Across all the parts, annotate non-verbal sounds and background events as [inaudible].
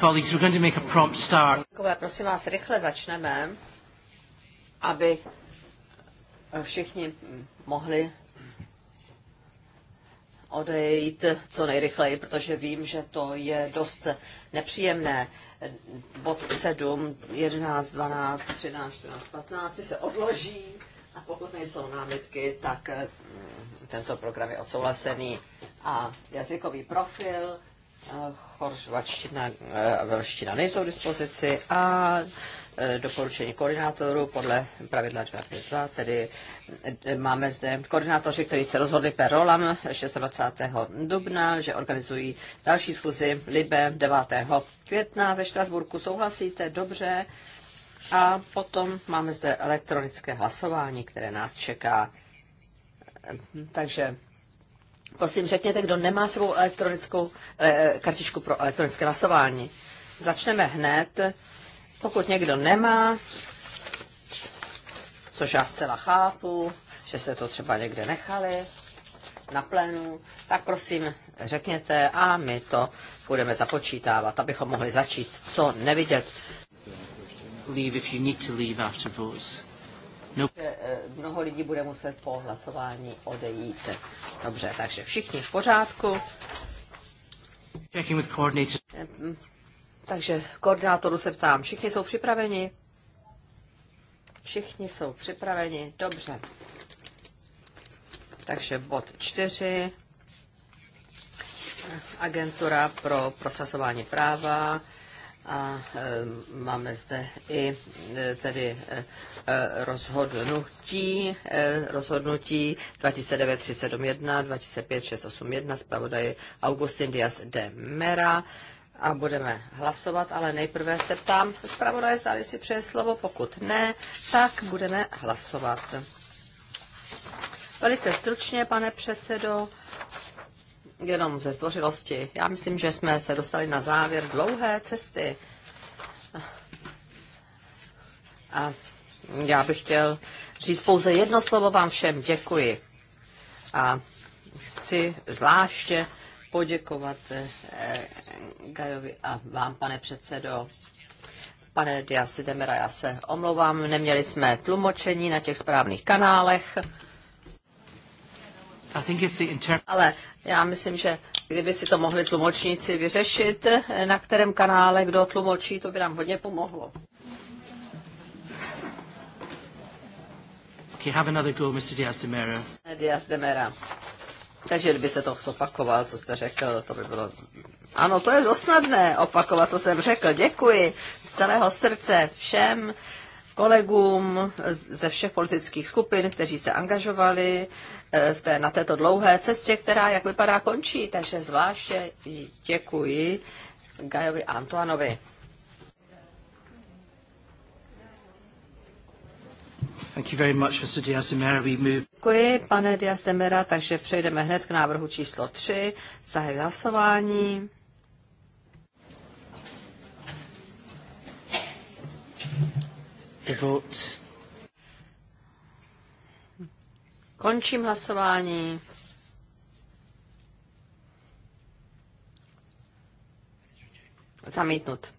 Colleagues, we're going to make a prompt start. Kolegové, prosím vás, rychle začneme, aby všichni mohli odejít co nejrychleji, protože vím, že to je dost nepříjemné. Bod 7, 11, 12, 13, 14, 15 se odloží a pokud nejsou námitky, tak mm, tento program je odsouhlasený. A jazykový profil chorvačtina a eh, velština nejsou v dispozici a eh, doporučení koordinátorů podle pravidla 252, tedy eh, máme zde koordinátoři, kteří se rozhodli per rolam 26. dubna, že organizují další schůzi Libe 9. května ve Štrasburku. Souhlasíte? Dobře. A potom máme zde elektronické hlasování, které nás čeká. Takže Prosím, řekněte, kdo nemá svou elektronickou eh, kartičku pro elektronické hlasování. Začneme hned. Pokud někdo nemá, což já zcela chápu, že jste to třeba někde nechali na plénu, tak prosím řekněte a my to budeme započítávat, abychom mohli začít, co nevidět. Leave if you need to leave after votes. No. Eh, mnoho lidí bude muset po hlasování odejít. Dobře, takže všichni v pořádku. Eh, hm, takže koordinátoru se ptám, všichni jsou připraveni? Všichni jsou připraveni, dobře. Takže bod čtyři, agentura pro prosazování práva, a e, máme zde i e, tedy e, rozhodnutí, rozhodnutí 29371, 25681, zpravodaj Augustin Dias de Mera a budeme hlasovat, ale nejprve se ptám zpravodaje, zda si přeje slovo, pokud ne, tak budeme hlasovat. Velice stručně, pane předsedo, jenom ze zdvořilosti. Já myslím, že jsme se dostali na závěr dlouhé cesty. A já bych chtěl říct pouze jedno slovo vám všem. Děkuji. A chci zvláště poděkovat eh, Gajovi a vám, pane předsedo. Pane Diasi Demera, já se omlouvám, neměli jsme tlumočení na těch správných kanálech. Ale já myslím, že kdyby si to mohli tlumočníci vyřešit, eh, na kterém kanále kdo tlumočí, to by nám hodně pomohlo. Okay, have another go, Mr. Diaz de Mera. Eh, Diaz de Mera. Takže se to zopakoval, co jste řekl, to by bylo... Ano, to je dosnadné opakovat, co jsem řekl. Děkuji z celého srdce všem kolegům ze všech politických skupin, kteří se angažovali Eh, v té, na této dlouhé cestě, která, jak vypadá, končí. Takže zvláště děkuji Gajovi Antoanovi. Děkuji, pane Diaz de Mera, takže přejdeme hned k návrhu číslo 3. Zahajuji hlasování. The vote Končím hlasování. Zamítnut.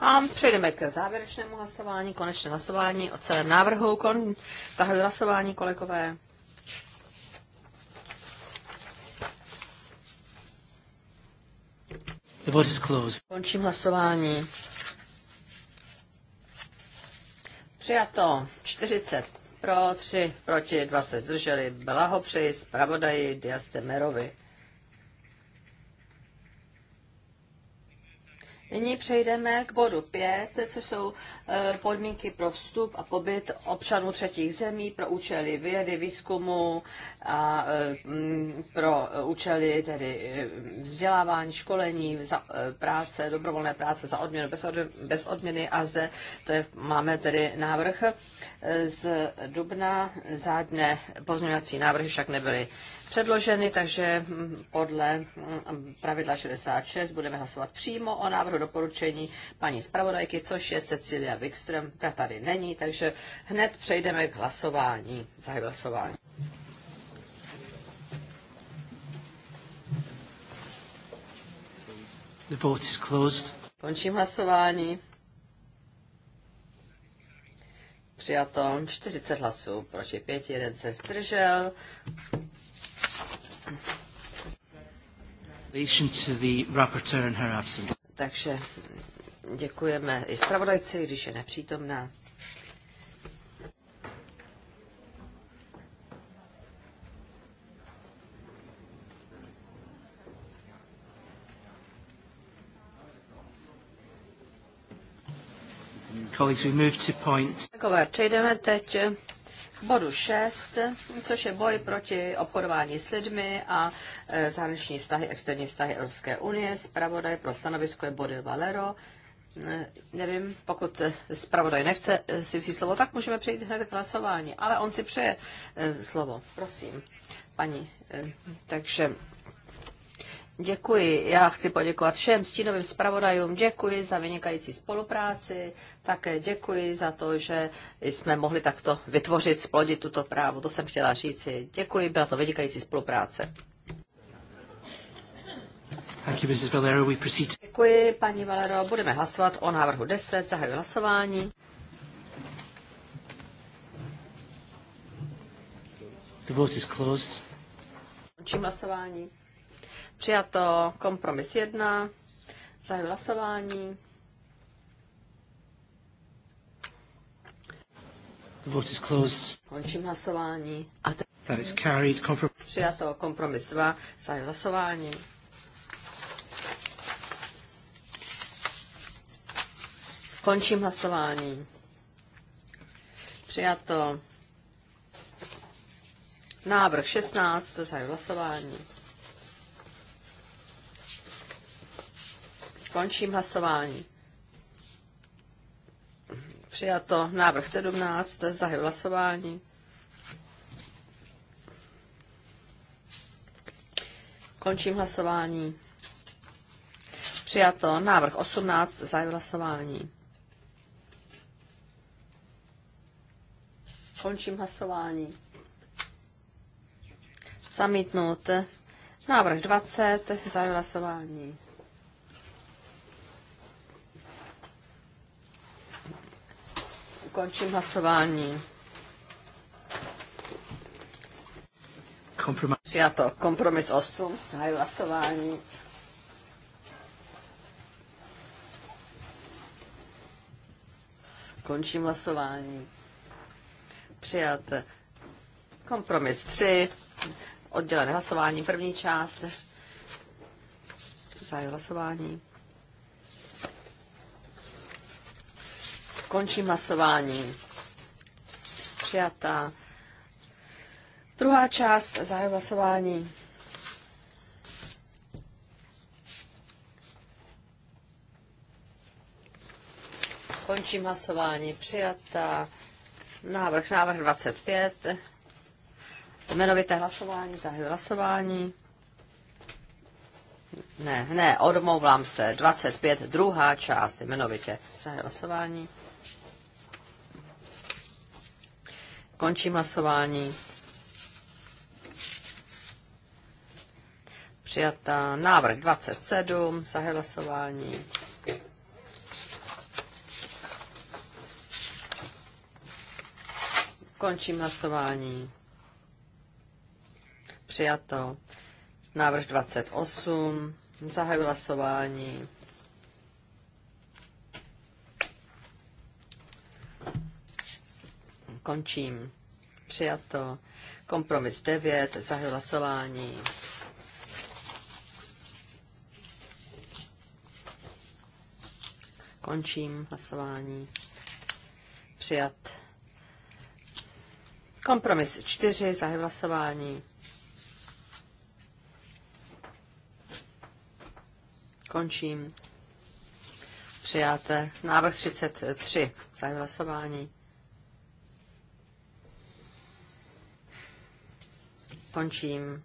A přejdeme k závěrečnému hlasování, konečné hlasování o celém návrhu. Kon... Zahajuji hlasování, kolegové. The vote is closed. Končím hlasování. Přijato 40 pro, 3 proti, 2 se zdrželi. Blahopřeji zpravodaji Diastemerovi. Nyní přejdeme k bodu 5, co jsou e, podmínky pro vstup a pobyt občanů třetích zemí pro účely vědy, výzkumu a e, pro účely tedy e, vzdělávání, školení, práce, dobrovolné práce za odměnu, bez odměny a zde to je, máme tedy návrh z Dubna, zádné pozměňovací návrhy však nebyly předloženy, takže hm, podle hm, pravidla 66 budeme hlasovat přímo o návrhu doporučení paní zpravodajky, což je Cecilia Wikström. Ta tady není, takže hned přejdeme k hlasování. Zahaj hlasování. The vote is closed. Končím hlasování. Přijato 40 hlasů proti 5, jeden se zdržel. Takže děkujeme i zpravodajci, když je nepřítomná. Kolegové, přejdeme teď bodu 6, což je boj proti obchodování s lidmi a e, zahraniční vztahy, externí vztahy Evropské unie. Zpravodaj pro stanovisko je Bodil Valero. E, nevím, pokud e, zpravodaj nechce si vzít slovo, tak můžeme přejít hned k hlasování, ale on si přeje slovo. Prosím, paní. Takže Děkuji. Já chci poděkovat všem stínovým zpravodajům. Děkuji za vynikající spolupráci. Také děkuji za to, že jsme mohli takto vytvořit, splodit tuto právu. To jsem chtěla říci. Děkuji, byla to vynikající spolupráce. Děkuji, paní Valero. Budeme hlasovat o návrhu 10. Zahajuji hlasování. The vote is closed. Končím hlasování. Přijato kompromis 1. Zahajuji hlasování. The vote is closed. Končím hlasování. A te... That is carried. Komprom- Přijato kompromis 2. Zahajuji hlasování. Končím hlasování. Přijato návrh 16. to Zahajuji hlasování. Končím hlasování. Přijato návrh 17, zahajuji hlasování. Končím hlasování. Přijato návrh 18, zahajuji hlasování. Končím hlasování. Zamítnout. Návrh 20, zahajuji hlasování. Končím hlasování. Kompromis. Přijato. Kompromis 8. Zahaj hlasování. Končím hlasování. Přijat. Kompromis 3. Oddělené hlasování. První část. Zahaj hlasování. Končím hlasování. Přijatá. Druhá část zahájí hlasování. Končím hlasování. Přijatá. Návrh, návrh 25. Jmenovité hlasování, zahajuji hlasování. Ne, ne, odmouvám se. 25, druhá část, jmenovitě zahajuji hlasování. Končím hlasování. Přijata návrh 27, zahaj hlasování. Končím hlasování. Přijato. Návrh 28. Zahajuji hlasování. Končím. Přijato. Kompromis 9. Zahajuji hlasování. Končím hlasování. Přijat. Kompromis 4. Zahajuji hlasování. Končím. Přijáte návrh 33. Zahajuji hlasování. Končím.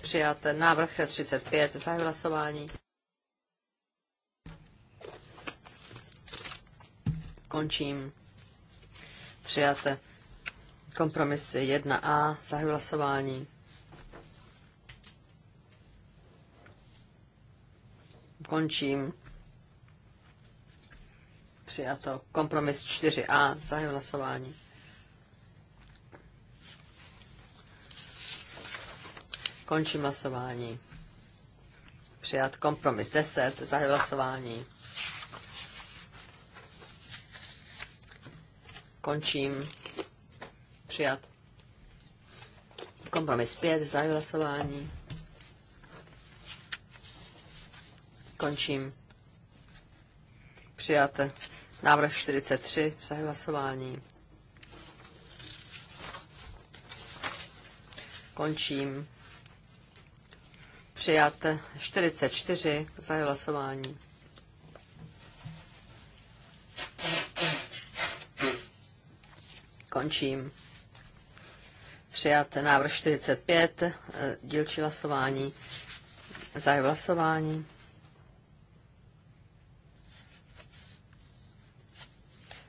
Přijat návrh 35. Zahajuji hlasování. Končím. Přijat kompromis 1a. Zahajuji hlasování. Končím. Přijato kompromis 4a. Zahajuji hlasování. Končím hlasování. Přijat kompromis 10. Zahajuji hlasování. Končím. Přijat. Kompromis 5. Zahajuji hlasování. Končím. Přijat. Návrh 43. Zahajuji hlasování. Končím přijat 44 za hlasování. Končím. Přijat návrh 45, eh, dílčí hlasování, za hlasování.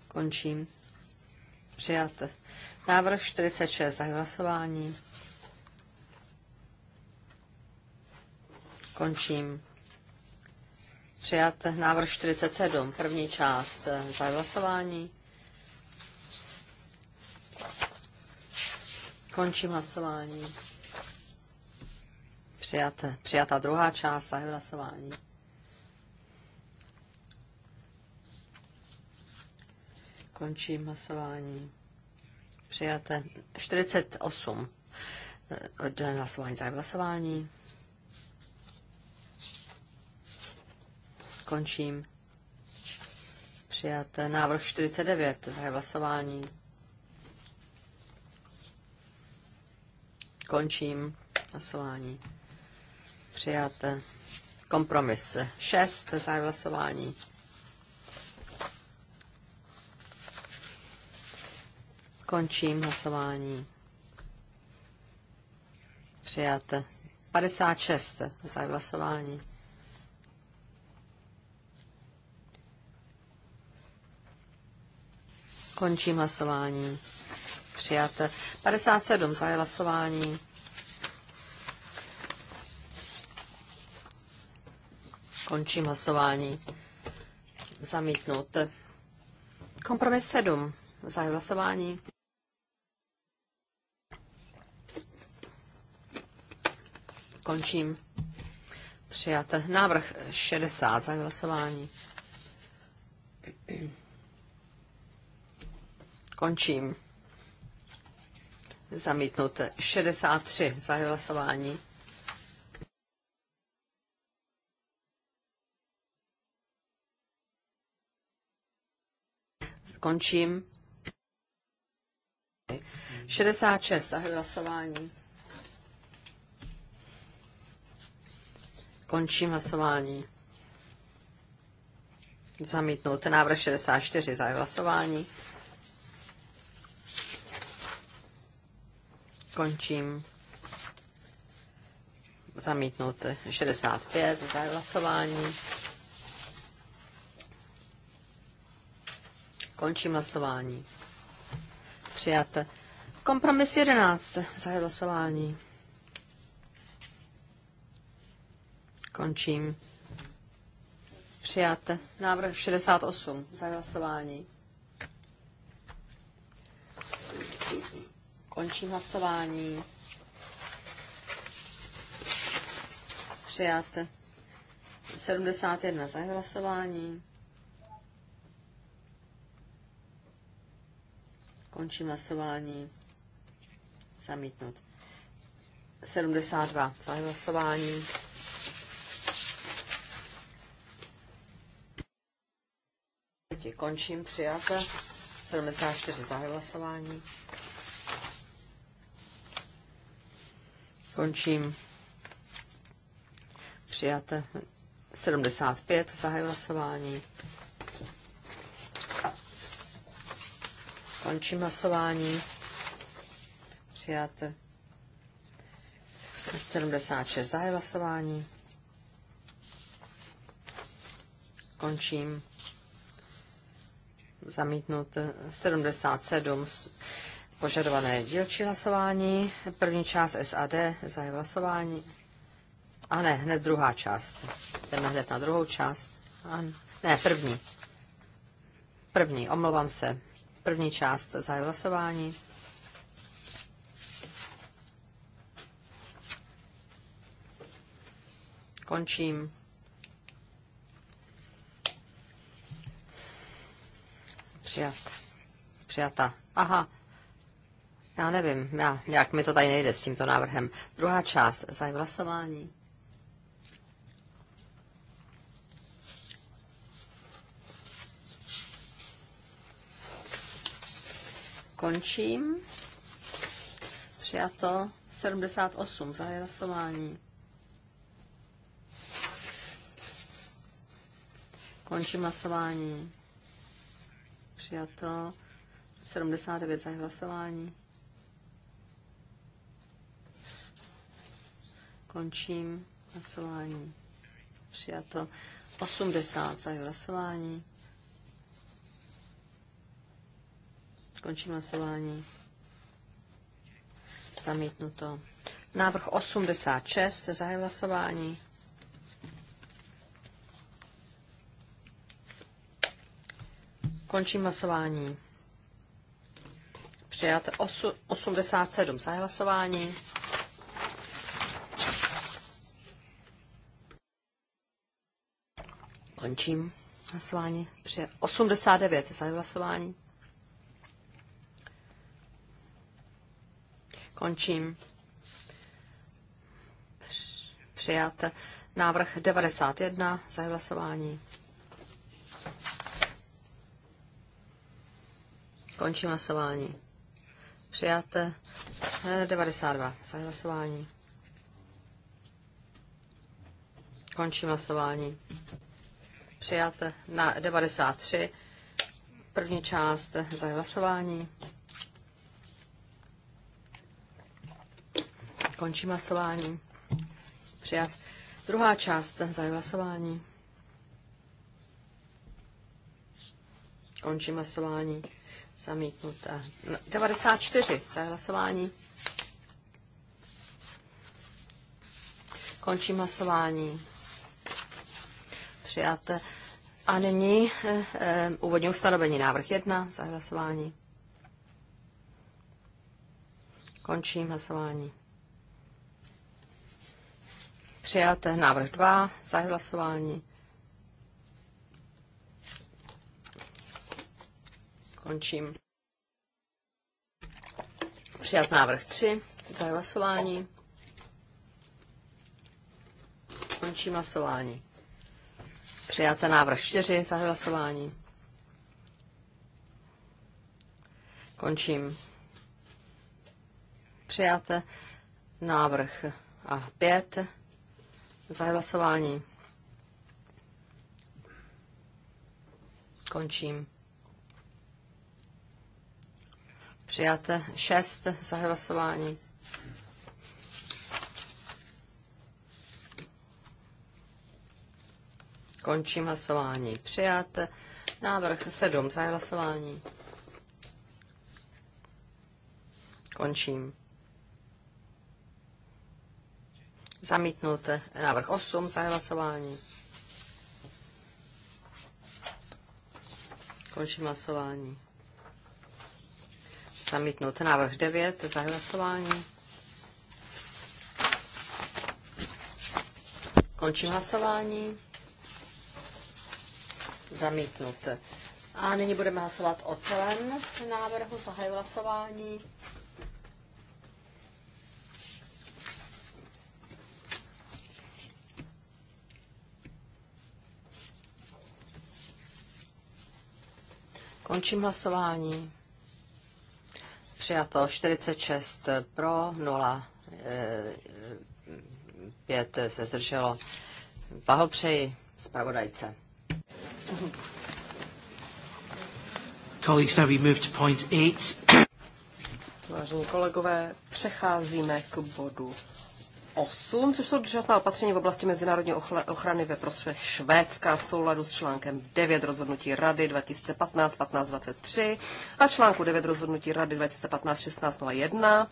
Končím. Přijat návrh 46, za hlasování. Končím. Přijat návrh 47, první část eh, za hlasování. Končím hlasování. Přijat, přijata druhá část za hlasování. Končím hlasování. Přijaté 48 eh, eh, oddělené hlasování za hlasování. Končím. Přijat návrh 49. Zahaj hlasování. Končím hlasování. Přijat kompromis 6. Zahaj hlasování. Končím hlasování. Přijat 56. Zahaj hlasování. Končím hlasování. Přijat 57 za hlasování. Končím hlasování. Zamítnout. Kompromis 7. za je hlasování. Končím. Přijat návrh 60. za je hlasování. Končím. Zamítnut 63. za hlasování. Končím. 66. za hlasování. Končím hlasování. Zamítnout návrh 64. za hlasování. Končím. Zamítnout 65 za hlasování. Končím hlasování. Přijat. Kompromis 11 za hlasování. Končím. Přijat. Návrh 68 za hlasování. Končím hlasování. Přijat 71 za hlasování. Končím hlasování. Zamítnout. 72 za hlasování. Končím přijat. 74 za hlasování. Končím. Přijate 75, zahaj hlasování. Končím hlasování. Přijate 76, zahaj hlasování. Končím. Zamítnut 77 požadované dílčí hlasování. První část SAD za hlasování. A ne, hned druhá část. Jdeme hned na druhou část. A ne, první. První, omlouvám se. První část za hlasování. Končím. Přijat. Přijata. Aha, já nevím, já, nějak mi to tady nejde s tímto návrhem. Druhá část, zájem hlasování. Končím. Přijato 78, zahájí hlasování. Končím hlasování. Přijato 79, zahájí hlasování. Končím hlasování. Přijato 80 za hlasování. Končím hlasování. Zamítnuto. Návrh 86 za hlasování. Končím hlasování. Přijat 87 za hlasování. Končím hlasování. Při 89 za hlasování. Končím. Přijat. Návrh 91 za hlasování. Končím hlasování. Přijat 92 za hlasování. Končím hlasování přijat na 93. První část za hlasování. Končím hlasování. Přijat. Druhá část za hlasování. Končím hlasování. Zamítnuté. 94 za hlasování. Končím hlasování přijat. A nyní eh, eh úvodní ustanovení návrh 1 za hlasování. Končím hlasování. Přijat návrh 2 za hlasování. Končím. Přijat návrh 3 za hlasování. Končím hlasování. Přijáte návrh 4 za hlasování. Končím. Přijáte návrh a 5 za hlasování. Končím. Přijáte 6 za hlasování. Končím hlasování. Přijat. Návrh 7. Zahaj hlasování. Končím. Zamítnut. Návrh 8. Zahaj hlasování. Končím hlasování. Zamítnut. Návrh 9. Zahaj hlasování. Končím hlasování zamítnut. A nyní budeme hlasovat o celém návrhu. Zahaju hlasování. Končím hlasování. Přijato 46 pro, 0, 5 eh, se zdrželo. Blahopřeji zpravodajce. Colleagues, now we move to point eight. [clears throat] Vážení kolegové, přecházíme k bodu 8, což jsou dočasná opatření v oblasti mezinárodní ochrany ve prospěch Švédska v souladu s článkem 9 rozhodnutí Rady 2015-1523 a článku 9 rozhodnutí Rady 2015-1601,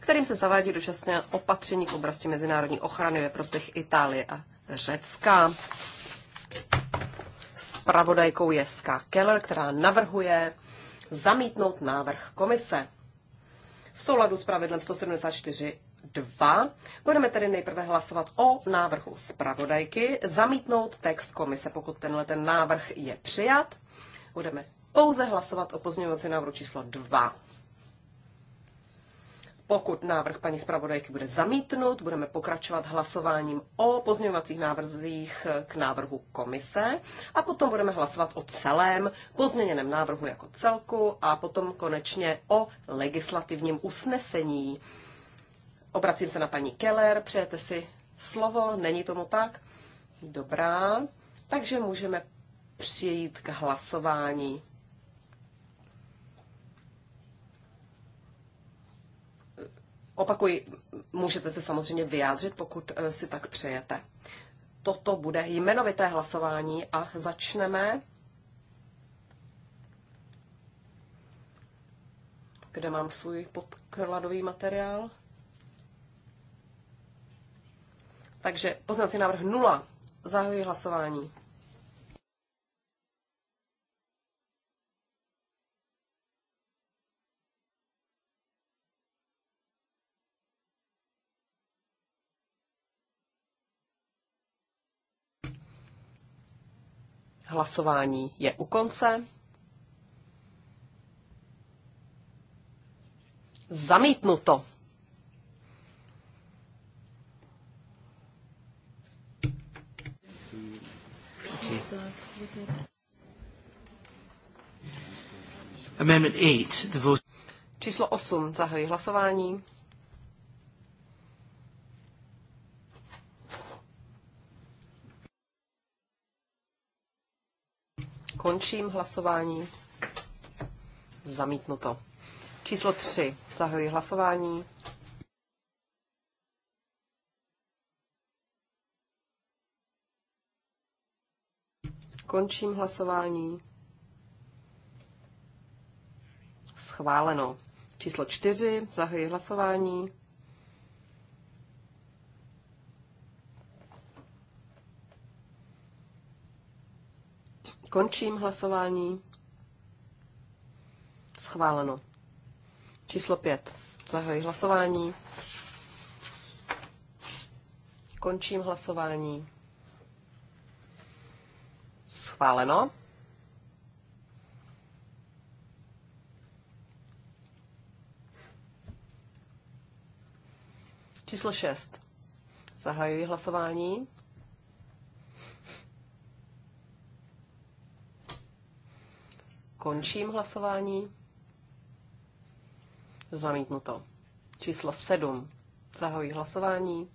kterým se zavádí dočasné opatření v oblasti mezinárodní ochrany ve prospěch Itálie a Řecka zpravodajkou Jeska Keller, která navrhuje zamítnout návrh komise. V souladu s pravidlem 174.2 budeme tedy nejprve hlasovat o návrhu zpravodajky, zamítnout text komise. Pokud tenhle ten návrh je přijat, budeme pouze hlasovat o pozměňovací návrhu číslo 2. Pokud návrh paní zpravodajky bude zamítnut, budeme pokračovat hlasováním o pozměňovacích návrzích k návrhu komise a potom budeme hlasovat o celém pozměněném návrhu jako celku a potom konečně o legislativním usnesení. Obracím se na paní Keller, přejete si slovo, není tomu tak? Dobrá, takže můžeme přijít k hlasování. Opakuji, můžete se samozřejmě vyjádřit, pokud eh, si tak přejete. Toto bude jmenovité hlasování a začneme. Kde mám svůj podkladový materiál? Takže poznací návrh 0. Zahajuji hlasování. Hlasování je u konce. Zamítnuto. Amendment 8, the vote. Číslo 8. Zahajuji hlasování. Končím hlasování. Zamítnuto. Číslo 3. Zahajuji hlasování. Končím hlasování. Schváleno. Číslo 4. Zahajuji hlasování. Končím hlasování. Schváleno. Číslo 5. Zahajuji hlasování. Končím hlasování. Schváleno. Číslo 6. Zahajuji hlasování. Končím hlasování. Zamítnuto. Číslo 7. Zahojí hlasování.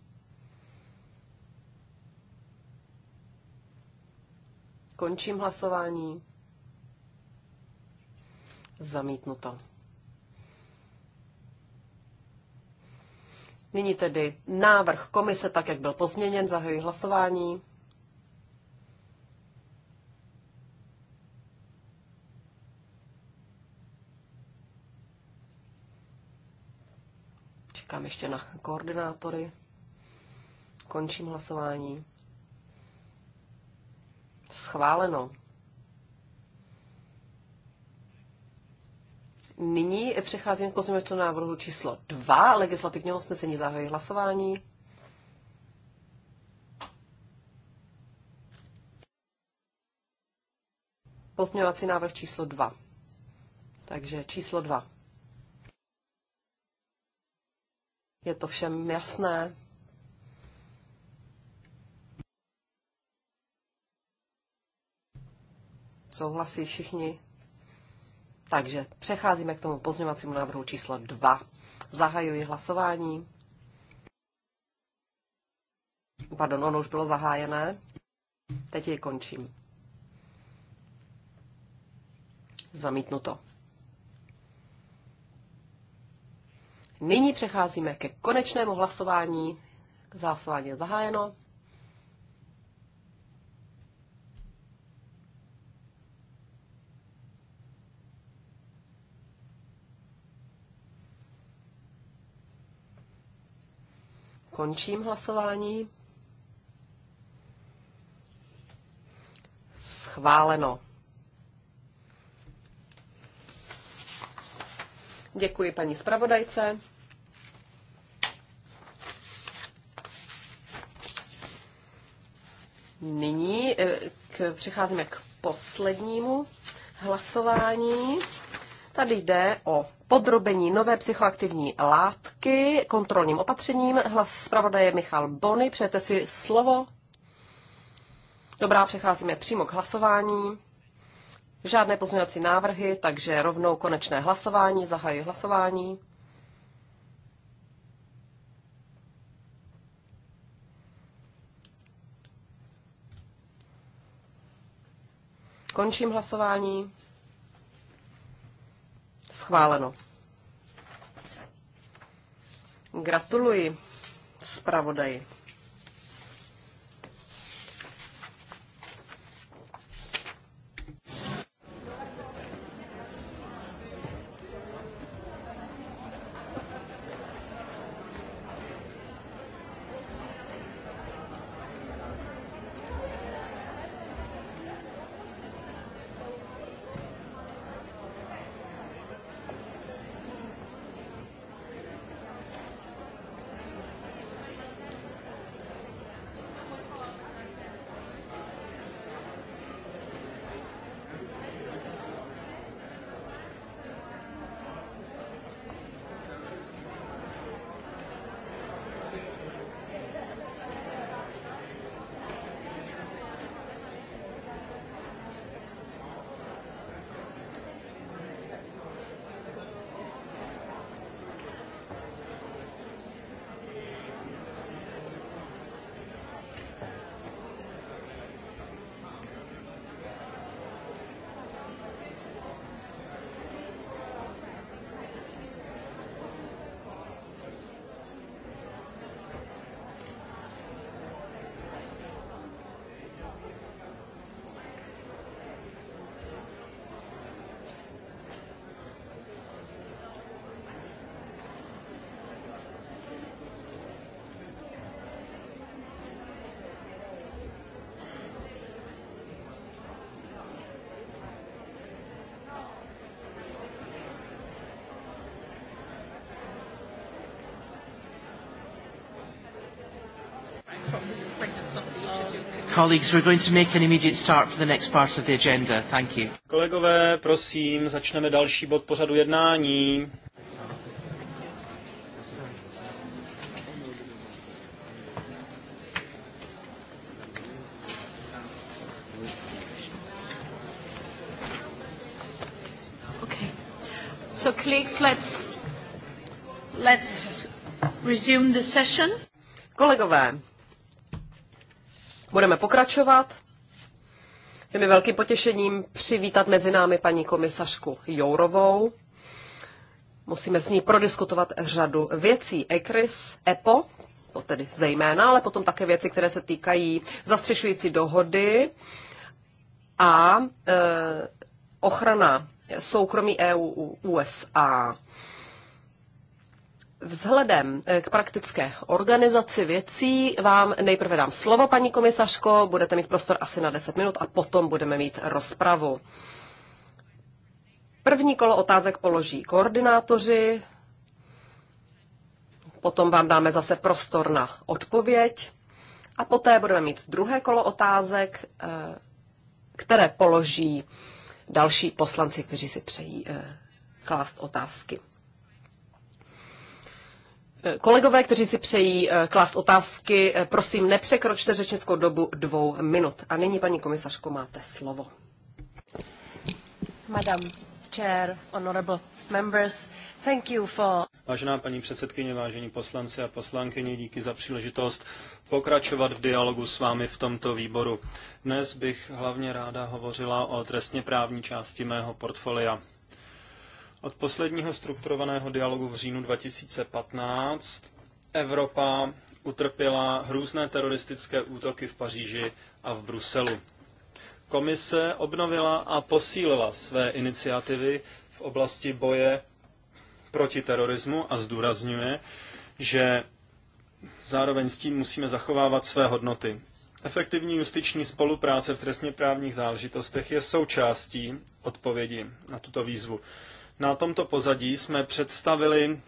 Končím hlasování. Zamítnuto. Nyní tedy návrh komise, tak jak byl pozměněn, zahojí hlasování. počkám ještě na koordinátory. Končím hlasování. Schváleno. Nyní přecházím k pozměňovacímu návrhu číslo 2 legislativního usnesení zahájí hlasování. Pozměňovací návrh číslo 2. Takže číslo 2. Je to všem jasné? Souhlasí všichni? Takže přecházíme k tomu pozměňovacímu návrhu číslo 2. Zahajuji hlasování. Pardon, ono už bylo zahájené. Teď jej končím. Zamítnuto. Nyní přecházíme ke konečnému hlasování. Hlasování je zahájeno. Končím hlasování. Schváleno. Děkuji paní zpravodajce. Nyní eh, k, přecházíme k poslednímu hlasování. Tady jde o podrobení nové psychoaktivní látky kontrolním opatřením. Hlas zpravodaje Michal Bony. Přejete si slovo? Dobrá, přecházíme přímo k hlasování. Žádné pozměňovací návrhy, takže rovnou konečné hlasování. Zahajuji hlasování. Končím hlasování. Schváleno. Gratuluji zpravodaji. colleagues, we're going to make an immediate start for the next part of the agenda. Thank you. Kolegové, prosím, začneme další bod pořadu jednání. Okay. So colleagues, let's let's resume the session. Kolegové, budeme pokračovat. Je mi velkým potěšením přivítat mezi námi paní komisařku Jourovou. Musíme s ní prodiskutovat řadu věcí. ECRIS, EPO, to tedy zejména, ale potom také věci, které se týkají zastřešující dohody a e, ochrana soukromí EU USA. Vzhledem eh, k praktické organizaci věcí vám nejprve dám slovo, paní komisařko, budete mít prostor asi na 10 minut a potom budeme mít rozpravu. První kolo otázek položí koordinátoři, potom vám dáme zase prostor na odpověď a poté budeme mít druhé kolo otázek, eh, které položí další poslanci, kteří si přejí eh, klást otázky. Kolegové, kteří si přejí eh, klást otázky, eh, prosím, nepřekročte řečnickou dobu dvou minut. A nyní, paní komisařko, máte slovo. Madam Chair, honorable members, thank you for... Vážená paní předsedkyně, vážení poslanci a poslankyně, díky za příležitost pokračovat v dialogu s vámi v tomto výboru. Dnes bych hlavně ráda hovořila o trestně právní části mého portfolia. Od posledního strukturovaného dialogu v říjnu 2015 Evropa utrpěla hrůzné teroristické útoky v Paříži a v Bruselu. Komise obnovila a posílila své iniciativy v oblasti boje proti terorismu a zdůrazňuje, že zároveň s tím musíme zachovávat své hodnoty. Efektivní justiční spolupráce v trestně právních záležitostech je součástí odpovědi na tuto výzvu. Na tomto pozadí jsme představili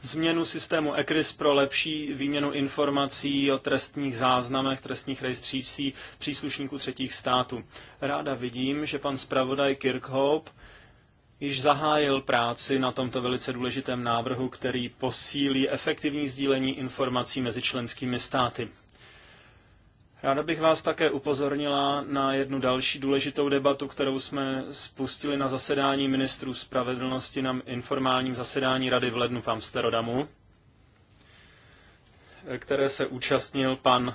změnu systému ECRIS pro lepší výměnu informací o trestních záznamech, trestních rejstřících příslušníků třetích států. Ráda vidím, že pan zpravodaj Kirkhope již zahájil práci na tomto velice důležitém návrhu, který posílí efektivní sdílení informací mezi členskými státy. Ráda bych vás také upozornila na jednu další důležitou debatu, kterou jsme spustili na zasedání ministrů spravedlnosti na informálním zasedání Rady v lednu v Amsterdamu, které se účastnil pan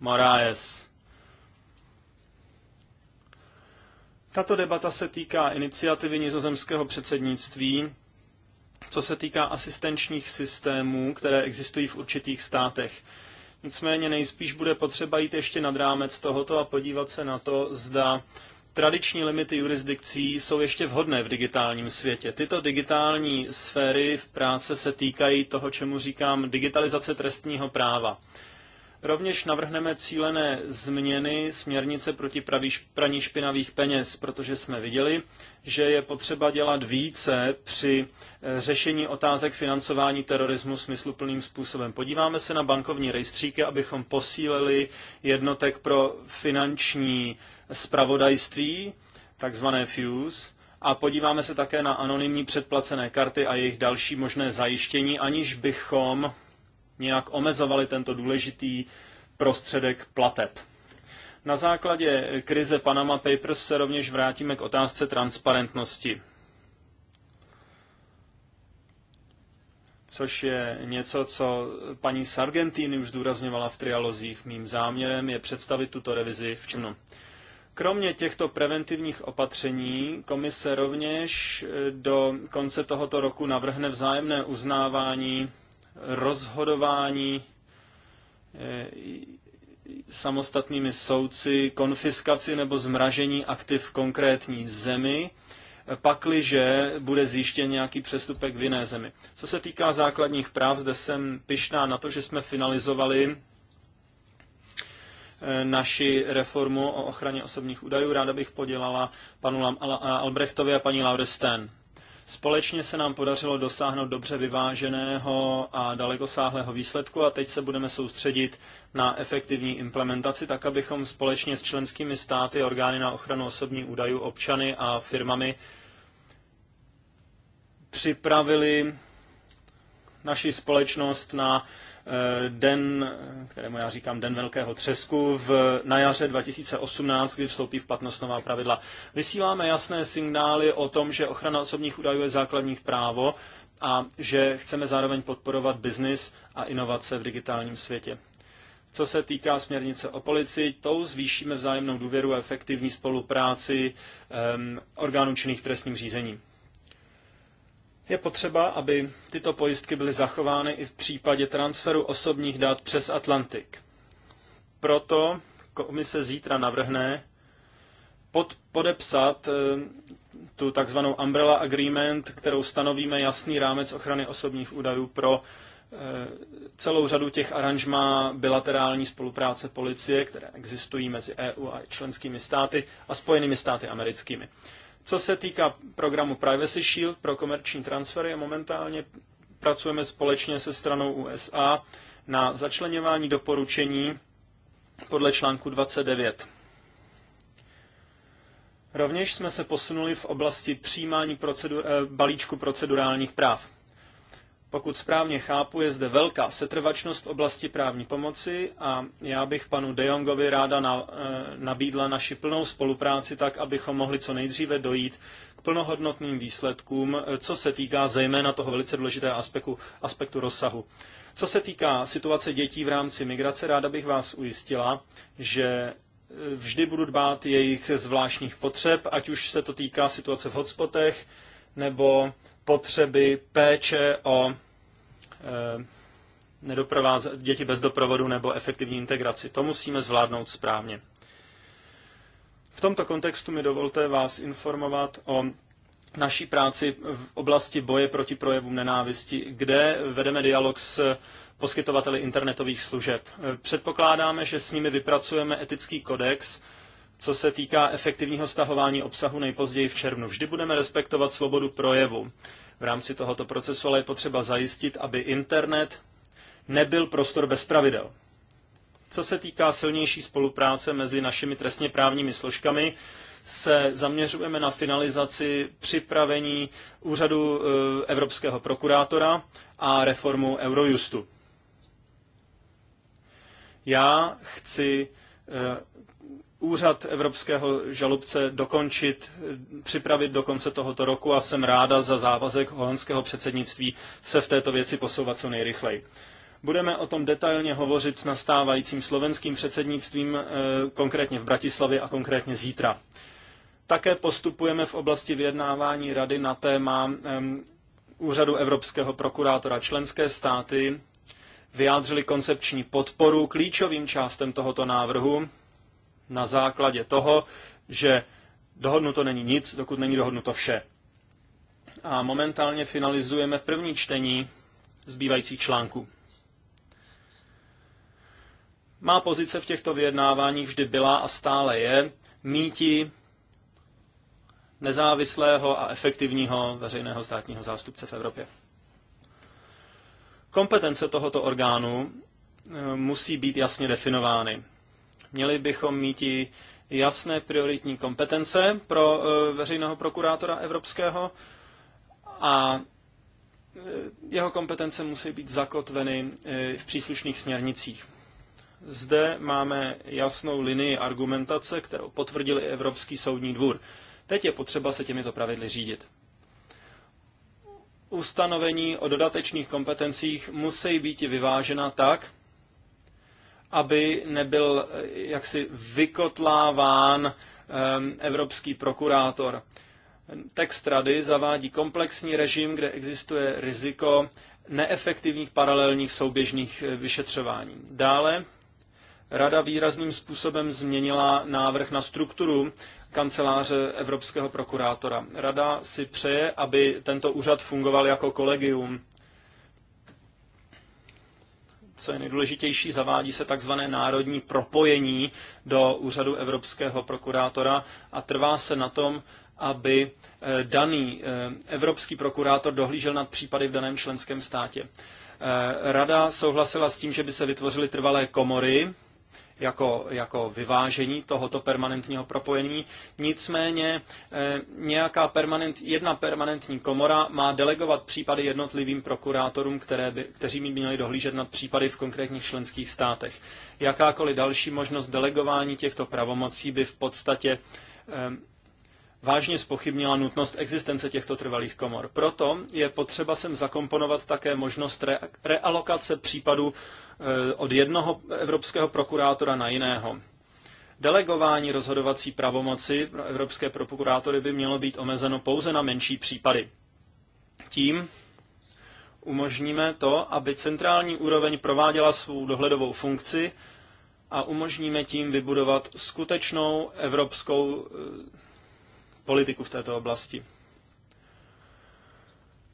Moraes. Tato debata se týká iniciativy nizozemského předsednictví, co se týká asistenčních systémů, které existují v určitých státech. Nicméně nejspíš bude potřeba jít ještě nad rámec tohoto a podívat se na to, zda tradiční limity jurisdikcí jsou ještě vhodné v digitálním světě. Tyto digitální sféry v práce se týkají toho, čemu říkám digitalizace trestního práva. Rovněž navrhneme cílené změny směrnice proti praní špinavých peněz, protože jsme viděli, že je potřeba dělat více při eh, řešení otázek financování terorismu smysluplným způsobem. Podíváme se na bankovní rejstříky, abychom posílili jednotek pro finanční spravodajství, takzvané FUSE, a podíváme se také na anonymní předplacené karty a jejich další možné zajištění, aniž bychom nějak omezovali tento důležitý prostředek plateb. Na základě krize Panama Papers se rovněž vrátíme k otázce transparentnosti. což je něco, co paní Sargentini už zdůrazňovala v trialozích. Mým záměrem je představit tuto revizi v činu. Kromě těchto preventivních opatření komise rovněž do konce tohoto roku navrhne vzájemné uznávání rozhodování eh, samostatnými soudci, konfiskaci nebo zmražení aktiv v konkrétní zemi, pakliže bude zjištěn nějaký přestupek v jiné zemi. Co se týká základních práv, zde jsem pišná na to, že jsme finalizovali eh, naši reformu o ochraně osobních údajů. Ráda bych podělala panu Albrechtovi a paní Lauresten. Společně se nám podařilo dosáhnout dobře vyváženého a dalekosáhlého výsledku a teď se budeme soustředit na efektivní implementaci, tak abychom společně s členskými státy, orgány na ochranu osobních údajů, občany a firmami připravili naši společnost na Eh, den, kterému já říkám Den velkého třesku, v, na jaře 2018, kdy vstoupí v platnost nová pravidla. Vysíláme jasné signály o tom, že ochrana osobních údajů je základních právo a že chceme zároveň podporovat biznis a inovace v digitálním světě. Co se týká směrnice o policii, tou zvýšíme vzájemnou důvěru a efektivní spolupráci um, orgánů činných trestním řízením. Je potřeba, aby tyto pojistky byly zachovány i v případě transferu osobních dat přes Atlantik. Proto komise zítra navrhne pod, podepsat eh, tu takzvanou Umbrella Agreement, kterou stanovíme jasný rámec ochrany osobních údajů pro eh, celou řadu těch aranžmá bilaterální spolupráce policie, které existují mezi EU a členskými státy a spojenými státy americkými. Co se týká programu Privacy Shield pro komerční transfery, momentálně pracujeme společně se stranou USA na začleněvání doporučení podle článku 29. Rovněž jsme se posunuli v oblasti přijímání procedur, eh, balíčku procedurálních práv. Pokud správně chápu, je zde velká setrvačnost v oblasti právní pomoci a já bych panu De Jongovi ráda na, eh, nabídla naši plnou spolupráci tak, abychom mohli co nejdříve dojít k plnohodnotným výsledkům, eh, co se týká zejména toho velice důležitého aspektu, aspektu rozsahu. Co se týká situace dětí v rámci migrace, ráda bych vás ujistila, že eh, vždy budu dbát jejich zvláštních potřeb, ať už se to týká situace v hotspotech nebo potřeby péče o eh, děti bez doprovodu nebo efektivní integraci. To musíme zvládnout správně. V tomto kontextu mi dovolte vás informovat o naší práci v oblasti boje proti projevům nenávisti, kde vedeme dialog s poskytovateli internetových služeb. Eh, předpokládáme, že s nimi vypracujeme etický kodex, co se týká efektivního stahování obsahu nejpozději v červnu. Vždy budeme respektovat svobodu projevu v rámci tohoto procesu, ale je potřeba zajistit, aby internet nebyl prostor bez pravidel. Co se týká silnější spolupráce mezi našimi trestně právními složkami, se zaměřujeme na finalizaci připravení úřadu eh, evropského prokurátora a reformu Eurojustu. Já chci eh, úřad evropského žalobce dokončit, připravit do konce tohoto roku a jsem ráda za závazek holandského předsednictví se v této věci posouvat co nejrychleji. Budeme o tom detailně hovořit s nastávajícím slovenským předsednictvím, eh, konkrétně v Bratislavě a konkrétně zítra. Také postupujeme v oblasti vyjednávání rady na téma eh, Úřadu Evropského prokurátora členské státy vyjádřili koncepční podporu klíčovým částem tohoto návrhu, na základě toho, že dohodnuto není nic, dokud není dohodnuto vše. A momentálně finalizujeme první čtení zbývajících článků. Má pozice v těchto vyjednáváních vždy byla a stále je míti nezávislého a efektivního veřejného státního zástupce v Evropě. Kompetence tohoto orgánu eh, musí být jasně definovány. Měli bychom mít i jasné prioritní kompetence pro eh, veřejného prokurátora evropského a eh, jeho kompetence musí být zakotveny eh, v příslušných směrnicích. Zde máme jasnou linii argumentace, kterou potvrdil i Evropský soudní dvůr. Teď je potřeba se těmito pravidly řídit. Ustanovení o dodatečných kompetencích musí být vyvážena tak, aby nebyl eh, jaksi vykotláván ehm, evropský prokurátor. Text rady zavádí komplexní režim, kde existuje riziko neefektivních paralelních souběžných eh, vyšetřování. Dále Rada výrazným způsobem změnila návrh na strukturu kanceláře Evropského prokurátora. Rada si přeje, aby tento úřad fungoval jako kolegium co je nejdůležitější, zavádí se takzvané národní propojení do úřadu evropského prokurátora a trvá se na tom, aby eh, daný eh, evropský prokurátor dohlížel nad případy v daném členském státě. Eh, rada souhlasila s tím, že by se vytvořily trvalé komory jako, jako vyvážení tohoto permanentního propojení. Nicméně eh, nějaká permanent, jedna permanentní komora má delegovat případy jednotlivým prokurátorům, které by, kteří by měli dohlížet nad případy v konkrétních členských státech. Jakákoliv další možnost delegování těchto pravomocí by v podstatě eh, vážně spochybnila nutnost existence těchto trvalých komor. Proto je potřeba sem zakomponovat také možnost re- realokace případů e, od jednoho evropského prokurátora na jiného. Delegování rozhodovací pravomoci pro evropské prokurátory by mělo být omezeno pouze na menší případy. Tím umožníme to, aby centrální úroveň prováděla svou dohledovou funkci a umožníme tím vybudovat skutečnou evropskou e, politiku v této oblasti.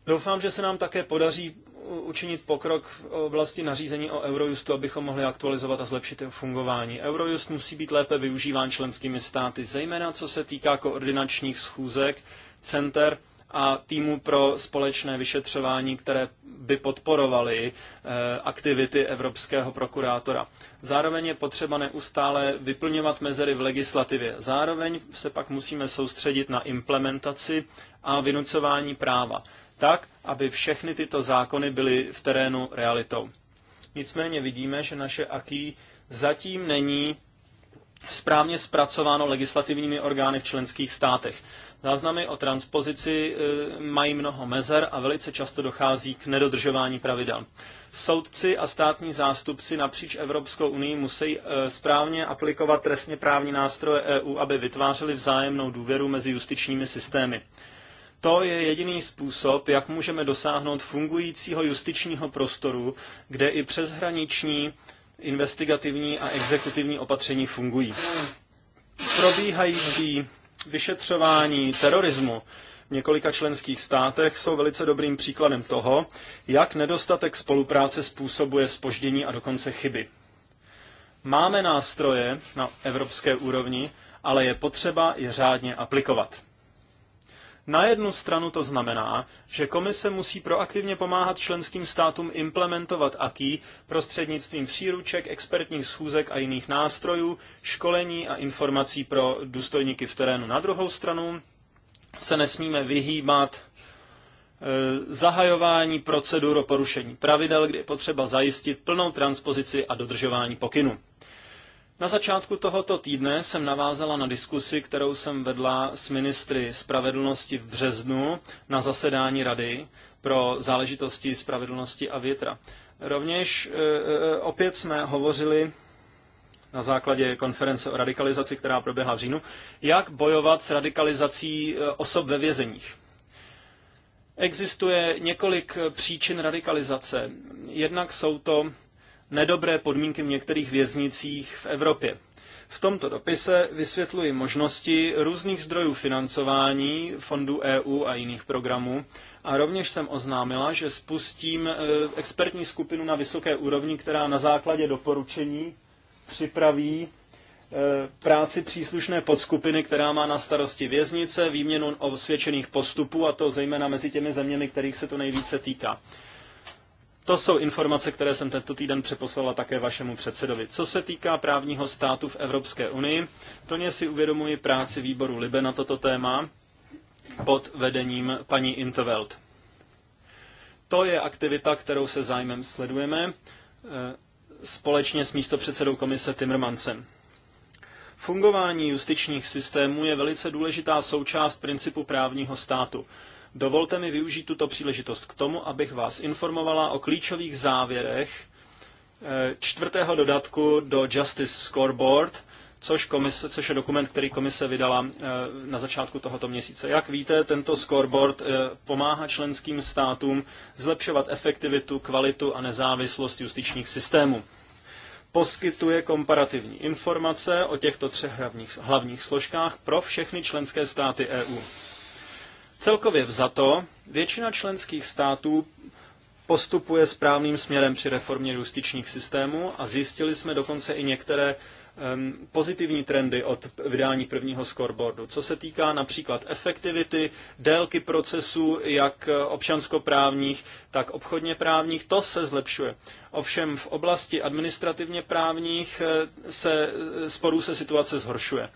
Doufám, že se nám také podaří učinit pokrok v oblasti nařízení o Eurojustu, abychom mohli aktualizovat a zlepšit jeho fungování. Eurojust musí být lépe využíván členskými státy, zejména co se týká koordinačních schůzek, center a týmu pro společné vyšetřování, které by podporovaly eh, aktivity evropského prokurátora. Zároveň je potřeba neustále vyplňovat mezery v legislativě. Zároveň se pak musíme soustředit na implementaci a vynucování práva, tak, aby všechny tyto zákony byly v terénu realitou. Nicméně vidíme, že naše AKI zatím není správně zpracováno legislativními orgány v členských státech. Záznamy o transpozici eh, mají mnoho mezer a velice často dochází k nedodržování pravidel. Soudci a státní zástupci napříč Evropskou unii musí eh, správně aplikovat trestně právní nástroje EU, aby vytvářeli vzájemnou důvěru mezi justičními systémy. To je jediný způsob, jak můžeme dosáhnout fungujícího justičního prostoru, kde i přeshraniční investigativní a exekutivní opatření fungují. Probíhající Vyšetřování terorismu v několika členských státech jsou velice dobrým příkladem toho, jak nedostatek spolupráce způsobuje spoždění a dokonce chyby. Máme nástroje na evropské úrovni, ale je potřeba je řádně aplikovat. Na jednu stranu to znamená, že komise musí proaktivně pomáhat členským státům implementovat AKI prostřednictvím příruček, expertních schůzek a jiných nástrojů, školení a informací pro důstojníky v terénu. Na druhou stranu se nesmíme vyhýbat eh, zahajování procedur o porušení pravidel, kdy je potřeba zajistit plnou transpozici a dodržování pokynů. Na začátku tohoto týdne jsem navázala na diskusi, kterou jsem vedla s ministry spravedlnosti v březnu na zasedání Rady pro záležitosti spravedlnosti a větra. Rovněž e, e, e, opět jsme hovořili na základě konference o radikalizaci, která proběhla v říjnu, jak bojovat s radikalizací osob ve vězeních. Existuje několik příčin radikalizace. Jednak jsou to nedobré podmínky v některých věznicích v Evropě. V tomto dopise vysvětluji možnosti různých zdrojů financování fondů EU a jiných programů a rovněž jsem oznámila, že spustím e, expertní skupinu na vysoké úrovni, která na základě doporučení připraví e, práci příslušné podskupiny, která má na starosti věznice, výměnu osvědčených postupů, a to zejména mezi těmi zeměmi, kterých se to nejvíce týká. To jsou informace, které jsem tento týden přeposlala také vašemu předsedovi. Co se týká právního státu v Evropské unii, plně si uvědomuji práci výboru Libe na toto téma pod vedením paní Intervelt. To je aktivita, kterou se zájmem sledujeme eh, společně s místopředsedou komise Timmermansem. Fungování justičních systémů je velice důležitá součást principu právního státu. Dovolte mi využít tuto příležitost k tomu, abych vás informovala o klíčových závěrech eh, čtvrtého dodatku do Justice Scoreboard, což, komise, což je dokument, který komise vydala eh, na začátku tohoto měsíce. Jak víte, tento scoreboard eh, pomáhá členským státům zlepšovat efektivitu, kvalitu a nezávislost justičních systémů. Poskytuje komparativní informace o těchto třech hlavních, hlavních složkách pro všechny členské státy EU. Celkově vzato, většina členských států postupuje správným směrem při reformě justičních systémů a zjistili jsme dokonce i některé um, pozitivní trendy od vydání prvního scoreboardu. Co se týká například efektivity, délky procesů, jak občanskoprávních, tak obchodně právních, to se zlepšuje. Ovšem v oblasti administrativně právních eh, se, eh, sporů se situace zhoršuje.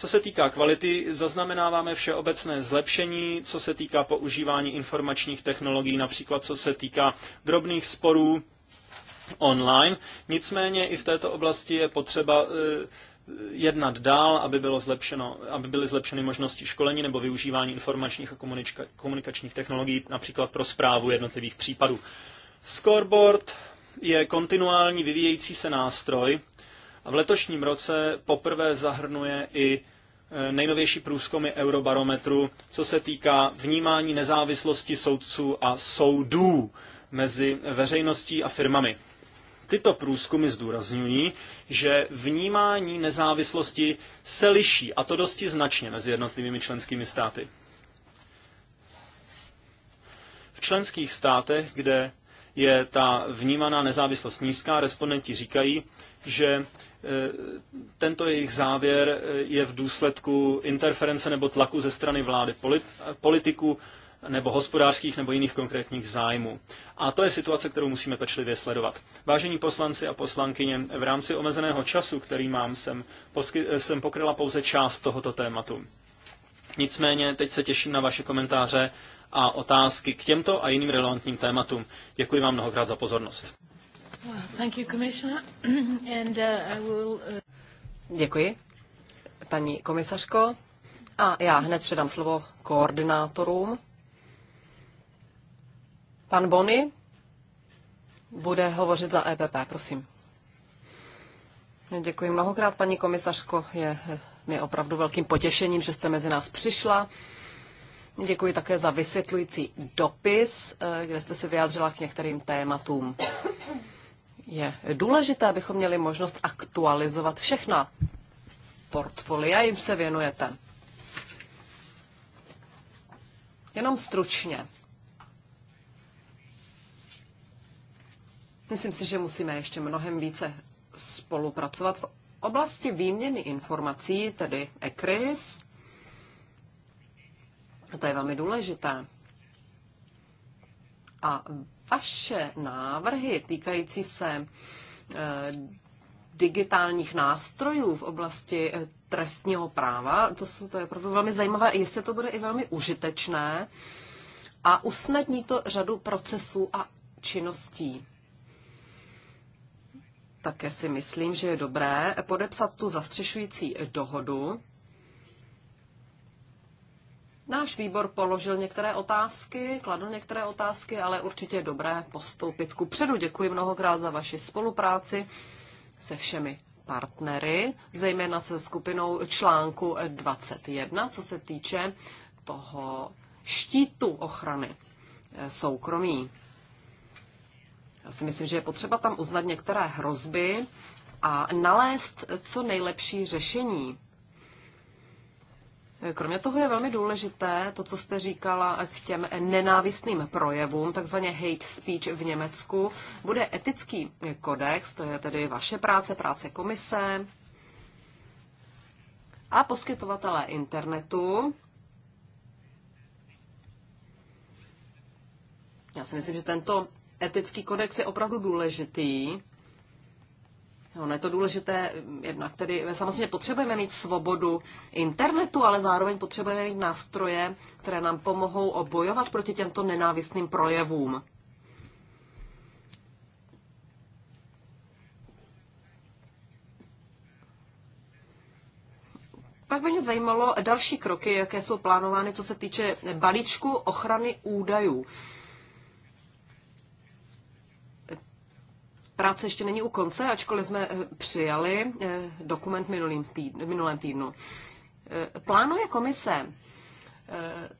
Co se týká kvality, zaznamenáváme všeobecné zlepšení, co se týká používání informačních technologií, například co se týká drobných sporů online. Nicméně i v této oblasti je potřeba e, jednat dál, aby, bylo zlepšeno, aby byly zlepšeny možnosti školení nebo využívání informačních a komunikačních technologií, například pro zprávu jednotlivých případů. Scoreboard je kontinuální vyvíjející se nástroj a v letošním roce poprvé zahrnuje i Eh, nejnovější průzkumy Eurobarometru, co se týká vnímání nezávislosti soudců a soudů mezi veřejností a firmami. Tyto průzkumy zdůrazňují, že vnímání nezávislosti se liší, a to dosti značně mezi jednotlivými členskými státy. V členských státech, kde je ta vnímaná nezávislost nízká, respondenti říkají, že Eh, tento jejich závěr eh, je v důsledku interference nebo tlaku ze strany vlády politiků nebo hospodářských nebo jiných konkrétních zájmů. A to je situace, kterou musíme pečlivě sledovat. Vážení poslanci a poslankyně, v rámci omezeného času, který mám, jsem, posky, eh, jsem pokryla pouze část tohoto tématu. Nicméně teď se těším na vaše komentáře a otázky k těmto a jiným relevantním tématům. Děkuji vám mnohokrát za pozornost. [clears throat] Uh, uh, Děkuji, paní komisařko. A já hned předám slovo koordinátorům. Pan Bony bude hovořit za EPP, prosím. Děkuji mnohokrát, paní komisařko. Je mi opravdu velkým potěšením, že jste mezi nás přišla. Děkuji také za vysvětlující dopis, eh, kde jste se vyjádřila k některým tématům je důležité, abychom měli možnost aktualizovat všechna portfolia, jim se věnujete. Jenom stručně. Myslím si, že musíme ještě mnohem více spolupracovat v oblasti výměny informací, tedy ECRIS. To je velmi důležité. A vaše návrhy týkající se eh, digitálních nástrojů v oblasti eh, trestního práva, to, jsou, to je opravdu velmi zajímavé, Jestli to bude i velmi užitečné a usnadní to řadu procesů a činností. Také si myslím, že je dobré podepsat tu zastřešující dohodu Náš výbor položil některé otázky, kladl některé otázky, ale určitě je dobré postoupit ku předu. Děkuji mnohokrát za vaši spolupráci se všemi partnery, zejména se skupinou článku 21, co se týče toho štítu ochrany eh, soukromí. Já si myslím, že je potřeba tam uznat některé hrozby a nalézt co nejlepší řešení. Kromě toho je velmi důležité to, co jste říkala k těm nenávistným projevům, takzvaně hate speech v Německu. Bude etický kodex, to je tedy vaše práce, práce komise a poskytovatelé internetu. Já si myslím, že tento etický kodex je opravdu důležitý no je to důležité, mm, jednak tedy samozřejmě potřebujeme mít svobodu internetu, ale zároveň potřebujeme mít nástroje, které nám pomohou obojovat proti těmto nenávistným projevům. Pak by mě zajímalo další kroky, jaké jsou plánovány, co se týče balíčku ochrany údajů. práce ještě není u konce, ačkoliv jsme eh, přijali eh, dokument minulým týdnu, minulém týdnu. Eh, plánuje komise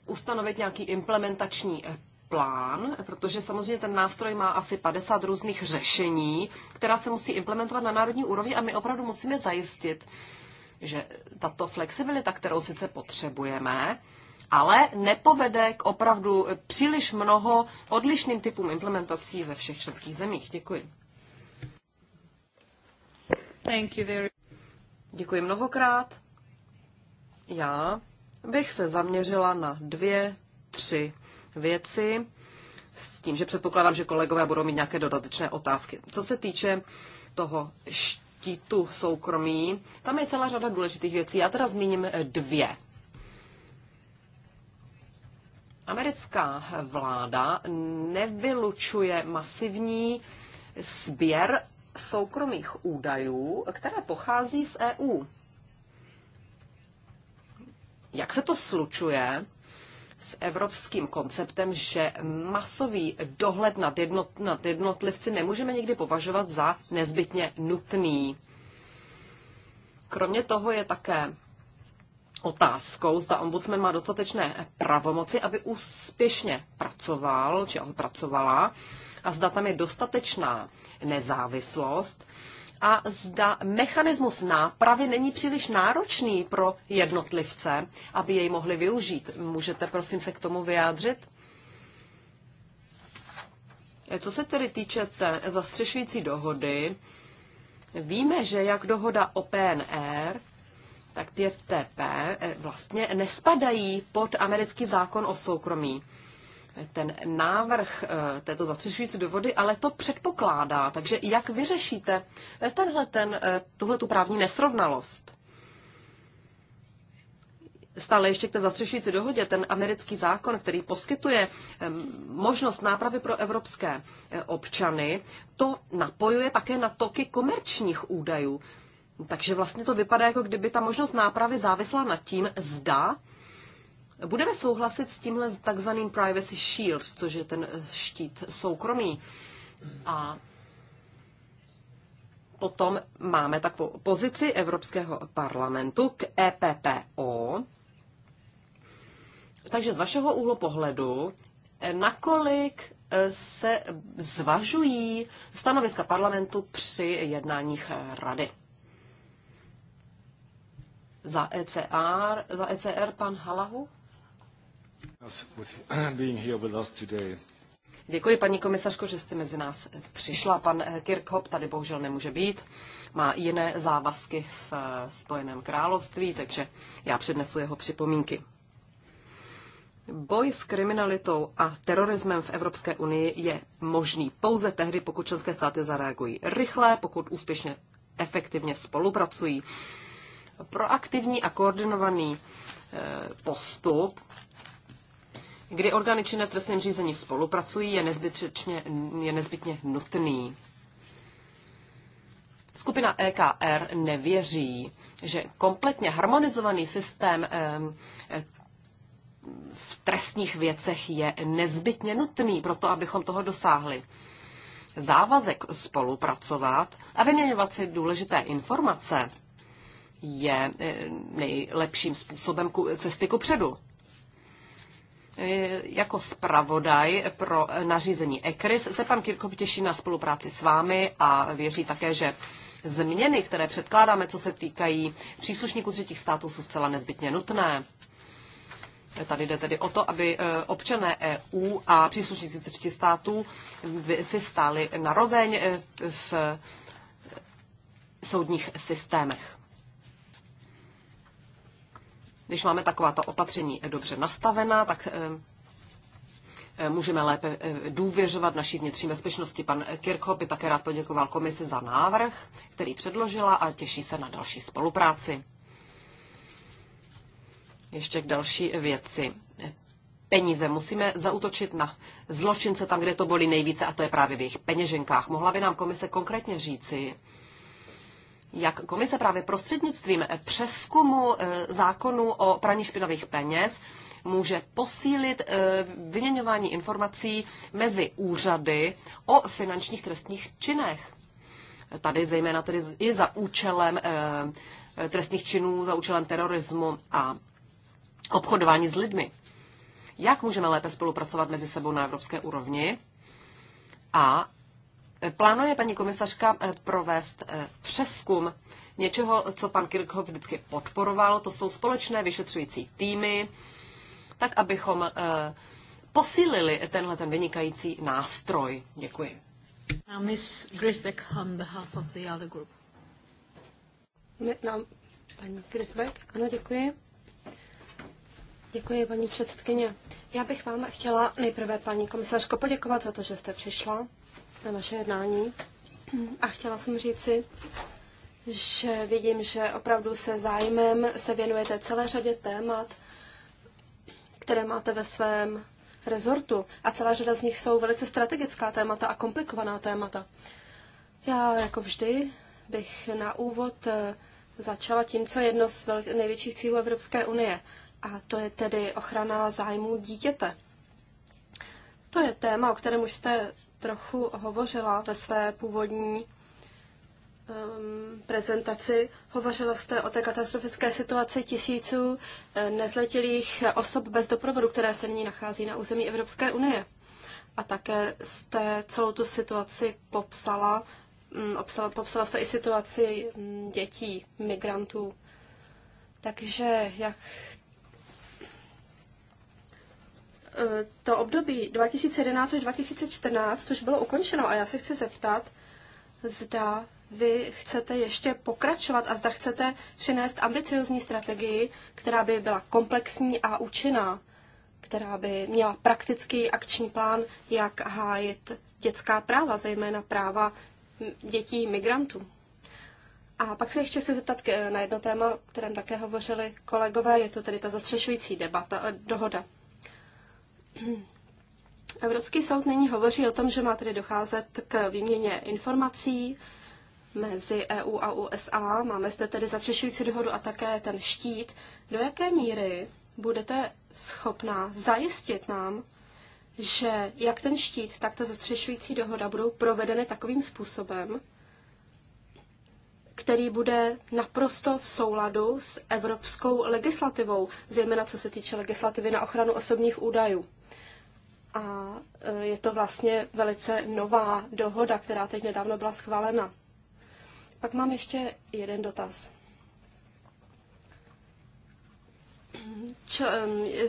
ustanovit nějaký implementační plán, protože samozřejmě ten nástroj má asi 50 různých řešení, která se musí implementovat na národní úrovni a my opravdu musíme zajistit, že tato flexibilita, kterou sice potřebujeme, ale nepovede k opravdu příliš mnoho odlišným typům implementací ve všech členských zemích. Děkuji. Děkuji mnohokrát. Já bych se zaměřila na dvě, tři věci s tím, že předpokládám, že kolegové budou mít nějaké dodatečné otázky. Co se týče toho štítu soukromí, tam je celá řada důležitých věcí. Já teda zmíním dvě. Americká vláda nevylučuje masivní sběr soukromých údajů, které pochází z EU. Jak se to slučuje s evropským konceptem, že masový dohled nad, jednot, nad jednotlivci nemůžeme nikdy považovat za nezbytně nutný? Kromě toho je také otázkou, zda ombudsman má dostatečné pravomoci, aby úspěšně pracoval, či pracovala, a zda tam je dostatečná nezávislost a zda mechanismus nápravy není příliš náročný pro jednotlivce, aby jej mohli využít. Můžete prosím se k tomu vyjádřit? Co se tedy týče té zastřešující dohody, víme, že jak dohoda o PNR, tak ty FTP eh, vlastně nespadají pod americký zákon o soukromí ten návrh eh, této zastřešující dovody, ale to předpokládá. Takže jak vyřešíte eh, tenhle, ten, eh, tuhle tu právní nesrovnalost? Stále ještě k té zastřešující dohodě, ten americký zákon, který poskytuje možnost nápravy pro evropské občany, to napojuje také na toky komerčních údajů. Takže vlastně to vypadá, jako kdyby ta možnost nápravy závisla na tím, zda Budeme souhlasit s tímhle takzvaným privacy shield, což je ten eh, štít soukromý. A potom máme takovou pozici Evropského parlamentu k EPPO. Takže z vašeho úhlu pohledu, eh, nakolik eh, se zvažují stanoviska parlamentu při jednáních rady? Za ECR, za ECR pan Halahu? [clears throat] Děkuji, paní komisařko, že jste mezi nás přišla. Pan eh, Kirkhop tady bohužel nemůže být, má jiné závazky v eh, Spojeném království, takže já přednesu jeho připomínky. Boj s kriminalitou a terorismem v Evropské unii je možný pouze tehdy, pokud členské státy zareagují rychle, pokud úspěšně efektivně spolupracují. Proaktivní a koordinovaný eh, postup kdy orgány činné v trestním řízení spolupracují, je, je nezbytně nutný. Skupina EKR nevěří, že kompletně harmonizovaný systém v trestních věcech je nezbytně nutný pro to, abychom toho dosáhli. Závazek spolupracovat a vyměňovat si důležité informace je nejlepším způsobem cesty ku předu. Eh, jako zpravodaj pro nařízení ECRIS se pan Kirkop těší na spolupráci s vámi a věří také, že změny, které předkládáme, co se týkají příslušníků třetích států, jsou zcela nezbytně nutné. Tady jde tedy o to, aby eh, občané EU a příslušníci třetích států si stáli naroveň eh, v soudních systémech. Když máme takováto opatření dobře nastavená, tak eh, eh, můžeme lépe eh, důvěřovat naší vnitřní bezpečnosti. Pan Kirchhoff by také rád poděkoval komisi za návrh, který předložila a těší se na další spolupráci. Ještě k další věci. Peníze. Musíme zautočit na zločince tam, kde to bolí nejvíce, a to je právě v jejich peněženkách. Mohla by nám komise konkrétně říci, jak komise právě prostřednictvím přeskumu eh, zákonu o praní špinavých peněz může posílit eh, vyměňování informací mezi úřady o finančních trestních činech. Tady zejména tedy i za účelem eh, trestných činů, za účelem terorismu a obchodování s lidmi. Jak můžeme lépe spolupracovat mezi sebou na evropské úrovni? A Plánuje paní komisařka eh, provést eh, přeskum něčeho, co pan Kirchhoff vždycky podporoval, to jsou společné vyšetřující týmy, tak abychom eh, posílili tenhle ten vynikající nástroj. Děkuji. Now Miss Grisbeck on behalf of the other group. Nám, paní Grisbeck, ano, děkuji. Děkuji, paní předsedkyně. Já bych vám chtěla nejprve, paní komisařko, poděkovat za to, že jste přišla na naše jednání a chtěla jsem říci, že vidím, že opravdu se zájmem se věnujete celé řadě témat, které máte ve svém rezortu a celá řada z nich jsou velice strategická témata a komplikovaná témata. Já jako vždy bych na úvod eh, začala tím, co je jedno z největších cílů Evropské unie, a to je tedy ochrana zájmů dítěte. To je téma, o kterém už jste trochu hovořila ve své původní um, prezentaci. Hovořila jste o té katastrofické situaci tisíců eh, nezletilých osob bez doprovodu, které se nyní nachází na území Evropské unie. A také jste celou tu situaci popsala, um, obsala, popsala jste i situaci mm, dětí, migrantů. Takže jak Eh, to období 2011 až 2014 což bylo ukončeno a já se chci zeptat, zda vy chcete ještě pokračovat a zda chcete přinést ambiciozní strategii, která by byla komplexní a účinná, která by měla praktický akční plán, jak hájit dětská práva, zejména práva dětí migrantů. A pak se ještě chci zeptat na jedno téma, o kterém také hovořili kolegové, je to tedy ta zastřešující debata, eh, dohoda. Evropský soud nyní hovoří o tom, že má tedy docházet k výměně informací mezi EU a USA. Máme zde tedy zatřešující dohodu a také ten štít. Do jaké míry budete schopná zajistit nám, že jak ten štít, tak ta zastřešující dohoda budou provedeny takovým způsobem, který bude naprosto v souladu s evropskou legislativou, zejména co se týče legislativy na ochranu osobních údajů a e, je to vlastně velice nová dohoda, která teď nedávno byla schválena. Pak mám ještě jeden dotaz.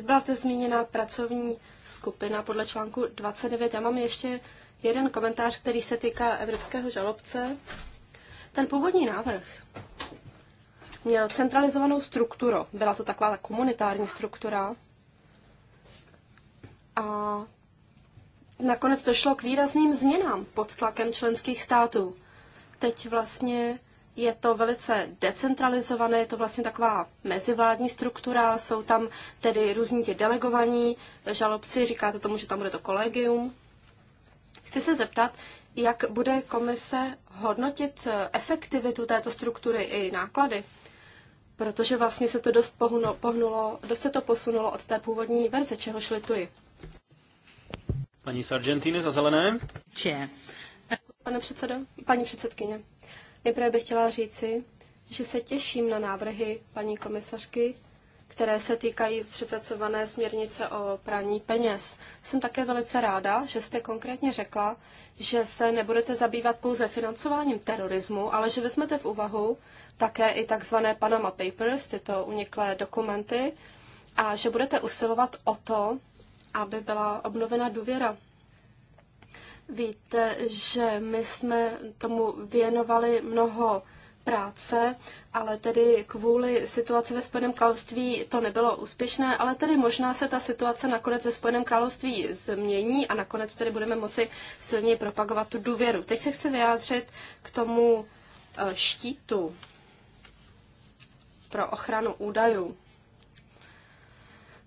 byla zde zmíněna pracovní skupina podle článku 29. Já mám ještě jeden komentář, který se týká evropského žalobce. Ten původní návrh měl centralizovanou strukturu. Byla to taková komunitární struktura, a nakonec došlo k výrazným změnám pod tlakem členských států. Teď vlastně je to velice decentralizované, je to vlastně taková mezivládní struktura, jsou tam tedy různí tě delegovaní žalobci, říkáte tomu, že tam bude to kolegium. Chci se zeptat, jak bude komise hodnotit efektivitu této struktury i náklady? Protože vlastně se to dost pohnulo, pohnulo dost se to posunulo od té původní verze, čehož lituji. Paní Argentiny za zelené. Če. Pane předsedo, paní předsedkyně, nejprve bych chtěla říci, že se těším na návrhy paní komisařky, které se týkají přepracované směrnice o praní peněz. Jsem také velice ráda, že jste konkrétně řekla, že se nebudete zabývat pouze financováním terorismu, ale že vezmete v úvahu také i tzv. Panama Papers, tyto uniklé dokumenty, a že budete usilovat o to, aby byla obnovena důvěra. Víte, že my jsme tomu věnovali mnoho práce, ale tedy kvůli situaci ve Spojeném království to nebylo úspěšné, ale tedy možná se ta situace nakonec ve Spojeném království změní a nakonec tedy budeme moci silněji propagovat tu důvěru. Teď se chci vyjádřit k tomu eh, štítu pro ochranu údajů.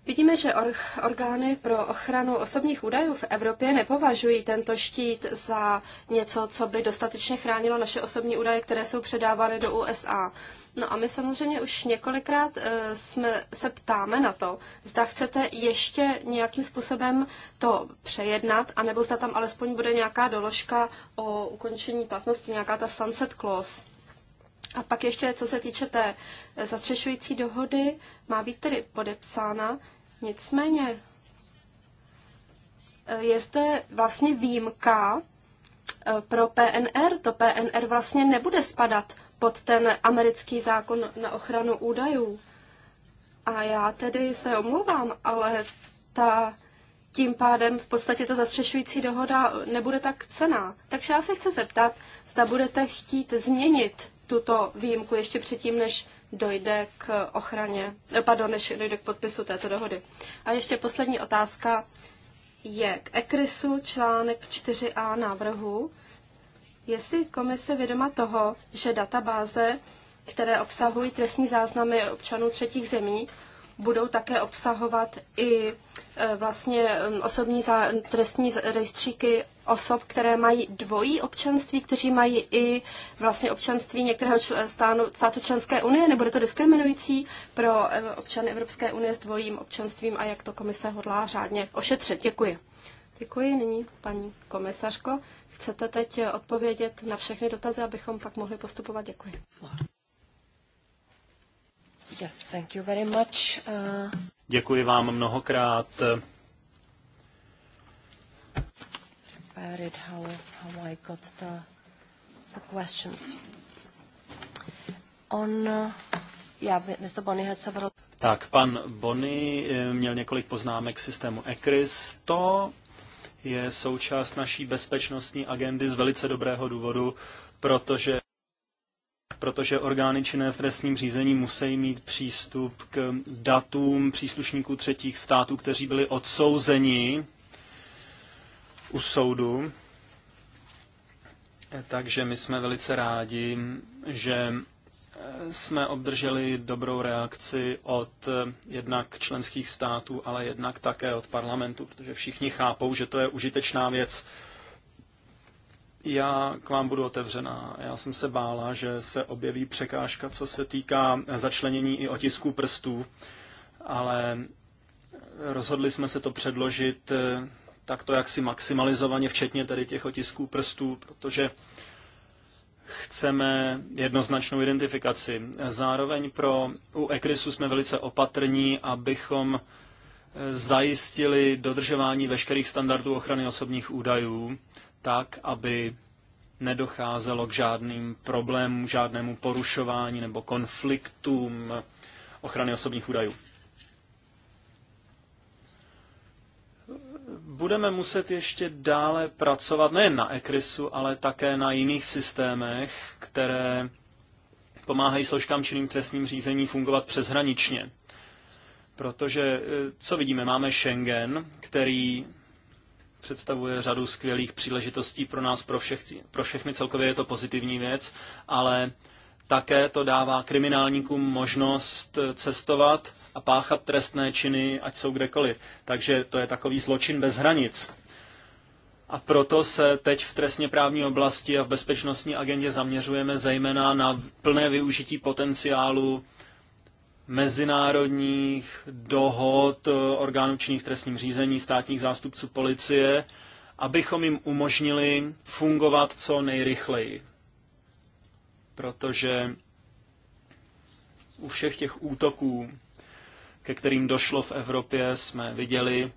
Vidíme, že or- orgány pro ochranu osobních údajů v Evropě nepovažují tento štít za něco, co by dostatečně chránilo naše osobní údaje, které jsou předávány do USA. No a my samozřejmě už několikrát uh, jsme, se ptáme na to, zda chcete ještě nějakým způsobem to přejednat, anebo zda tam alespoň bude nějaká doložka o ukončení platnosti, nějaká ta sunset clause. A pak ještě, co se týče té eh, zastřešující dohody, má být tedy podepsána Nicméně eh, je zde vlastně výjimka eh, pro PNR. To PNR vlastně nebude spadat pod ten americký zákon na ochranu údajů. A já tedy se omlouvám, ale ta tím pádem v podstatě ta zastřešující dohoda nebude tak cená. Takže já se chci zeptat, zda budete chtít změnit tuto výjimku ještě předtím, než dojde k ochraně, pardon, než dojde k podpisu této dohody. A ještě poslední otázka je k ECRISu článek 4a návrhu. Je si komise vědoma toho, že databáze, které obsahují trestní záznamy občanů třetích zemí, budou také obsahovat i e, vlastně osobní za, trestní rejstříky osob, které mají dvojí občanství, kteří mají i vlastně občanství některého čl- stánu, státu členské unie. Nebude to diskriminující pro e, občany Evropské unie s dvojím občanstvím a jak to komise hodlá řádně ošetřit. Děkuji. Děkuji. Nyní, paní komisařko, chcete teď odpovědět na všechny dotazy, abychom pak mohli postupovat? Děkuji. Yes, thank you very much. Uh... Děkuji vám mnohokrát. Read how, how I got the, the questions. On, uh, yeah, Mr. Bonny had several... Tak, pan Bonny eh, měl několik poznámek systému ECRIS. To je součást naší bezpečnostní agendy z velice dobrého důvodu, protože protože orgány činné v trestním řízení musí mít přístup k datům příslušníků třetích států, kteří byli odsouzeni u soudu. Takže my jsme velice rádi, že jsme obdrželi dobrou reakci od jednak členských států, ale jednak také od parlamentu, protože všichni chápou, že to je užitečná věc. Já k vám budu otevřená. Já jsem se bála, že se objeví překážka, co se týká začlenění i otisků prstů, ale rozhodli jsme se to předložit eh, takto jaksi maximalizovaně, včetně tedy těch otisků prstů, protože chceme jednoznačnou identifikaci. Zároveň pro u ECRISu jsme velice opatrní, abychom eh, zajistili dodržování veškerých standardů ochrany osobních údajů tak, aby nedocházelo k žádným problémům, žádnému porušování nebo konfliktům ochrany osobních údajů. Budeme muset ještě dále pracovat nejen na ECRISu, ale také na jiných systémech, které pomáhají složkám činným trestním řízení fungovat přeshraničně. Protože, eh, co vidíme, máme Schengen, který představuje řadu skvělých příležitostí pro nás, pro, všech, pro všechny. Celkově je to pozitivní věc, ale také to dává kriminálníkům možnost eh, cestovat a páchat trestné činy, ať jsou kdekoliv. Takže to je takový zločin bez hranic. A proto se teď v trestně právní oblasti a v bezpečnostní agendě zaměřujeme zejména na plné využití potenciálu mezinárodních dohod eh, orgánů činných trestním řízení, státních zástupců policie, abychom jim umožnili fungovat co nejrychleji. Protože u všech těch útoků, ke kterým došlo v Evropě, jsme viděli,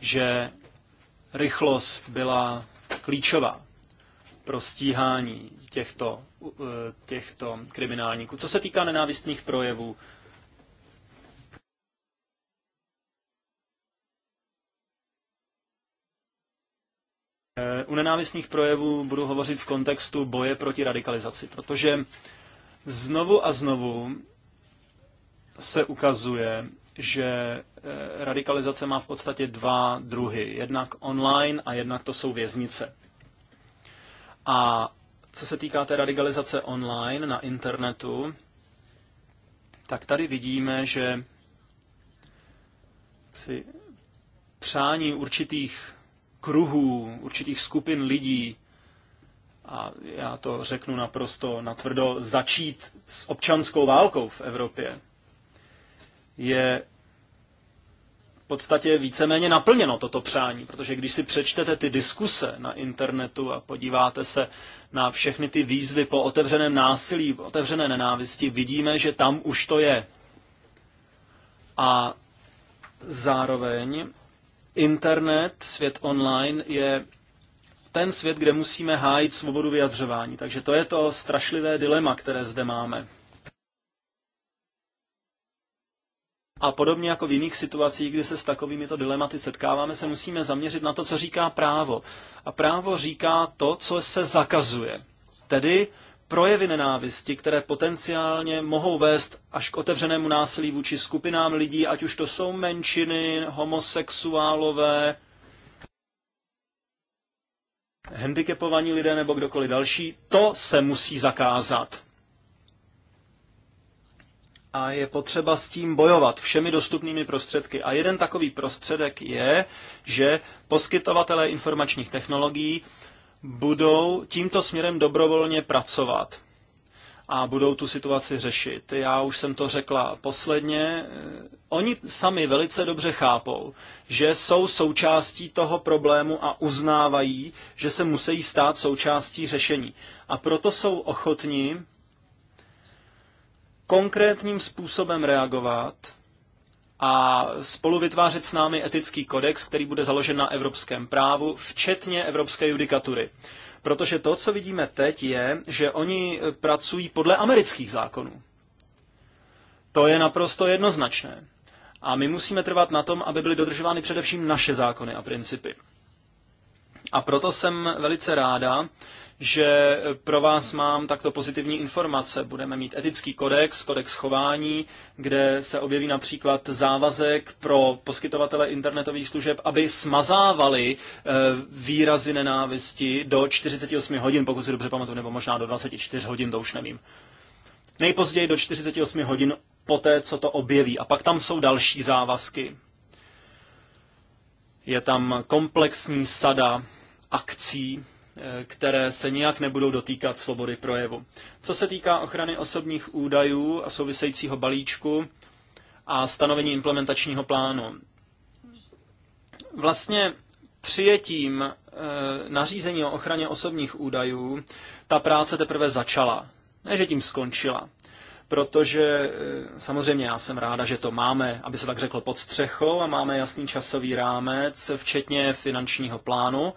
že rychlost byla klíčová pro stíhání těchto, e, těchto kriminálníků. Co se týká nenávistných projevů, e, U nenávistných projevů budu hovořit v kontextu boje proti radikalizaci, protože znovu a znovu se ukazuje, že e, radikalizace má v podstatě dva druhy. Jednak online a jednak to jsou věznice. A co se týká té radikalizace online na internetu, tak tady vidíme, že si přání určitých kruhů, určitých skupin lidí, a já to řeknu naprosto natvrdo, začít s občanskou válkou v Evropě, je podstatě víceméně naplněno toto přání, protože když si přečtete ty diskuse na internetu a podíváte se na všechny ty výzvy po otevřeném násilí, po otevřené nenávisti, vidíme, že tam už to je. A zároveň internet, svět online je ten svět, kde musíme hájit svobodu vyjadřování. Takže to je to strašlivé dilema, které zde máme. A podobně jako v jiných situacích, kdy se s takovými to dilematy setkáváme, se musíme zaměřit na to, co říká právo. A právo říká to, co se zakazuje. Tedy projevy nenávisti, které potenciálně mohou vést až k otevřenému násilí vůči skupinám lidí, ať už to jsou menšiny, homosexuálové, handicapovaní lidé nebo kdokoliv další, to se musí zakázat a je potřeba s tím bojovat všemi dostupnými prostředky. A jeden takový prostředek je, že poskytovatelé informačních technologií budou tímto směrem dobrovolně pracovat a budou tu situaci řešit. Já už jsem to řekla posledně. Eh, oni sami velice dobře chápou, že jsou součástí toho problému a uznávají, že se musí stát součástí řešení. A proto jsou ochotní konkrétním způsobem reagovat a spolu vytvářet s námi etický kodex, který bude založen na evropském právu, včetně evropské judikatury. Protože to, co vidíme teď, je, že oni pracují podle amerických zákonů. To je naprosto jednoznačné. A my musíme trvat na tom, aby byly dodržovány především naše zákony a principy. A proto jsem velice ráda, že pro vás mám takto pozitivní informace. Budeme mít etický kodex, kodex chování, kde se objeví například závazek pro poskytovatele internetových služeb, aby smazávali eh, výrazy nenávisti do 48 hodin, pokud si dobře pamatuju, nebo možná do 24 hodin, to už nevím. Nejpozději do 48 hodin poté, co to objeví. A pak tam jsou další závazky. Je tam komplexní sada akcí, Eh, které se nijak nebudou dotýkat svobody projevu. Co se týká ochrany osobních údajů a souvisejícího balíčku a stanovení implementačního plánu. Vlastně přijetím eh, nařízení o ochraně osobních údajů ta práce teprve začala, ne že tím skončila. Protože eh, samozřejmě já jsem ráda, že to máme, aby se tak řeklo, pod střechou a máme jasný časový rámec, včetně finančního plánu,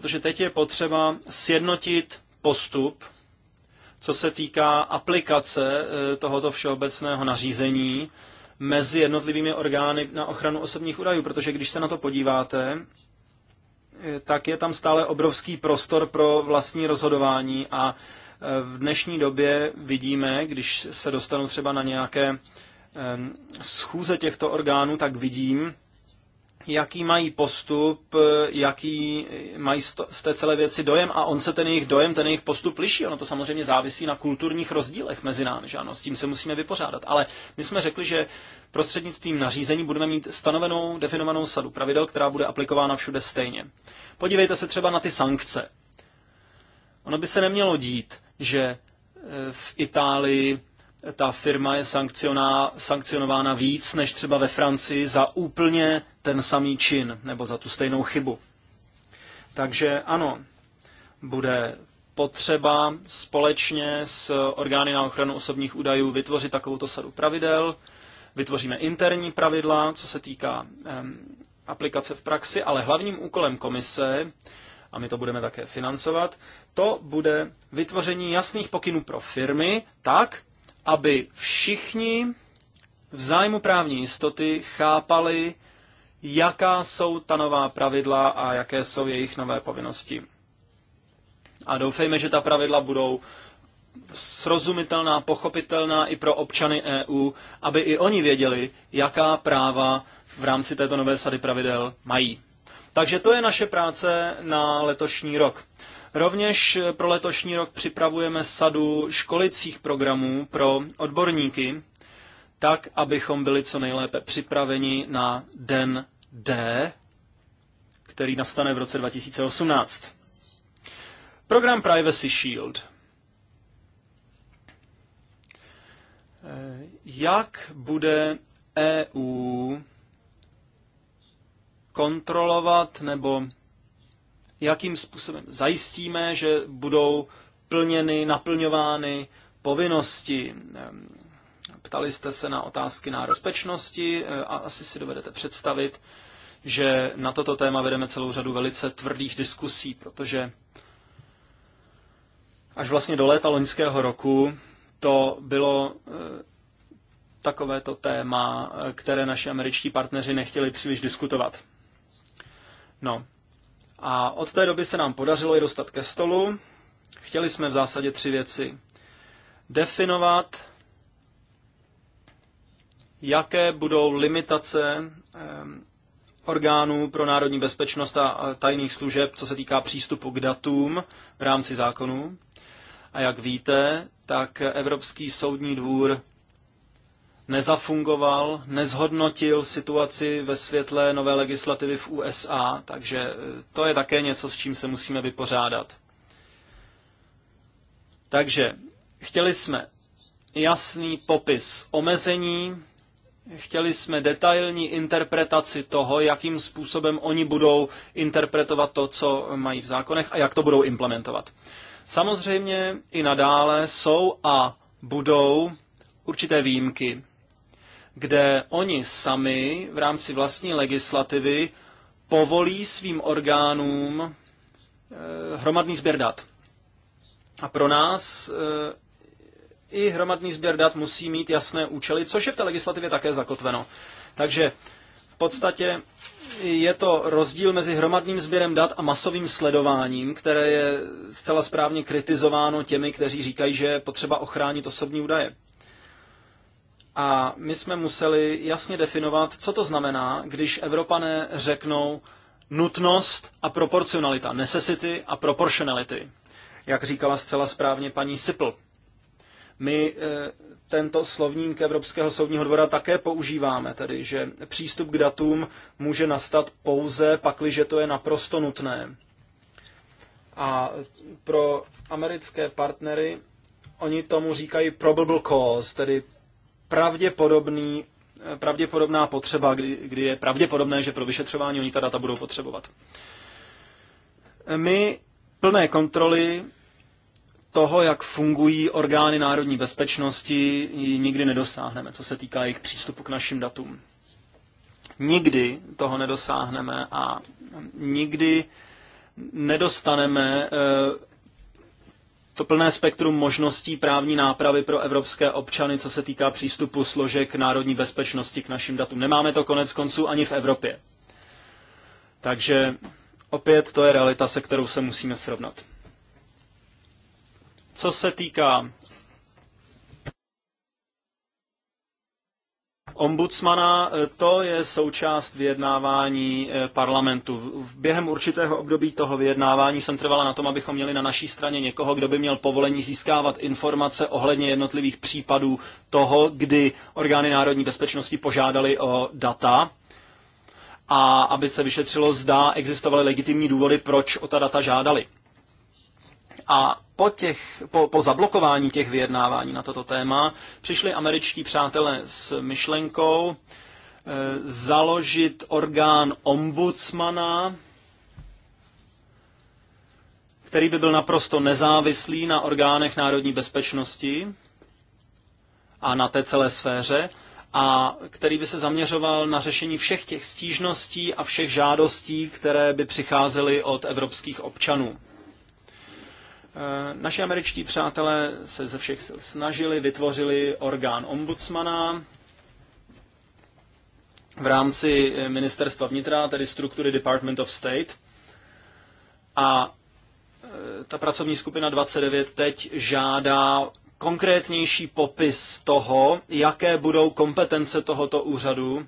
protože teď je potřeba sjednotit postup, co se týká aplikace eh, tohoto všeobecného nařízení mezi jednotlivými orgány na ochranu osobních údajů, protože když se na to podíváte, eh, tak je tam stále obrovský prostor pro vlastní rozhodování a eh, v dnešní době vidíme, když se dostanu třeba na nějaké schůze těchto orgánů, tak vidím, jaký mají postup, eh, jaký mají z té celé věci dojem a on se ten jejich dojem, ten jejich postup liší. Ono to samozřejmě závisí na kulturních rozdílech mezi námi, že ano, s tím se musíme vypořádat. Ale my jsme řekli, že prostřednictvím nařízení budeme mít stanovenou, definovanou sadu pravidel, která bude aplikována všude stejně. Podívejte se třeba na ty sankce. Ono by se nemělo dít, že eh, v Itálii ta firma je sankcionována víc než třeba ve Francii za úplně ten samý čin nebo za tu stejnou chybu. Takže ano, bude potřeba společně s orgány na ochranu osobních údajů vytvořit takovouto sadu pravidel. Vytvoříme interní pravidla, co se týká um, aplikace v praxi, ale hlavním úkolem komise, a my to budeme také financovat, to bude vytvoření jasných pokynů pro firmy, tak, aby všichni v zájmu právní jistoty chápali, jaká jsou ta nová pravidla a jaké jsou jejich nové povinnosti. A doufejme, že ta pravidla budou srozumitelná, pochopitelná i pro občany EU, aby i oni věděli, jaká práva v rámci této nové sady pravidel mají. Takže to je naše práce na letošní rok. Rovněž pro letošní rok připravujeme sadu školicích programů pro odborníky, tak, abychom byli co nejlépe připraveni na den D, který nastane v roce 2018. Program Privacy Shield. Eh, jak bude EU kontrolovat nebo jakým způsobem zajistíme, že budou plněny, naplňovány povinnosti. Ehm, ptali jste se na otázky na bezpečnosti eh, a asi si dovedete představit, že na toto téma vedeme celou řadu velice tvrdých diskusí, protože až vlastně do léta loňského roku to bylo eh, takovéto téma, eh, které naši američtí partneři nechtěli příliš diskutovat. No, a od té doby se nám podařilo je dostat ke stolu. Chtěli jsme v zásadě tři věci. Definovat, jaké budou limitace ehm, orgánů pro národní bezpečnost a tajných služeb, co se týká přístupu k datům v rámci zákonů. A jak víte, tak Evropský soudní dvůr nezafungoval, nezhodnotil situaci ve světle nové legislativy v USA, takže eh, to je také něco, s čím se musíme vypořádat. Takže chtěli jsme jasný popis omezení, chtěli jsme detailní interpretaci toho, jakým způsobem oni budou interpretovat to, co mají v zákonech a jak to budou implementovat. Samozřejmě i nadále jsou a budou určité výjimky kde oni sami v rámci vlastní legislativy povolí svým orgánům eh, hromadný sběr dat. A pro nás eh, i hromadný sběr dat musí mít jasné účely, což je v té legislativě také zakotveno. Takže v podstatě je to rozdíl mezi hromadným sběrem dat a masovým sledováním, které je zcela správně kritizováno těmi, kteří říkají, že je potřeba ochránit osobní údaje. A my jsme museli jasně definovat, co to znamená, když Evropané řeknou nutnost a proporcionalita, necessity a proportionality, jak říkala zcela správně paní Sipl. My e, tento slovník Evropského soudního dvora také používáme, tedy že přístup k datům může nastat pouze pakliže to je naprosto nutné. A pro americké partnery oni tomu říkají probable cause, tedy pravděpodobný, pravděpodobná potřeba, kdy, kdy je pravděpodobné, že pro vyšetřování oni ta data budou potřebovat. My plné kontroly toho, jak fungují orgány národní bezpečnosti, ji nikdy nedosáhneme, co se týká jejich přístupu k našim datům. Nikdy toho nedosáhneme a nikdy nedostaneme eh, to plné spektrum možností právní nápravy pro evropské občany, co se týká přístupu složek národní bezpečnosti k našim datům. Nemáme to konec konců ani v Evropě. Takže opět to je realita, se kterou se musíme srovnat. Co se týká ombudsmana, eh, to je součást vyjednávání eh, parlamentu. Během určitého období toho vyjednávání jsem trvala na tom, abychom měli na naší straně někoho, kdo by měl povolení získávat informace ohledně jednotlivých případů toho, kdy orgány národní bezpečnosti požádali o data a aby se vyšetřilo, zda existovaly legitimní důvody, proč o ta data žádali. A po, těch, po, po zablokování těch vyjednávání na toto téma přišli američtí přátelé s myšlenkou e, založit orgán ombudsmana, který by byl naprosto nezávislý na orgánech národní bezpečnosti a na té celé sféře a který by se zaměřoval na řešení všech těch stížností a všech žádostí, které by přicházely od evropských občanů. Eh, naši američtí přátelé se ze všech sil snažili, vytvořili orgán ombudsmana v rámci eh, ministerstva vnitra, tedy struktury Department of State. A eh, ta pracovní skupina 29 teď žádá konkrétnější popis toho, jaké budou kompetence tohoto úřadu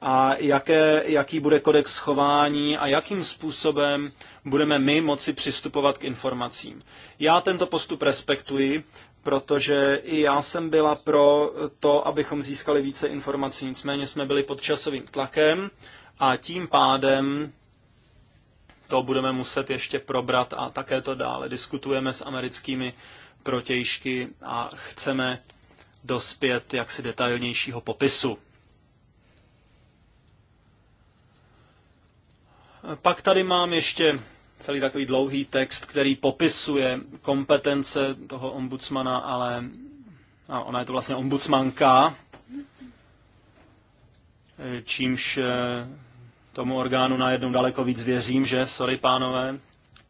a jaké, jaký bude kodex chování a jakým způsobem budeme my moci přistupovat k informacím. Já tento postup respektuji, protože i já jsem byla pro to, abychom získali více informací, nicméně jsme byli pod časovým tlakem a tím pádem to budeme muset ještě probrat a také to dále diskutujeme s americkými protějšky a chceme dospět jaksi detailnějšího popisu. Pak tady mám ještě celý takový dlouhý text, který popisuje kompetence toho ombudsmana, ale a ona je to vlastně ombudsmanka, čímž eh, tomu orgánu najednou daleko víc věřím, že? Sorry, pánové.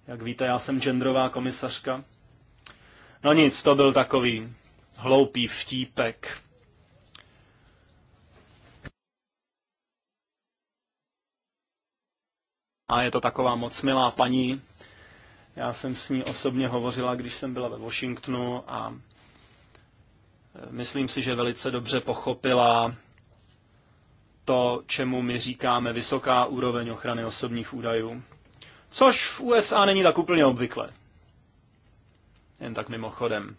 Jak víte, já jsem genderová komisařka. No nic, to byl takový hloupý vtípek. a je to taková moc milá paní. Já jsem s ní osobně hovořila, když jsem byla ve Washingtonu a e, myslím si, že velice dobře pochopila to, čemu my říkáme vysoká úroveň ochrany osobních údajů. Což v USA není tak úplně obvykle. Jen tak mimochodem.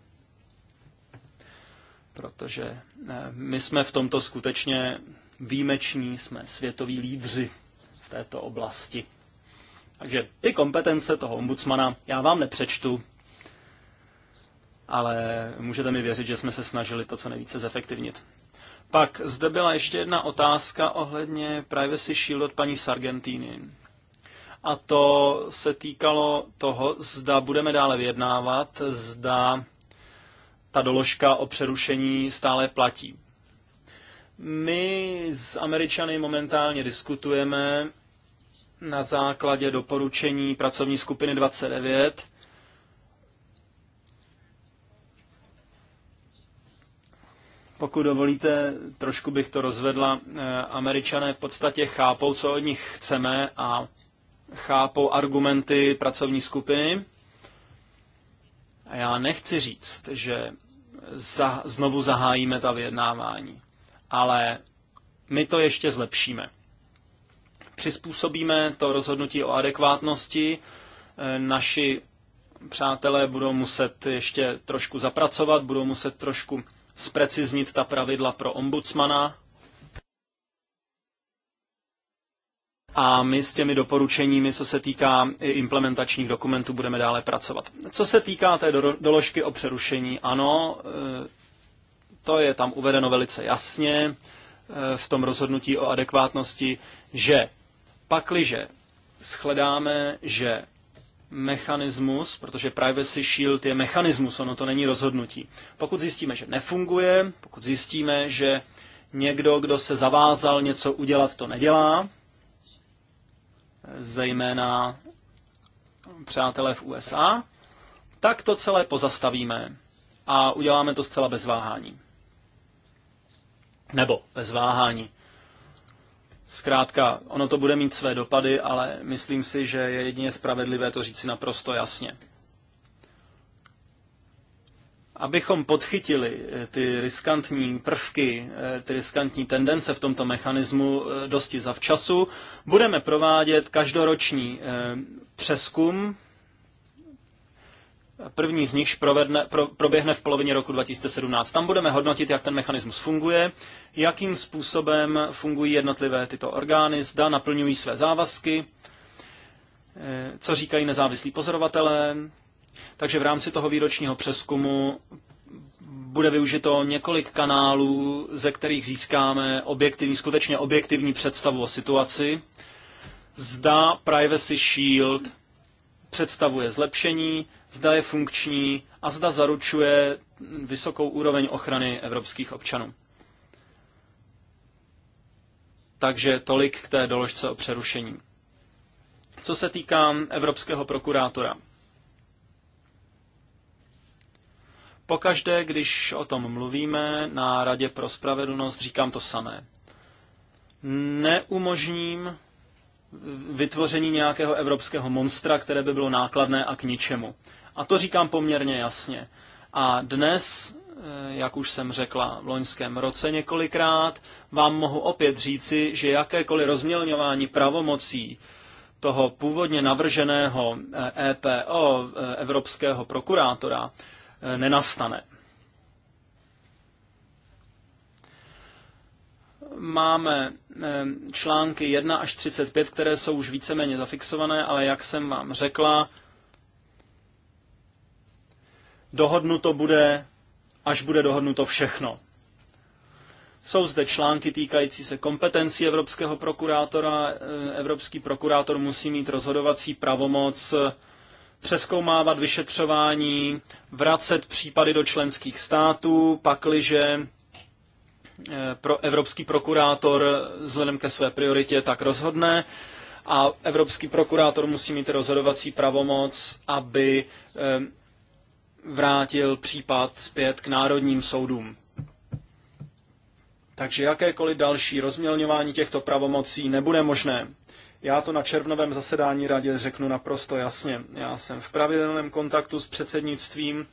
Protože e, my jsme v tomto skutečně výjimeční, jsme světoví lídři v této oblasti. Takže ty kompetence toho ombudsmana já vám nepřečtu, ale můžete mi věřit, že jsme se snažili to co nejvíce zefektivnit. Pak zde byla ještě jedna otázka ohledně Privacy Shield od paní Sargentiny. A to se týkalo toho, zda budeme dále vyjednávat, zda ta doložka o přerušení stále platí. My s Američany momentálně diskutujeme na základě doporučení pracovní skupiny 29 Pokud dovolíte, trošku bych to rozvedla. Eh, Američané v podstatě chápou, co od nich chceme a chápou argumenty pracovní skupiny. A já nechci říct, že za, znovu zahájíme ta vyjednávání, ale my to ještě zlepšíme přizpůsobíme to rozhodnutí o adekvátnosti. E, naši přátelé budou muset ještě trošku zapracovat, budou muset trošku zpreciznit ta pravidla pro ombudsmana. A my s těmi doporučeními, co se týká implementačních dokumentů, budeme dále pracovat. Co se týká té doložky o přerušení, ano, e, to je tam uvedeno velice jasně e, v tom rozhodnutí o adekvátnosti, že Pakliže shledáme, že mechanismus, protože Privacy Shield je mechanismus, ono to není rozhodnutí. Pokud zjistíme, že nefunguje, pokud zjistíme, že někdo, kdo se zavázal něco udělat, to nedělá, zejména přátelé v USA, tak to celé pozastavíme a uděláme to zcela bez váhání. Nebo bez váhání. Zkrátka, ono to bude mít své dopady, ale myslím si, že je jedině spravedlivé to říci naprosto jasně. Abychom podchytili eh, ty riskantní prvky, eh, ty riskantní tendence v tomto mechanismu eh, dosti zavčasu, budeme provádět každoroční přeskum První z nich provedne, pro, proběhne v polovině roku 2017. Tam budeme hodnotit, jak ten mechanismus funguje, jakým způsobem fungují jednotlivé tyto orgány, zda naplňují své závazky, eh, co říkají nezávislí pozorovatelé. Takže v rámci toho výročního přeskumu bude využito několik kanálů, ze kterých získáme objektivní, skutečně objektivní představu o situaci. Zda Privacy Shield představuje zlepšení, zda je funkční a zda zaručuje vysokou úroveň ochrany evropských občanů. Takže tolik k té doložce o přerušení. Co se týká evropského prokurátora. Pokaždé, když o tom mluvíme na Radě pro spravedlnost, říkám to samé. Neumožním vytvoření nějakého evropského monstra, které by bylo nákladné a k ničemu. A to říkám poměrně jasně. A dnes, eh, jak už jsem řekla v loňském roce několikrát, vám mohu opět říci, že jakékoliv rozmělňování pravomocí toho původně navrženého EPO, eh, e eh, Evropského prokurátora, nenastane. máme články 1 až 35, které jsou už víceméně zafixované, ale jak jsem vám řekla, dohodnuto bude, až bude dohodnuto všechno. Jsou zde články týkající se kompetencí evropského prokurátora. Evropský prokurátor musí mít rozhodovací pravomoc přeskoumávat vyšetřování, vracet případy do členských států, pakliže Eh, pro evropský prokurátor vzhledem ke své prioritě tak rozhodne a evropský prokurátor musí mít rozhodovací pravomoc, aby eh, vrátil případ zpět k národním soudům. Takže jakékoliv další rozmělňování těchto pravomocí nebude možné. Já to na červnovém zasedání radě řeknu naprosto jasně. Já jsem v pravidelném kontaktu s předsednictvím,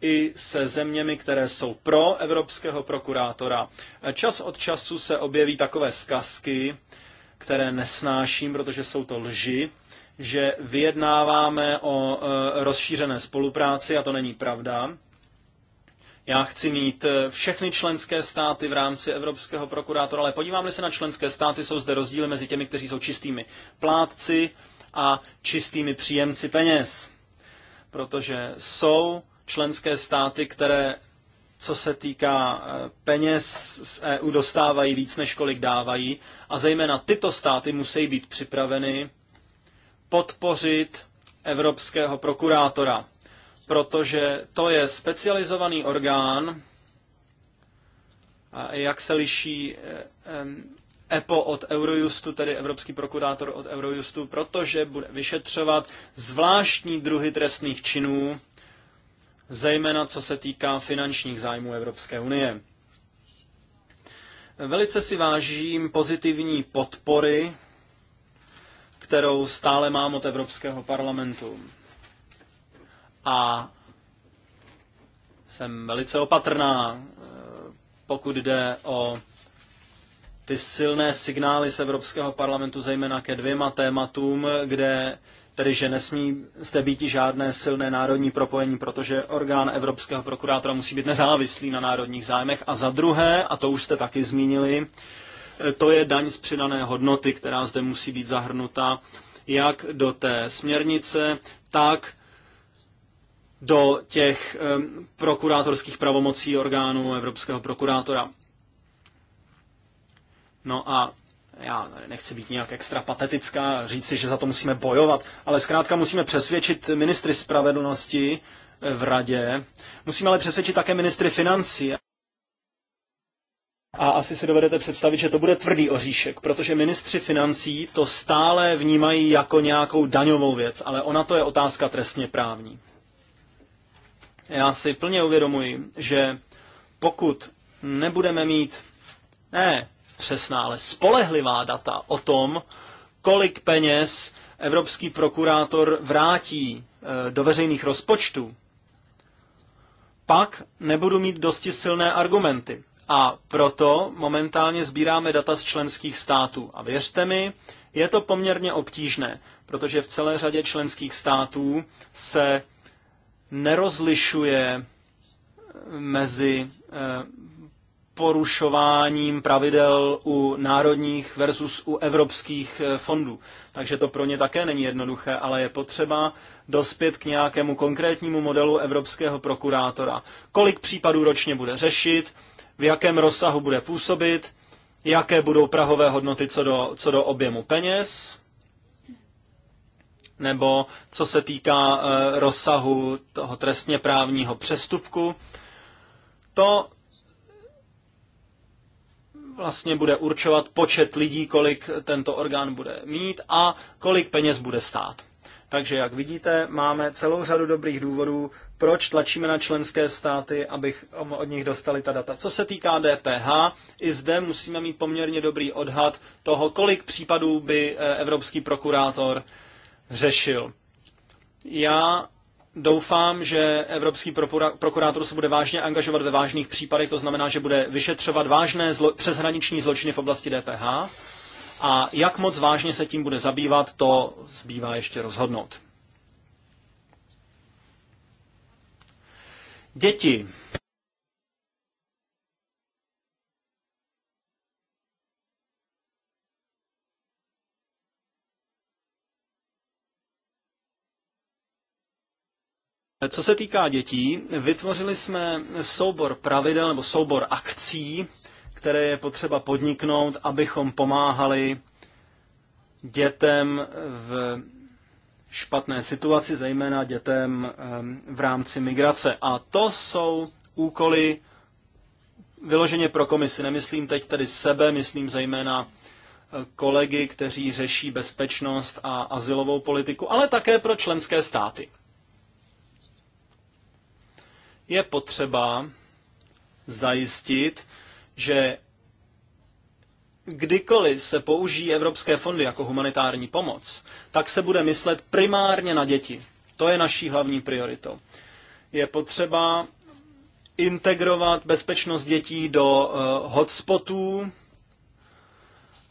i se zeměmi, které jsou pro evropského prokurátora. Čas od času se objeví takové zkazky, které nesnáším, protože jsou to lži, že vyjednáváme o e, rozšířené spolupráci a to není pravda. Já chci mít e, všechny členské státy v rámci Evropského prokurátora, ale podívám se na členské státy, jsou zde rozdíly mezi těmi, kteří jsou čistými plátci a čistými příjemci peněz. Protože jsou členské státy, které co se týká eh, peněz z EU, dostávají víc, než kolik dávají. A zejména tyto státy musí být připraveny podpořit evropského prokurátora, protože to je specializovaný orgán, a jak se liší EPO eh, e od Eurojustu, tedy Evropský prokurátor od Eurojustu, protože bude vyšetřovat zvláštní druhy trestných činů, zejména co se týká finančních zájmů Evropské unie. Velice si vážím pozitivní podpory, kterou stále mám od Evropského parlamentu. A jsem velice opatrná, eh, pokud jde o ty silné signály z Evropského parlamentu, zejména ke dvěma tématům, kde tedy že nesmí zde být žádné silné národní propojení, protože orgán evropského prokurátora musí být nezávislý na národních zájmech. A za druhé, a to už jste taky zmínili, eh, to je daň z přidané hodnoty, která zde musí být zahrnuta jak do té směrnice, tak do těch eh, prokurátorských pravomocí orgánů Evropského prokurátora. No a já nechci být nějak extra patetická, říct si, že za to musíme bojovat, ale zkrátka musíme přesvědčit ministry spravedlnosti eh, v radě, musíme ale přesvědčit také ministry financí. A asi si dovedete představit, že to bude tvrdý oříšek, protože ministři financí to stále vnímají jako nějakou daňovou věc, ale ona to je otázka trestně právní. Já si plně uvědomuji, že pokud nebudeme mít, ne, přesná, ale spolehlivá data o tom, kolik peněz evropský prokurátor vrátí e, do veřejných rozpočtů, pak nebudu mít dosti silné argumenty. A proto momentálně sbíráme data z členských států. A věřte mi, je to poměrně obtížné, protože v celé řadě členských států se nerozlišuje mezi e, porušováním pravidel u národních versus u evropských eh, fondů. Takže to pro ně také není jednoduché, ale je potřeba dospět k nějakému konkrétnímu modelu evropského prokurátora. Kolik případů ročně bude řešit, v jakém rozsahu bude působit, jaké budou prahové hodnoty co do, co do objemu peněz, nebo co se týká eh, rozsahu toho trestně právního přestupku. To vlastně bude určovat počet lidí, kolik tento orgán bude mít a kolik peněz bude stát. Takže jak vidíte, máme celou řadu dobrých důvodů, proč tlačíme na členské státy, abych od nich dostali ta data. Co se týká DPH, i zde musíme mít poměrně dobrý odhad toho, kolik případů by eh, evropský prokurátor řešil. Já Doufám, že evropský prokurátor se bude vážně angažovat ve vážných případech, to znamená, že bude vyšetřovat vážné zlo- přeshraniční zločiny v oblasti DPH a jak moc vážně se tím bude zabývat, to zbývá ještě rozhodnout. Děti. Co se týká dětí, vytvořili jsme soubor pravidel nebo soubor akcí, které je potřeba podniknout, abychom pomáhali dětem v špatné situaci, zejména dětem ehm, v rámci migrace. A to jsou úkoly vyloženě pro komisi. Nemyslím teď tedy sebe, myslím zejména eh, kolegy, kteří řeší bezpečnost a asilovou politiku, ale také pro členské státy je potřeba zajistit, že kdykoliv se použijí evropské fondy jako humanitární pomoc, tak se bude myslet primárně na děti. To je naší hlavní prioritou. Je potřeba integrovat bezpečnost dětí do eh, hotspotů,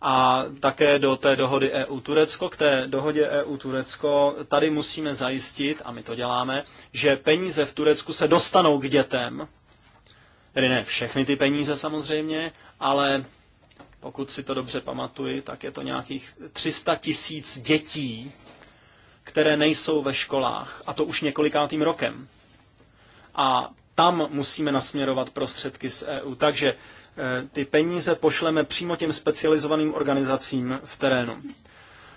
a také do té dohody EU-Turecko. K té dohodě EU-Turecko tady musíme zajistit, a my to děláme, že peníze v Turecku se dostanou k dětem, tedy ne všechny ty peníze samozřejmě, ale pokud si to dobře pamatuji, tak je to nějakých 300 tisíc dětí, které nejsou ve školách, a to už několikátým rokem. A tam musíme nasměrovat prostředky z EU. Takže Eh, ty peníze pošleme přímo těm specializovaným organizacím v terénu.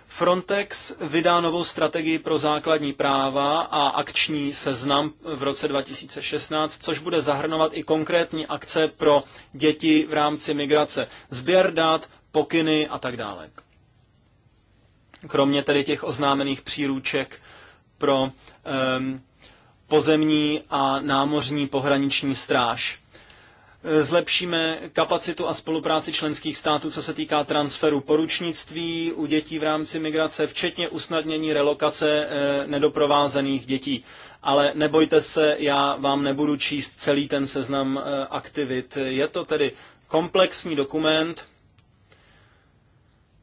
Frontex vydá novou strategii pro základní práva a akční seznam v roce 2016, což bude zahrnovat i konkrétní akce pro děti v rámci migrace, sběr dát, pokyny a tak dále. Kromě tedy těch oznámených příruček pro um, pozemní a námořní pohraniční stráž. Eh, zlepšíme kapacitu a spolupráci členských států, co se týká transferu poručnictví u dětí v rámci migrace, včetně usnadnění relokace eh, nedoprovázených dětí. Ale nebojte se, já vám nebudu číst celý ten seznam eh, aktivit. Je to tedy komplexní dokument,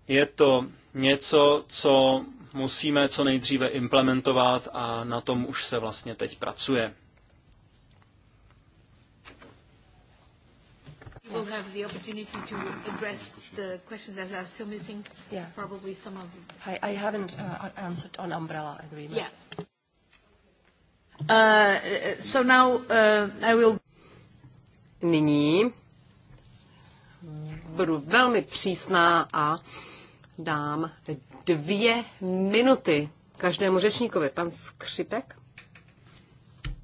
je to něco, co musíme co nejdříve implementovat a na tom už se vlastně teď pracuje. will have the opportunity to address the questions that are still missing. Yeah. Probably some of them. I, I haven't uh, answered on umbrella agreement. Yeah. Uh, so now uh, I will... Nyní budu velmi přísná a dám dvě minuty každému řečníkovi. Pan Skřipek.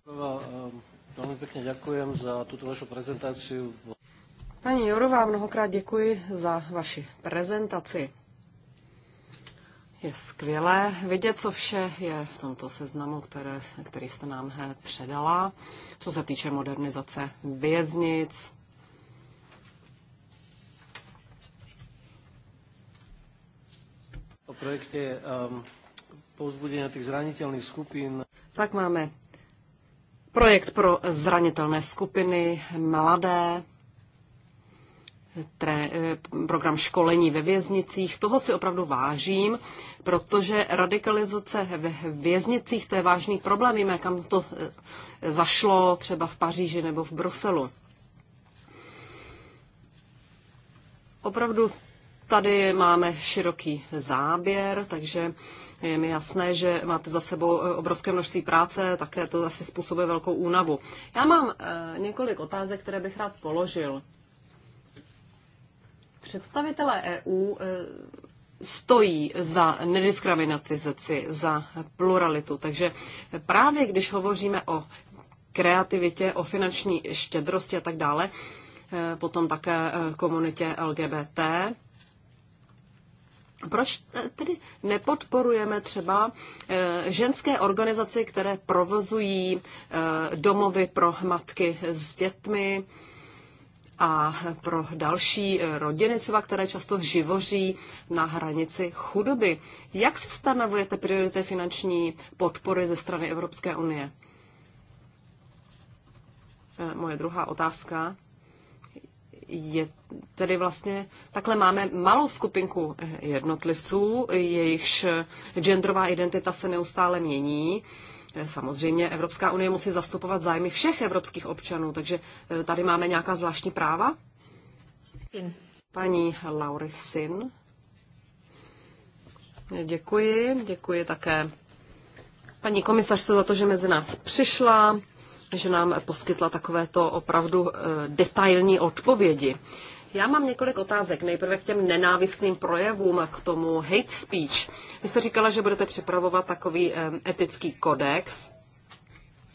Eh, velmi pěkně děkujem za tuto vašu prezentaci. Paní Jorová, mnohokrát děkuji za vaši prezentaci. Je skvělé vidět, co vše je v tomto seznamu, které, který jste nám eh, předala, co se týče modernizace věznic. O projektě um, ehm, pouzbudění těch zranitelných skupin. Tak máme projekt pro zranitelné skupiny, mladé, tre, eh, program školení ve věznicích. Toho si opravdu vážím, protože radikalizace ve věznicích to je vážný problém. Víme, kam to eh, zašlo třeba v Paříži nebo v Bruselu. Opravdu tady máme široký záběr, takže je mi jasné, že máte za sebou eh, obrovské množství práce, také to zase způsobuje velkou únavu. Já mám několik otázek, které bych rád položil. Představitelé EU eh, stojí za nediskriminatizaci, za pluralitu. Takže právě když hovoříme o kreativitě, o finanční štědrosti a tak dále, eh, potom také eh, komunitě LGBT, proč tedy nepodporujeme třeba ženské organizace, které provozují domovy pro matky s dětmi, a pro další eh, rodiny třeba, které často živoří na hranici chudoby. Jak se stanovujete priority finanční podpory ze strany Evropské unie? Eh, moje druhá otázka je tedy vlastně, takhle máme malou skupinku eh, jednotlivců, jejichž genderová identita se neustále mění. Eh, samozřejmě Evropská unie musí zastupovat zájmy všech evropských občanů, takže eh, tady máme nějaká zvláštní práva? Paní Laurisin. Eh, děkuji, děkuji také paní komisařce za to, že mezi nás přišla, že nám poskytla takovéto opravdu detailní odpovědi. Já mám několik otázek. Nejprve k těm nenávistným projevům, k tomu hate speech. Vy jste říkala, že budete připravovat takový etický kodex,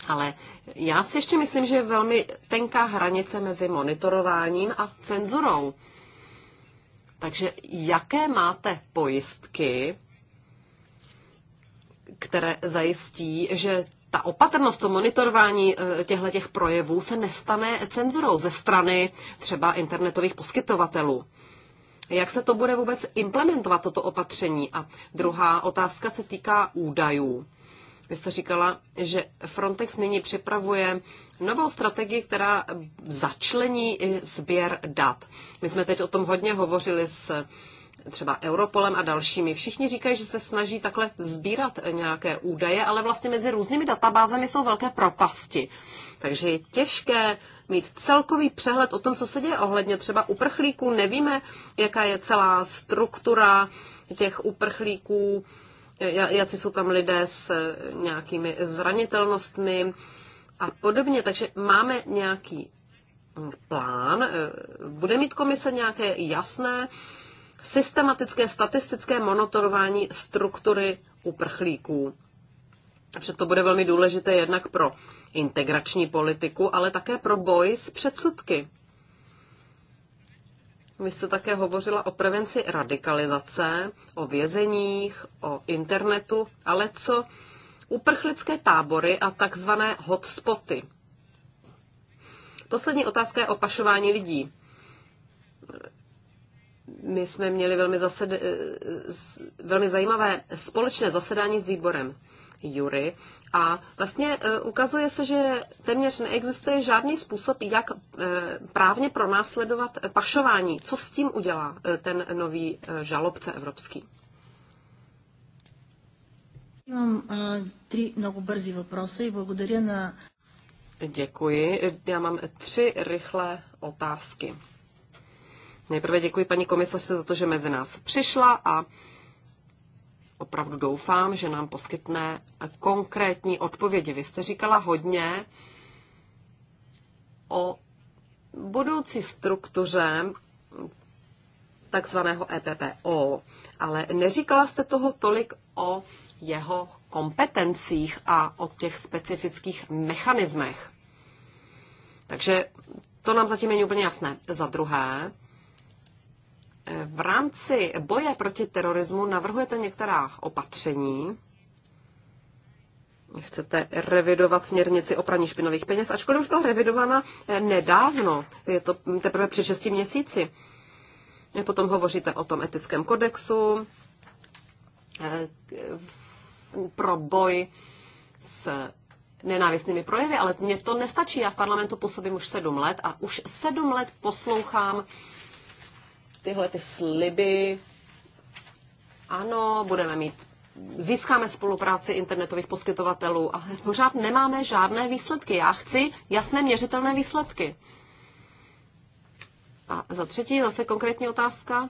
ale já si ještě myslím, že je velmi tenká hranice mezi monitorováním a cenzurou. Takže jaké máte pojistky, které zajistí, že ta opatrnost, to monitorování eh, těchto těch projevů se nestane cenzurou ze strany třeba internetových poskytovatelů. Jak se to bude vůbec implementovat, toto opatření? A druhá otázka se týká údajů. Vy jste říkala, že Frontex nyní připravuje novou strategii, která začlení i sběr dat. My jsme teď o tom hodně hovořili s třeba Europolem a dalšími. Všichni říkají, že se snaží takhle sbírat nějaké údaje, ale vlastně mezi různými databázemi jsou velké propasti. Takže je těžké mít celkový přehled o tom, co se děje ohledně třeba uprchlíků. Nevíme, jaká je celá struktura těch uprchlíků, jací jsou tam lidé s eh, nějakými zranitelnostmi a podobně. Takže máme nějaký mm, plán. Eh, bude mít komise nějaké jasné systematické statistické monitorování struktury uprchlíků. Takže to bude velmi důležité jednak pro integrační politiku, ale také pro boj s předsudky. Vy jste také hovořila o prevenci radikalizace, o vězeních, o internetu, ale co uprchlické tábory a takzvané hotspoty. Poslední otázka je o pašování lidí my jsme měli velmi, zased, eh, velmi zajímavé společné zasedání s výborem Jury a vlastně eh, ukazuje se, že téměř neexistuje žádný způsob, jak eh, právně pronásledovat pašování. Co s tím udělá ten nový žalobce evropský? Mám tři три brzy бързи Děkuji. Já mám tři rychlé otázky. Nejprve děkuji paní komisařce za to, že mezi nás přišla a opravdu doufám, že nám poskytne konkrétní odpovědi. Vy jste říkala hodně o budoucí struktuře takzvaného EPPO, ale neříkala jste toho tolik o jeho kompetencích a o těch specifických mechanismech. Takže to nám zatím není úplně jasné. Za druhé, v rámci boje proti terorismu navrhujete některá opatření. Chcete revidovat směrnici o praní špinových peněz, ačkoliv už byla revidována eh, nedávno, je to teprve před 6 měsíci. Potom hovoříte o tom etickém kodexu eh, pro boj s nenávistnými projevy, ale mně to nestačí. Já v parlamentu působím už sedm let a už sedm let poslouchám tyhle ty sliby. Ano, budeme mít získáme spolupráci internetových poskytovatelů, ale pořád nemáme žádné výsledky. Já chci jasné měřitelné výsledky. A za třetí zase konkrétní otázka.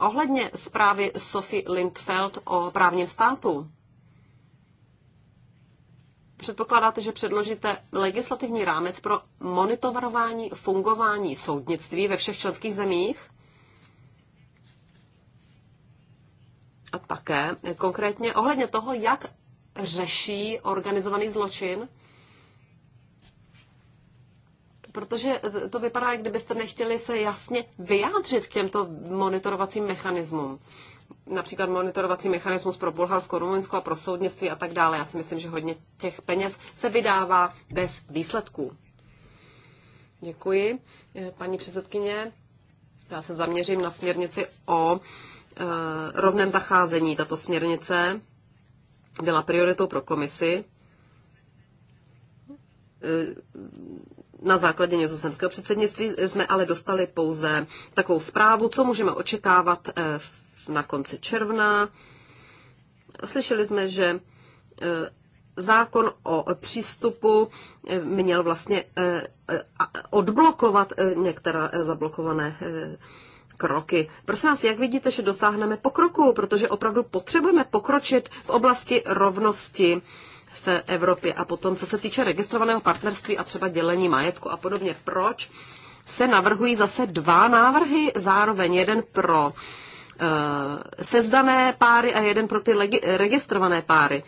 Ohledně zprávy Sophie Lindfeld o právním státu předpokládáte, že předložíte legislativní rámec pro monitorování fungování soudnictví ve všech členských zemích? A také konkrétně ohledně toho, jak řeší organizovaný zločin? Protože to vypadá, jak kdybyste nechtěli se jasně vyjádřit k těmto monitorovacím mechanismům například monitorovací mechanismus pro Bulharsko, Rumunsko a pro soudnictví a tak dále. Já si myslím, že hodně těch peněz se vydává bez výsledků. Děkuji, eh, paní předsedkyně. Já se zaměřím na směrnici o eh, rovném zacházení. Tato směrnice byla prioritou pro komisi eh, na základě nizozemského předsednictví jsme ale dostali pouze takovou zprávu, co můžeme očekávat v na konci června. Slyšeli jsme, že e, zákon o přístupu e, měl vlastně e, odblokovat některé zablokované kroky. Prosím vás, jak vidíte, že dosáhneme pokroku, protože opravdu potřebujeme pokročit v oblasti rovnosti v Evropě a potom, co se týče registrovaného partnerství a třeba dělení majetku a podobně. Proč se navrhují zase dva návrhy zároveň? Jeden pro Eh, sezdané páry a jeden pro ty registrované páry.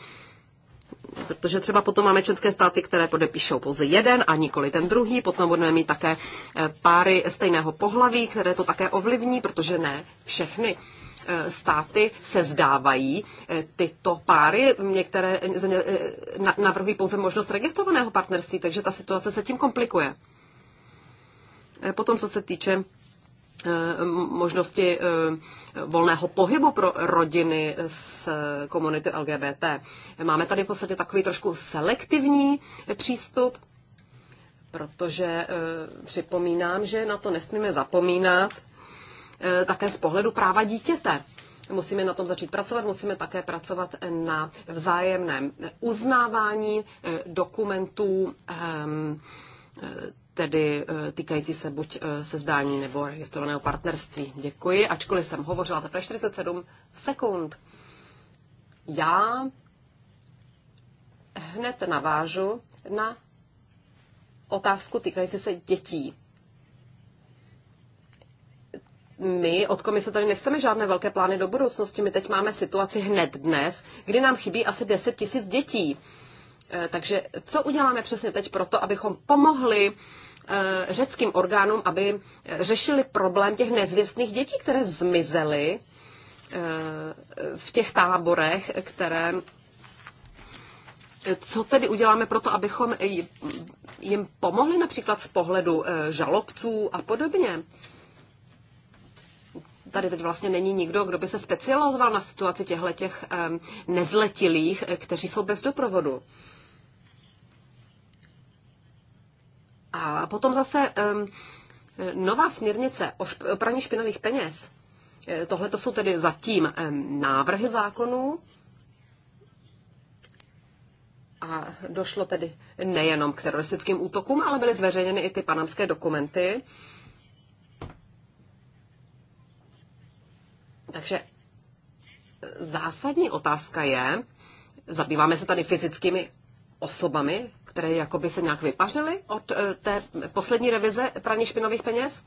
Protože třeba potom máme české státy, které podepíšou pouze jeden a nikoli ten druhý. Potom budeme mít také eh, páry stejného pohlaví, které to také ovlivní, protože ne všechny eh, státy se zdávají tyto páry. Některé navrhují pouze možnost registrovaného partnerství, takže ta situace se tím komplikuje. Potom, co se týče Eh, možnosti eh, volného pohybu pro rodiny z eh, komunity LGBT. Máme tady v podstatě takový trošku selektivní přístup, protože připomínám, že na to nesmíme zapomínat také z pohledu práva dítěte. Musíme na tom začít pracovat, musíme také pracovat na vzájemném uznávání dokumentů ehm, tedy eh, týkající se buď eh, sezdání nebo registrovaného partnerství. Děkuji, ačkoliv jsem hovořila teprve 47 sekund. Já hned navážu na otázku týkající se dětí. My od komise tady nechceme žádné velké plány do budoucnosti. My teď máme situaci hned dnes, kdy nám chybí asi 10 tisíc dětí. Eh, takže co uděláme přesně teď pro to, abychom pomohli Eh, řeckým orgánům, aby eh, řešili problém těch nezvěstných dětí, které zmizely eh, v těch táborech, které co tedy uděláme pro to, abychom jim pomohli například z pohledu žalobců a podobně? Tady teď vlastně není nikdo, kdo by se specializoval na situaci těchto těch nezletilých, kteří jsou bez doprovodu. A potom zase e, nová směrnice o, šp- o praní špinavých peněz. E, Tohle to jsou tedy zatím návrhy zákonů. A došlo tedy nejenom k teroristickým útokům, ale byly zveřejněny i ty panamské dokumenty. Takže e, zásadní otázka je, zabýváme se tady fyzickými osobami, které jakoby se nějak vypařily od eh, té poslední revize praní špinových peněz.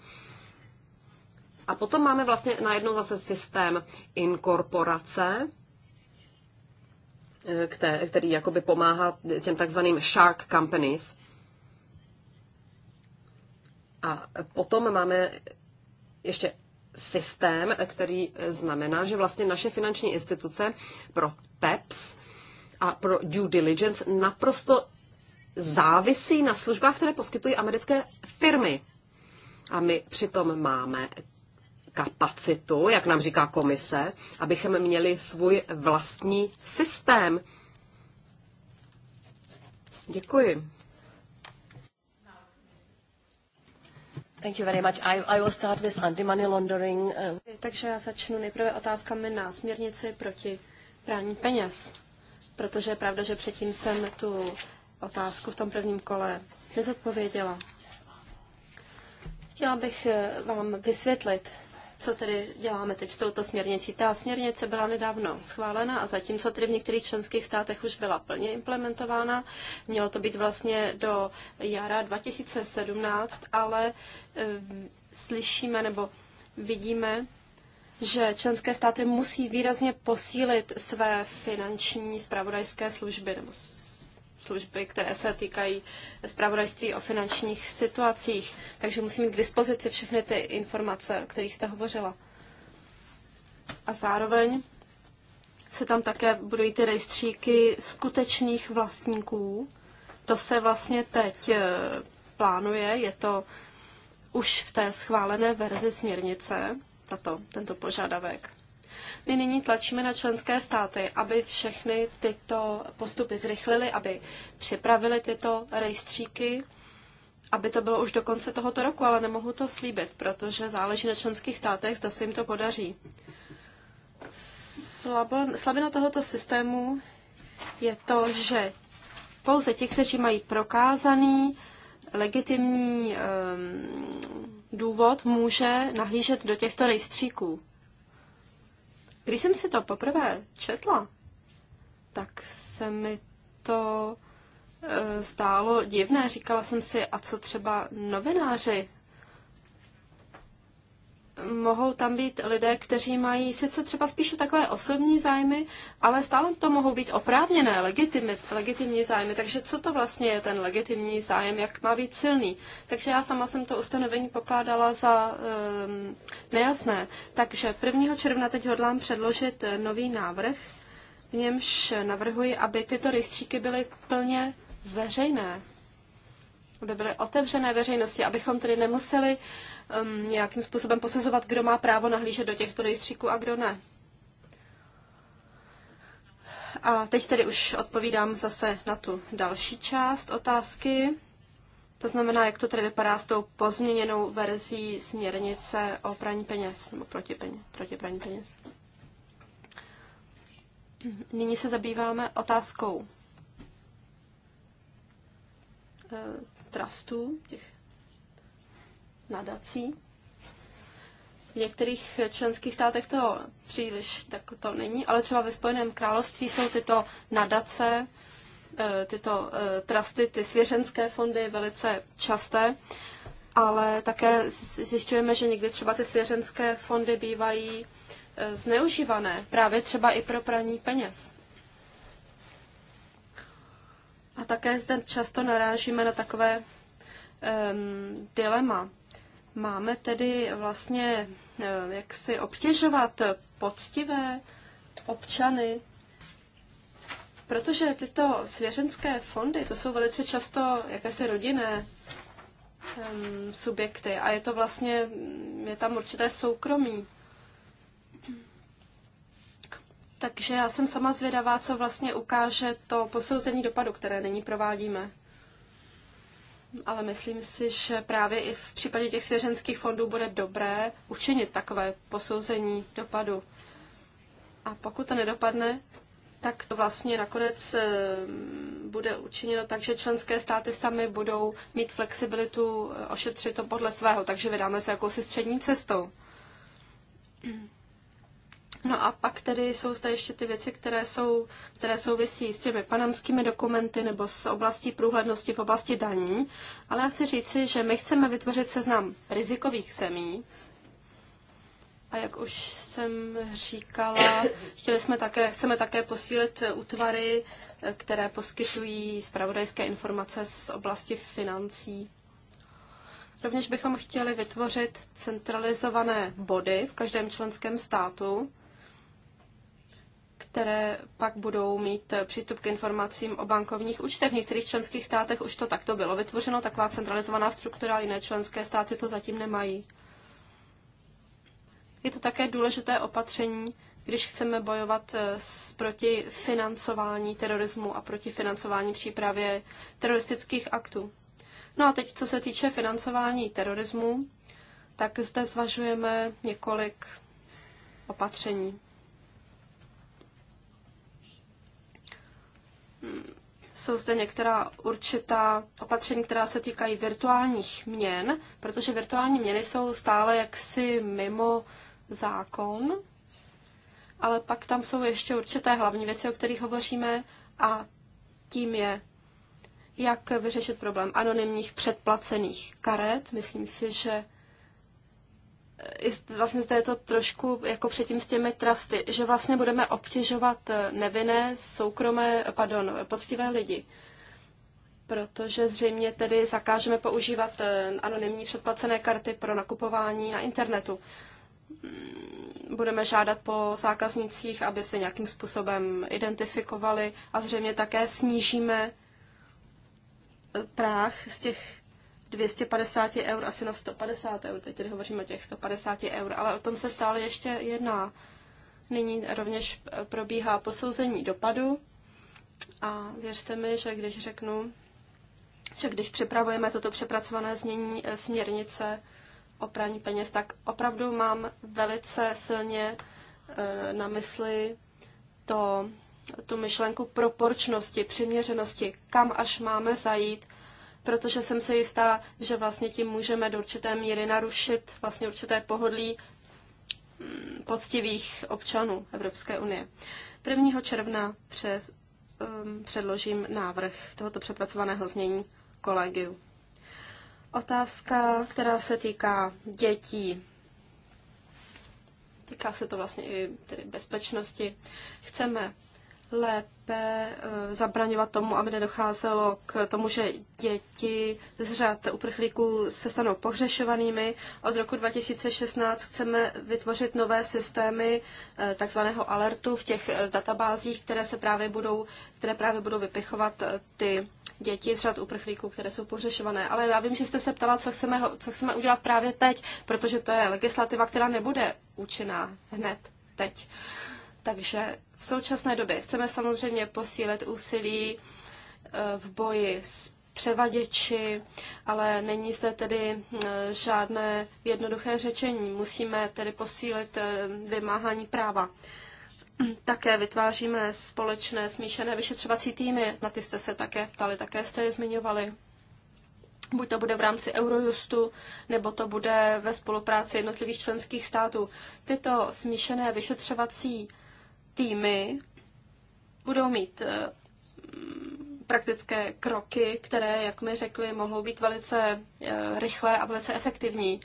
A potom máme vlastně najednou zase systém inkorporace, eh, který jakoby pomáhá těm takzvaným shark companies. A potom máme ještě systém, který znamená, že vlastně naše finanční instituce pro PEPS a pro due diligence naprosto závisí na službách, které poskytují americké firmy. A my přitom máme kapacitu, jak nám říká komise, abychom měli svůj vlastní systém. Děkuji. Thank you very much. I, I will start with anti-money laundering. Uh, Takže já začnu nejprve otázkami na směrnici proti prání peněz, protože je pravda, že předtím jsem tu otázku v tom prvním kole nezodpověděla. Chtěla bych eh, vám vysvětlit, co tedy děláme teď s touto směrnicí. Ta směrnice byla nedávno schválena a zatímco tedy v některých členských státech už byla plně implementována, mělo to být vlastně do jara 2017, ale eh, slyšíme nebo vidíme, že členské státy musí výrazně posílit své finanční spravodajské služby nebo služby, které se týkají zpravodajství o finančních situacích. Takže musí mít k dispozici všechny ty informace, o kterých jste hovořila. A zároveň se tam také budují ty rejstříky skutečných vlastníků. To se vlastně teď eh, plánuje, je to už v té schválené verzi směrnice, tato, tento požadavek. My nyní tlačíme na členské státy, aby všechny tyto postupy zrychlili, aby připravili tyto rejstříky, aby to bylo už do konce tohoto roku, ale nemohu to slíbit, protože záleží na členských státech, zda se jim to podaří. Slabo, slabina tohoto systému je to, že pouze ti, kteří mají prokázaný legitimní um, důvod, může nahlížet do těchto rejstříků. Když jsem si to poprvé četla, tak se mi to e, zdálo divné. Říkala jsem si, a co třeba novináři? mohou tam být lidé, kteří mají sice třeba spíše takové osobní zájmy, ale stále to mohou být oprávněné, legitimní, legitimní zájmy. Takže co to vlastně je ten legitimní zájem, jak má být silný? Takže já sama jsem to ustanovení pokládala za um, nejasné. Takže 1. června teď hodlám předložit eh, nový návrh, v němž navrhuji, aby tyto rychčíky byly plně veřejné, aby byly otevřené veřejnosti, abychom tedy nemuseli uh, um, nějakým způsobem posuzovat, kdo má právo nahlížet do těchto rejstříků a kdo ne. A teď tedy už odpovídám zase na tu další část otázky. To znamená, jak to tedy vypadá s tou pozměněnou verzí směrnice o praní peněz nebo proti, peněz, proti praní peněz. Nyní se zabýváme otázkou eh, trustů, těch nadací. V některých členských státech to příliš tak to není, ale třeba ve Spojeném království jsou tyto nadace, eh, tyto eh, trusty, ty svěřenské fondy velice časté, ale také zjišťujeme, že někdy třeba ty svěřenské fondy bývají eh, zneužívané právě třeba i pro praní peněz. A také zde často narážíme na takové um, dilema. Máme tedy vlastně, eh, jak si obtěžovat poctivé občany, protože tyto svěřenské fondy, to jsou velice často jakési rodinné ehm, subjekty a je to vlastně, mm, je tam určité soukromí. Takže já jsem sama zvědavá, co vlastně ukáže to posouzení dopadu, které nyní provádíme ale myslím si, že právě i v případě těch svěřenských fondů bude dobré učinit takové posouzení dopadu. A pokud to nedopadne, tak to vlastně nakonec eh, bude učiněno tak, že členské státy sami budou mít flexibilitu eh, ošetřit to podle svého, takže vydáme se jakousi střední cestou. No a pak tedy jsou zde ještě ty věci, které, jsou, které souvisí s těmi panamskými dokumenty nebo s oblastí průhlednosti v oblasti daní. Ale já chci říci, že my chceme vytvořit seznam rizikových zemí, a jak už jsem říkala, chtěli jsme také, chceme také posílit útvary, které poskytují zpravodajské informace z oblasti financí. Rovněž bychom chtěli vytvořit centralizované body v každém členském státu, které pak budou mít přístup k informacím o bankovních účtech. V některých členských státech už to takto bylo vytvořeno, taková centralizovaná struktura, jiné členské státy to zatím nemají. Je to také důležité opatření, když chceme bojovat eh, s, proti financování terorismu a proti financování přípravě teroristických aktů. No a teď, co se týče financování terorismu, tak zde zvažujeme několik opatření. jsou zde některá určitá opatření, která se týkají virtuálních měn, protože virtuální měny jsou stále jaksi mimo zákon, ale pak tam jsou ještě určité hlavní věci, o kterých hovoříme a tím je, jak vyřešit problém anonymních předplacených karet. Myslím si, že vlastně zde je to trošku jako předtím s těmi trusty, že vlastně budeme obtěžovat eh, nevinné, soukromé, pardon, poctivé lidi. Protože zřejmě tedy zakážeme používat eh, anonymní předplacené karty pro nakupování na internetu. Mm, budeme žádat po zákaznicích, aby se nějakým způsobem identifikovali a zřejmě také snížíme eh, práh z těch 250 eur asi na 150 eur. Teď tedy hovořím o těch 150 eur, ale o tom se stále ještě jedná. Nyní rovněž probíhá posouzení dopadu a věřte mi, že když řeknu, že když připravujeme toto přepracované znění eh, směrnice o praní peněz, tak opravdu mám velice silně eh, na mysli to, tu myšlenku proporčnosti, přiměřenosti, kam až máme zajít, protože jsem si jistá, že vlastně tím můžeme do určité míry narušit vlastně určité pohodlí mm, poctivých občanů Evropské unie. 1. června přes, um, předložím návrh tohoto přepracovaného znění kolegiu. Otázka, která se týká dětí. Týká se to vlastně i tedy bezpečnosti. Chceme lépe eh, zabraňovat tomu, aby nedocházelo k tomu, že děti z řad uprchlíků se stanou pohřešovanými. Od roku 2016 chceme vytvořit nové systémy eh, takzvaného alertu v těch eh, databázích, které se právě budou, které právě budou vypichovat ty děti z řad uprchlíků, které jsou pořešované. Ale já vím, že jste se ptala, co chceme, co chceme udělat právě teď, protože to je legislativa, která nebude účinná hned teď. Uh, takže v současné době chceme samozřejmě posílit úsilí eh, v boji s převaděči, ale není zde tedy eh, žádné jednoduché řečení. Musíme tedy posílit eh, vymáhání práva. Také vytváříme společné smíšené vyšetřovací týmy, na ty jste se také ptali, také jste je zmiňovali. Buď to bude v rámci Eurojustu, nebo to bude ve spolupráci jednotlivých členských států. Tyto smíšené vyšetřovací týmy budou mít eh, mm, praktické kroky, které, jak mi řekli, mohou být velice eh, rychlé a velice efektivní.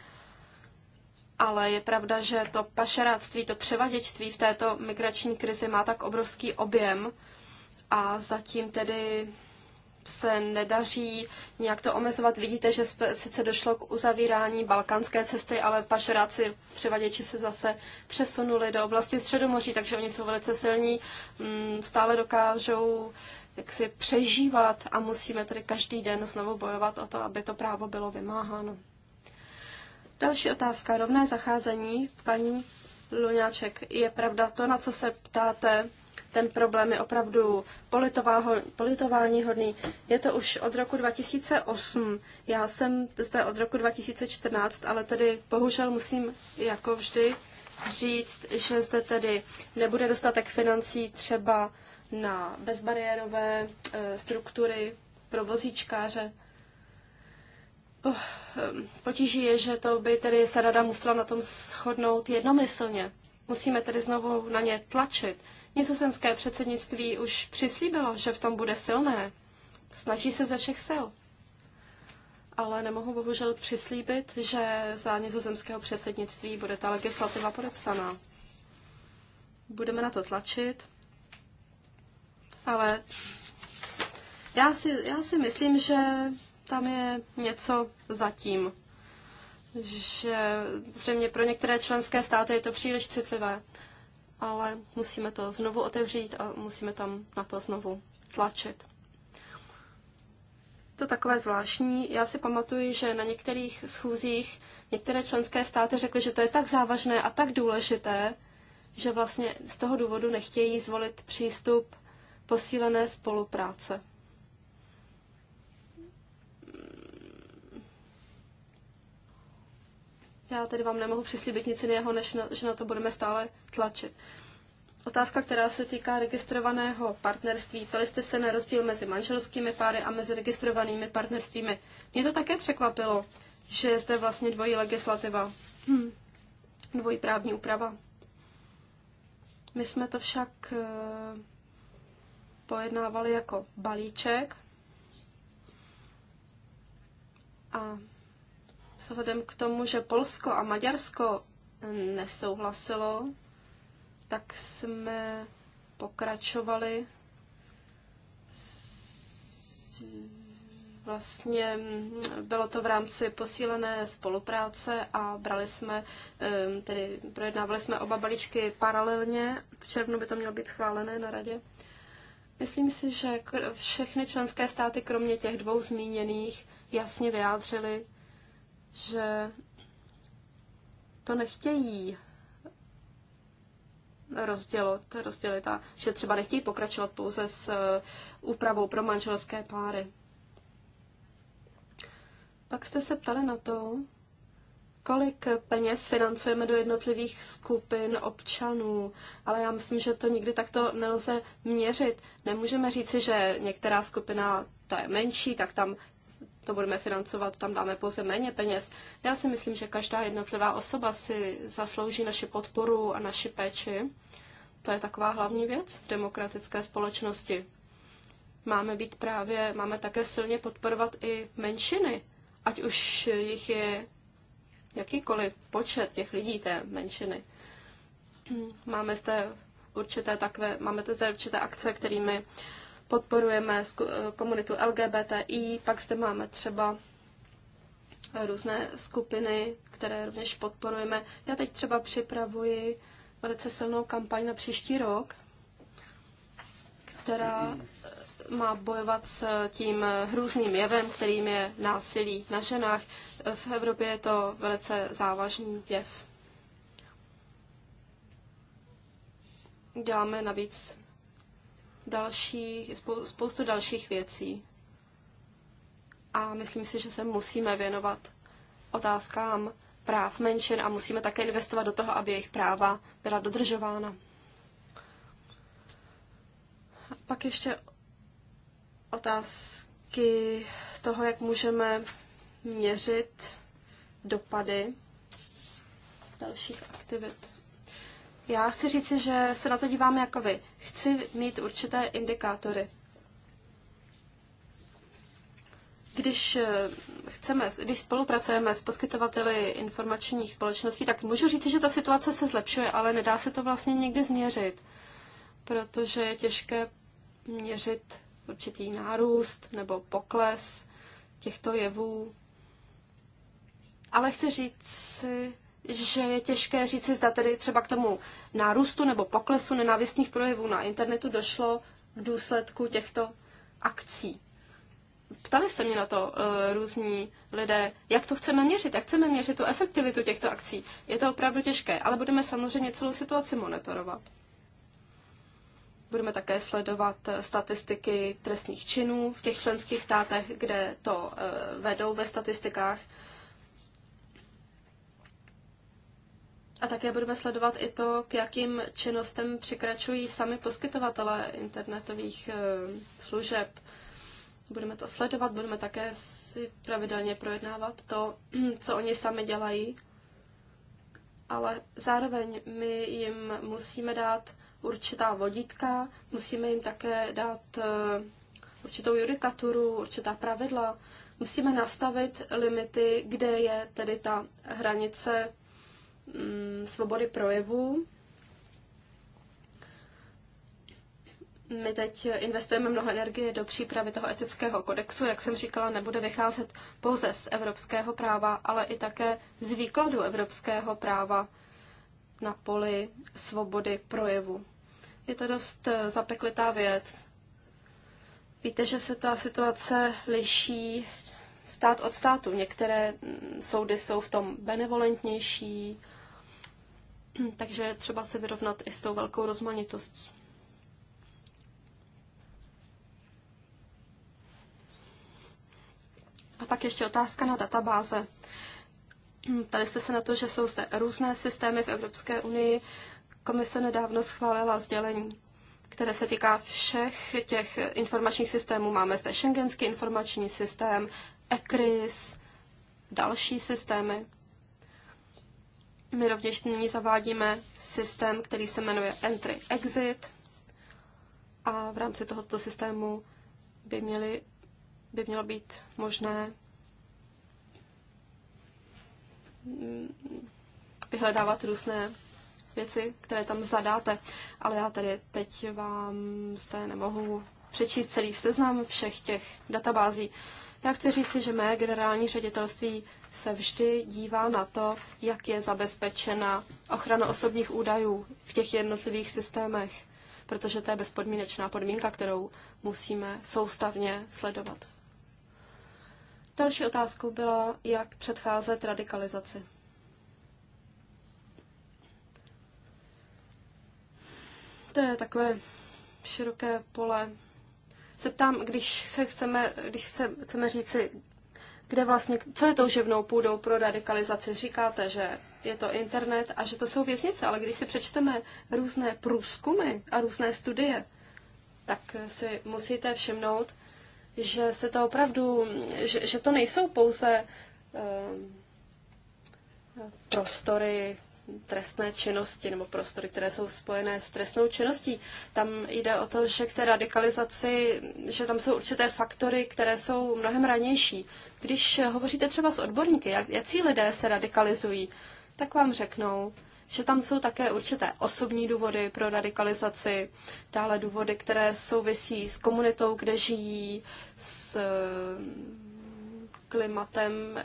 Ale je pravda, že to pašeráctví, to převaděčství v této migrační krizi má tak obrovský objem a zatím tedy se nedaří nějak to omezovat. Vidíte, že sice došlo k uzavírání balkánské cesty, ale pašeráci, převaděči se zase přesunuli do oblasti Středomoří, takže oni jsou velice silní, mm, stále dokážou jak si přežívat a musíme tedy každý den znovu bojovat o to, aby to právo bylo vymáháno. Další otázka. Rovné zacházení, paní Luňáček. Je pravda to, na co se ptáte, ten problém je opravdu politování hodný. Je to už od roku 2008. Já jsem zde od roku 2014, ale tedy bohužel musím jako vždy říct, že zde tedy nebude dostatek financí třeba na bezbariérové eh, struktury pro vozíčkáře. Oh, ehm, potíží je, že to by tedy se rada musela na tom shodnout jednomyslně. Musíme tedy znovu na ně tlačit. Nizozemské předsednictví už přislíbilo, že v tom bude silné. Snaží se ze všech sil. Ale nemohu bohužel přislíbit, že za nizozemského předsednictví bude ta legislativa podepsaná. Budeme na to tlačit, ale já si, já si myslím, že tam je něco zatím. Že zřejmě pro některé členské státy je to příliš citlivé ale musíme to znovu otevřít a musíme tam na to znovu tlačit. To takové zvláštní. Já si pamatuju, že na některých schůzích některé členské státy řekly, že to je tak závažné a tak důležité, že vlastně z toho důvodu nechtějí zvolit přístup posílené spolupráce. Já tady vám nemohu přislíbit nic jiného, než na, že na to budeme stále tlačit. Otázka, která se týká registrovaného partnerství. Ptali jste se na rozdíl mezi manželskými páry a mezi registrovanými partnerstvími. Mě to také překvapilo, že je zde vlastně dvojí legislativa, hmm. dvojí právní úprava. My jsme to však eh, pojednávali jako balíček a vzhledem k tomu, že Polsko a Maďarsko eh, nesouhlasilo, tak jsme pokračovali s, vlastně mm, bylo to v rámci posílené spolupráce a brali jsme, tedy projednávali jsme oba balíčky paralelně. V červnu by to mělo být schválené na radě. Myslím si, že všechny členské státy, kromě těch dvou zmíněných, jasně vyjádřili, že to nechtějí rozdělit, rozdělit a že třeba nechtějí pokračovat pouze s eh, úpravou pro manželské páry. Pak jste se ptali na to, kolik peněz financujeme do jednotlivých skupin občanů, ale já myslím, že to nikdy takto nelze měřit. Nemůžeme říci, že některá skupina ta je menší, tak tam to budeme financovat, tam dáme pouze méně peněz. Já si myslím, že každá jednotlivá osoba si zaslouží naši podporu a naši péči. To je taková hlavní věc v demokratické společnosti. Máme být právě, máme také silně podporovat i menšiny, ať už jich je jakýkoliv počet těch lidí té menšiny. Máme zde určité takové, máme zde určité akce, kterými podporujeme komunitu LGBTI, pak zde máme třeba různé skupiny, které rovněž podporujeme. Já teď třeba připravuji velice silnou kampaň na příští rok, která eh, má bojovat s tím hrůzným jevem, kterým je násilí na ženách. V Evropě je to velice závažný jev. Děláme navíc dalších, spou, spoustu dalších věcí. A myslím si, že se musíme věnovat otázkám práv menšin a musíme také investovat do toho, aby jejich práva byla dodržována. A pak ještě otázky toho, jak můžeme měřit dopady dalších aktivit. Já chci říci, že se na to dívám jako vy. Chci mít určité indikátory. Když, eh, chceme, když spolupracujeme s poskytovateli informačních společností, tak můžu říci, že ta situace se zlepšuje, ale nedá se to vlastně nikdy změřit, protože je těžké měřit určitý nárůst nebo pokles těchto jevů. Ale chci říct si, že je těžké říci, zda tedy třeba k tomu nárůstu nebo poklesu nenávistných projevů na internetu došlo v důsledku těchto akcí. Ptali se mě na to uh, různí lidé, jak to chceme měřit, jak chceme měřit tu efektivitu těchto akcí. Je to opravdu těžké, ale budeme samozřejmě celou situaci monitorovat. Budeme také sledovat eh, statistiky trestných činů v těch členských státech, kde to uh, vedou ve statistikách. Uh, A také budeme sledovat i to, k jakým činnostem překračují sami poskytovatele internetových eh, služeb. Budeme to sledovat, budeme také si pravidelně projednávat to, [clears throat] co oni sami dělají. Ale zároveň my jim musíme dát určitá vodítka, musíme jim také dát eh, určitou judikaturu, určitá pravidla. Musíme nastavit limity, kde je tedy ta hranice Mm, svobody projevu. My teď investujeme mnoho energie do přípravy toho etického kodexu. Jak jsem říkala, nebude vycházet pouze z evropského práva, ale i také z výkladu evropského práva na poli svobody projevu. Je to dost eh, zapeklitá věc. Víte, že se ta situace liší stát od státu. Některé mm, soudy jsou v tom benevolentnější, [clears throat] takže třeba se vyrovnat i s tou velkou rozmanitostí. A pak ještě otázka na databáze. Hmm, Tady jste se na to, že jsou zde různé systémy v Evropské unii. Komise nedávno schválila sdělení, které se týká všech těch informačních systémů. Máme zde Schengenský informační systém, ECRIS, další systémy. My rovněž nyní zavádíme systém, který se jmenuje Entry-Exit a v rámci tohoto systému by, měly, by mělo být možné mm, vyhledávat různé věci, které tam zadáte. Ale já tady teď vám zde nemohu přečíst celý seznam všech těch databází. Já chci říci, že mé generální ředitelství se vždy dívá na to, jak je zabezpečena ochrana osobních údajů v těch jednotlivých systémech, protože to je bezpodmínečná podmínka, kterou musíme soustavně sledovat. Další otázkou byla, jak předcházet radikalizaci. To je takové široké pole. Se ptám, když se chceme, když se chceme říci kde vlastně, co je tou živnou půdou pro radikalizaci. Říkáte, že je to internet a že to jsou věznice, ale když si přečteme různé průzkumy a různé studie, tak si musíte všimnout, že se to opravdu, že, že to nejsou pouze um, prostory trestné činnosti nebo prostory, které jsou spojené s trestnou činností. Tam jde o to, že k té radikalizaci, že tam jsou určité faktory, které jsou mnohem ranější. Když hovoříte třeba s odborníky, jak, jakí lidé se radikalizují, tak vám řeknou, že tam jsou také určité osobní důvody pro radikalizaci, dále důvody, které souvisí s komunitou, kde žijí, s klimatem eh,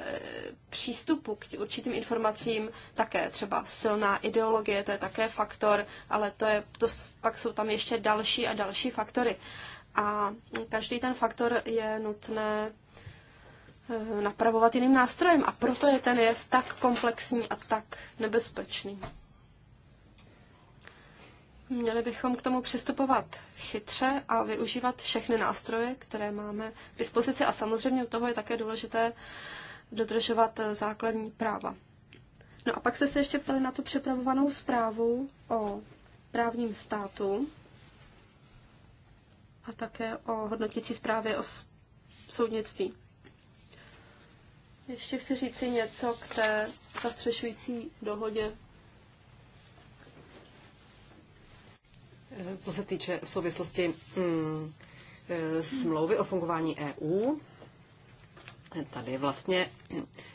přístupu k určitým informacím také třeba silná ideologie, to je také faktor, ale to je, to, pak jsou tam ještě další a další faktory. A každý ten faktor je nutné eh, napravovat jiným nástrojem a proto je ten jev tak komplexní a tak nebezpečný. Měli bychom k tomu přistupovat chytře a využívat všechny nástroje, které máme k dispozici a samozřejmě u toho je také důležité dodržovat základní práva. No a pak jste se ještě ptali na tu připravovanou zprávu o právním státu a také o hodnotící zprávě o soudnictví. Ještě chci říci něco k té zastřešující dohodě co se týče v souvislosti mm, e, smlouvy o fungování EU, tady vlastně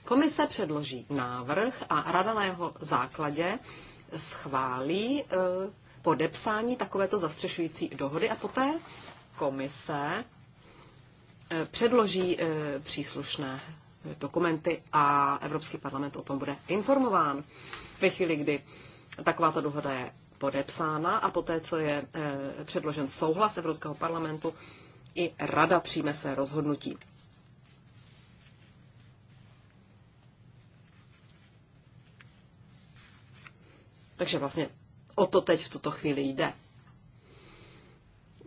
komise předloží návrh a rada na jeho základě schválí e, podepsání takovéto zastřešující dohody a poté komise e, předloží příslušné dokumenty a Evropský parlament o tom bude informován. Ve chvíli, kdy takováto dohoda je podepsána a poté, co je eh, předložen souhlas Evropského parlamentu, i Rada přijme své rozhodnutí. Takže vlastně o to teď v tuto chvíli jde.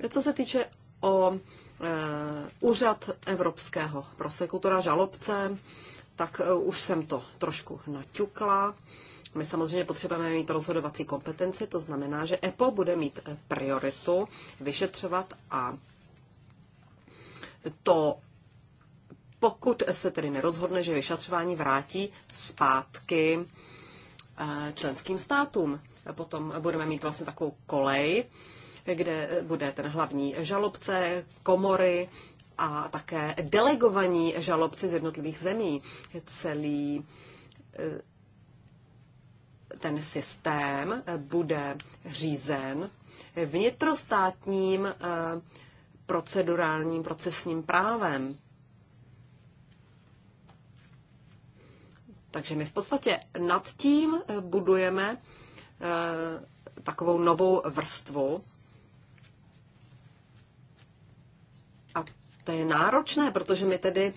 Co se týče o e, úřad evropského prosekutora, žalobce, tak e, už jsem to trošku naťukla. E, my samozřejmě potřebujeme mít rozhodovací kompetenci, to znamená, že EPO bude mít eh, prioritu vyšetřovat a to pokud se tedy nerozhodne, že vyšetřování vrátí zpátky eh, členským státům. Potom budeme mít vlastně takovou kolej, kde eh, bude ten hlavní žalobce, komory a také delegovaní žalobci z jednotlivých zemí. Celý ten systém bude řízen vnitrostátním eh, procedurálním procesním právem. Takže my v podstatě nad tím eh, budujeme eh, takovou novou vrstvu. A to je náročné, protože my tedy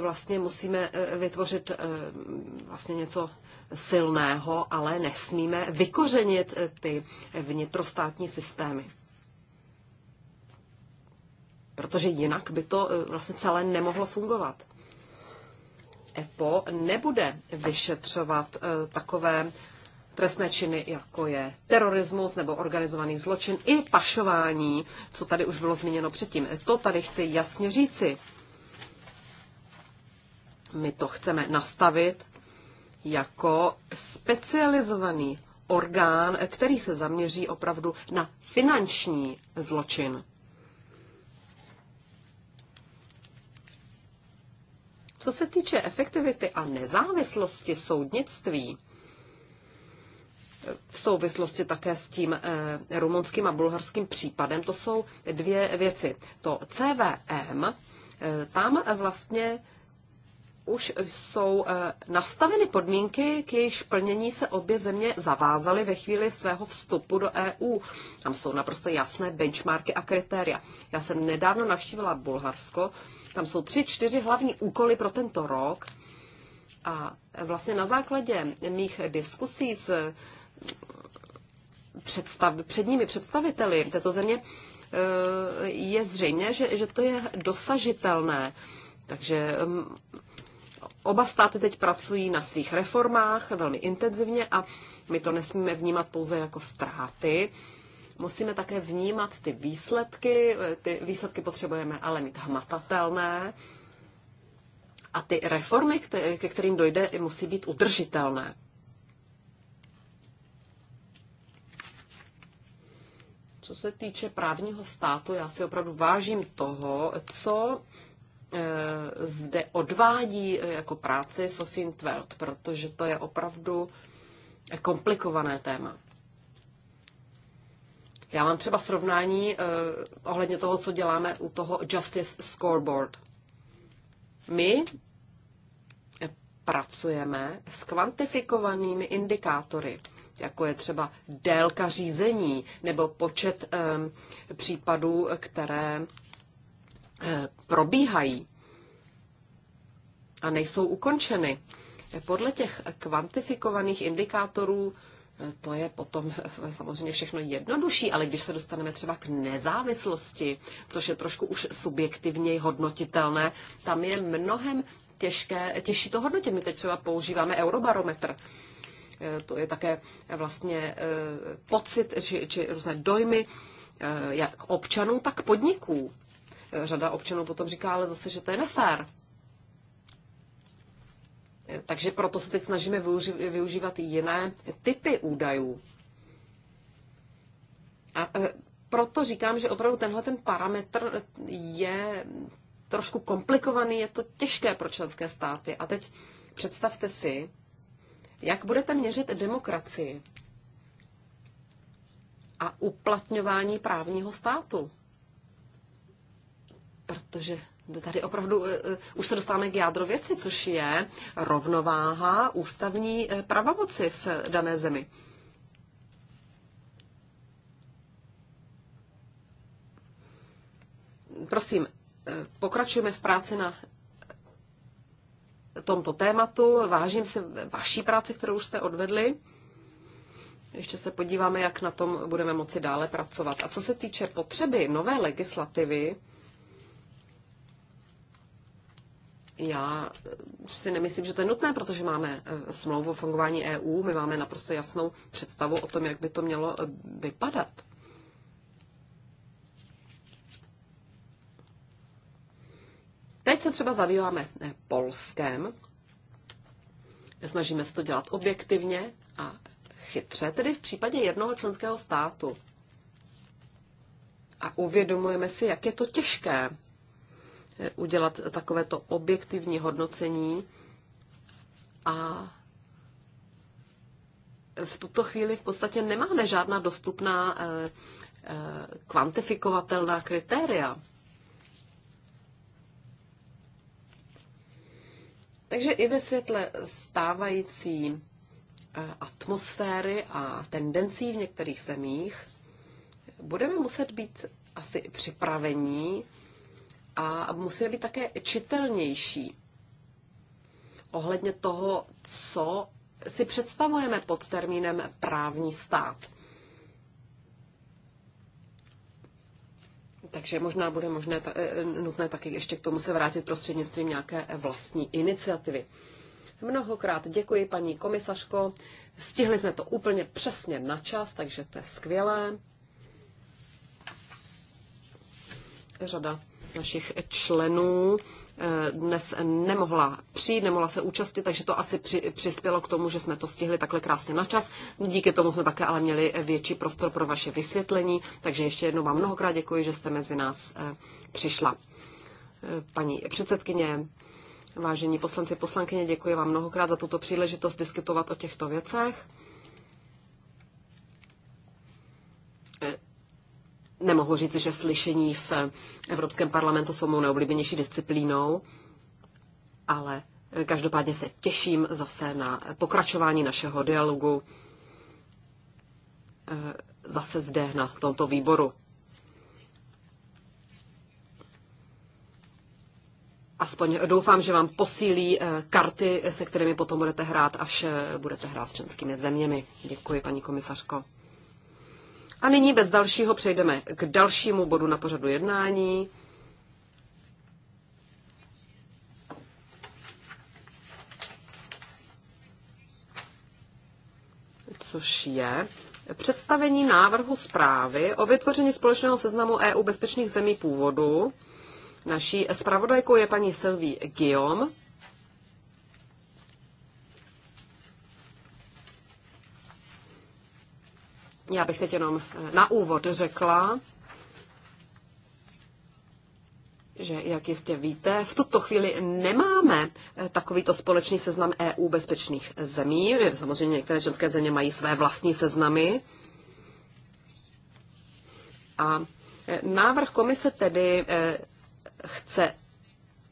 vlastně musíme vytvořit vlastně něco silného, ale nesmíme vykořenit eh, ty vnitrostátní systémy. Protože jinak by to eh, vlastně celé nemohlo fungovat. EPO nebude vyšetřovat eh, takové trestné činy, jako je terorismus nebo organizovaný zločin i pašování, co tady už bylo zmíněno předtím. To tady chci jasně říci. My to chceme nastavit jako specializovaný orgán, který se zaměří opravdu na finanční zločin. Co se týče efektivity a nezávislosti soudnictví, v souvislosti také s tím eh, rumunským a bulharským případem, to jsou dvě věci. To CVM, eh, tam vlastně už jsou eh, nastaveny podmínky, k jejich plnění se obě země zavázaly ve chvíli svého vstupu do EU. Tam jsou naprosto jasné benchmarky a kritéria. Já jsem nedávno navštívila Bulharsko, tam jsou tři, čtyři hlavní úkoly pro tento rok. A vlastně na základě mých diskusí s eh, představ, předními představiteli této země eh, je zřejmé, že, že to je dosažitelné. Takže mm, Oba státy teď pracují na svých reformách velmi intenzivně a my to nesmíme vnímat pouze jako ztráty. Musíme také vnímat ty výsledky. Ty výsledky potřebujeme ale mít hmatatelné. A ty reformy, ke kterým dojde, musí být udržitelné. Co se týče právního státu, já si opravdu vážím toho, co Eh, zde odvádí eh, jako práci Sofín Tveld, protože to je opravdu eh, komplikované téma. Já mám třeba srovnání ohledně toho, co děláme u toho Justice Scoreboard. My pracujeme s kvantifikovanými indikátory, jako je třeba délka řízení nebo počet případů, které Eh, probíhají a nejsou ukončeny. Podle těch kvantifikovaných indikátorů eh, to je potom [laughs] samozřejmě všechno jednodušší, ale když se dostaneme třeba k nezávislosti, což je trošku už subjektivněji hodnotitelné, tam je mnohem těžké, těžší to hodnotit. My teď třeba používáme eurobarometr. Eh, to je také vlastně pocit či, či různé dojmy jak občanů, tak podniků řada občanů potom říká, ale zase, že to je nefér. Takže proto se teď snažíme využívat jiné typy údajů. A e, proto říkám, že opravdu tenhle ten parametr je trošku komplikovaný, je to těžké pro členské státy. A teď představte si, jak budete měřit demokracii a uplatňování právního státu protože tady opravdu eh, eh, už se dostáváme k jádru věci, což je rovnováha ústavní eh, pravomoci v dané zemi. Prosím, pokračujeme v práci na tomto tématu. Vážím se vaší práci, kterou už jste odvedli. Ještě se podíváme, jak na tom budeme moci dále pracovat. A co se týče potřeby nové legislativy, Já si nemyslím, že to je nutné, protože máme eh, smlouvu o fungování EU, my máme naprosto jasnou představu o tom, jak by to mělo eh, vypadat. Teď se třeba zabýváme eh, Polskem, snažíme se to dělat objektivně a chytře, tedy v případě jednoho členského státu. A uvědomujeme si, jak je to těžké udělat takovéto objektivní hodnocení a v tuto chvíli v podstatě nemáme žádná dostupná eh, eh, kvantifikovatelná kritéria. Takže i ve světle stávající eh, atmosféry a tendencí v některých zemích budeme muset být asi připravení a musíme být také čitelnější ohledně toho, co si představujeme pod termínem právní stát. Takže možná bude možné, eh, nutné taky ještě k tomu se vrátit prostřednictvím nějaké vlastní iniciativy. Mnohokrát děkuji, paní komisařko. Stihli jsme to úplně přesně na čas, takže to je skvělé. Řada našich členů eh, dnes nemohla přijít, nemohla se účastnit, takže to asi při, přispělo k tomu, že jsme to stihli takhle krásně na čas. No, díky tomu jsme také ale měli větší prostor pro vaše vysvětlení, takže ještě jednou vám mnohokrát děkuji, že jste mezi nás eh, přišla. Eh, paní předsedkyně, vážení poslanci, poslankyně, děkuji vám mnohokrát za tuto příležitost diskutovat o těchto věcech nemohu říct, že slyšení v Evropském parlamentu jsou mou neoblíbenější disciplínou, ale každopádně se těším zase na pokračování našeho dialogu eh, zase zde na tomto výboru. Aspoň doufám, že vám posílí eh, karty, se kterými potom budete hrát, až eh, budete hrát s členskými zeměmi. Děkuji, paní komisařko. A nyní bez dalšího přejdeme k dalšímu bodu na pořadu jednání. Což je představení návrhu zprávy o vytvoření společného seznamu EU bezpečných zemí původu. Naší zpravodajkou je paní Sylvie Guillaume. Já bych teď jenom eh, na úvod řekla, že, jak jistě víte, v tuto chvíli nemáme eh, takovýto společný seznam EU bezpečných zemí. Samozřejmě některé členské země mají své vlastní seznamy. A eh, návrh komise tedy chce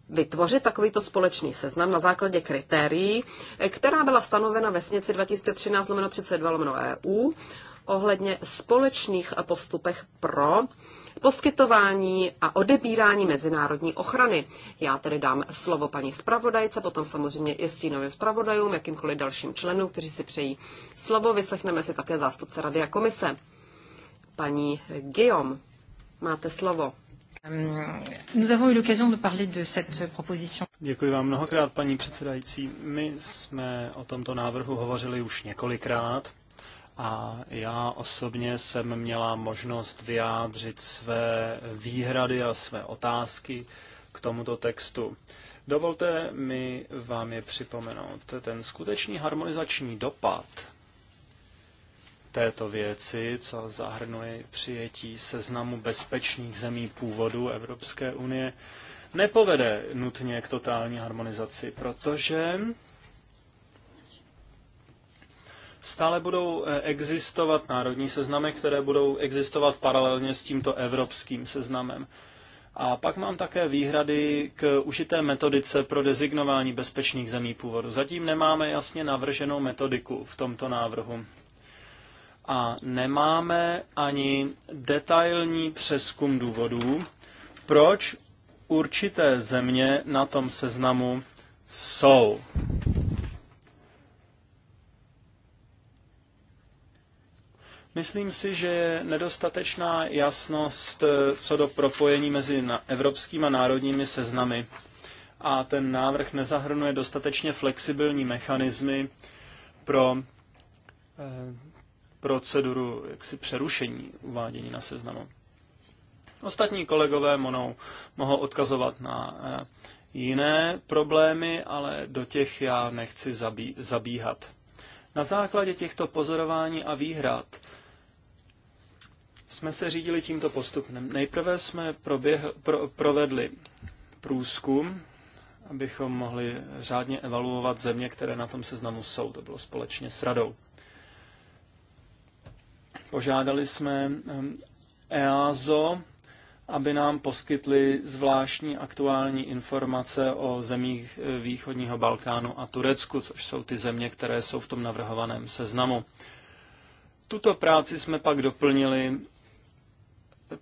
vytvořit takovýto společný seznam na základě kritérií, která byla stanovena ve směci 2013 32 EU ohledně společných postupech pro poskytování a odebírání mezinárodní ochrany. Já tedy dám slovo paní zpravodajce, potom samozřejmě i stínovým zpravodajům, jakýmkoliv dalším členům, kteří si přejí slovo. Vyslechneme si také zástupce Rady a komise. Paní Guillaume, máte slovo. Nous avons eu l'occasion de parler de cette proposition. Děkuji vám mnohokrát, paní předsedající. My jsme o tomto návrhu hovořili už několikrát a já osobně jsem měla možnost vyjádřit své výhrady a své otázky k tomuto textu. Dovolte mi vám je připomenout. Ten skutečný harmonizační dopad této věci, co zahrnuje přijetí seznamu bezpečných zemí původu Evropské unie, nepovede nutně k totální harmonizaci, protože Stále budou eh, existovat národní seznamy, které budou existovat paralelně s tímto evropským seznamem. A pak mám také výhrady k užité metodice pro dezignování bezpečných zemí původu. Zatím nemáme jasně navrženou metodiku v tomto návrhu. A nemáme ani detailní přeskum důvodů, proč určité země na tom seznamu jsou. Myslím si, že je nedostatečná jasnost eh, co do propojení mezi evropskými a národními seznamy a ten návrh nezahrnuje dostatečně flexibilní mechanismy pro eh, proceduru jaksi přerušení uvádění na seznamu. Ostatní kolegové monou, mohou odkazovat na eh, jiné problémy, ale do těch já nechci zabí, zabíhat. Na základě těchto pozorování a výhrad jsme se řídili tímto postupem. Nejprve jsme proběh, pro, provedli průzkum, abychom mohli řádně evaluovat země, které na tom seznamu jsou. To bylo společně s radou. Požádali jsme EASO, e aby nám poskytli zvláštní aktuální informace o zemích e, východního Balkánu a Turecku, což jsou ty země, které jsou v tom navrhovaném seznamu. Tuto práci jsme pak doplnili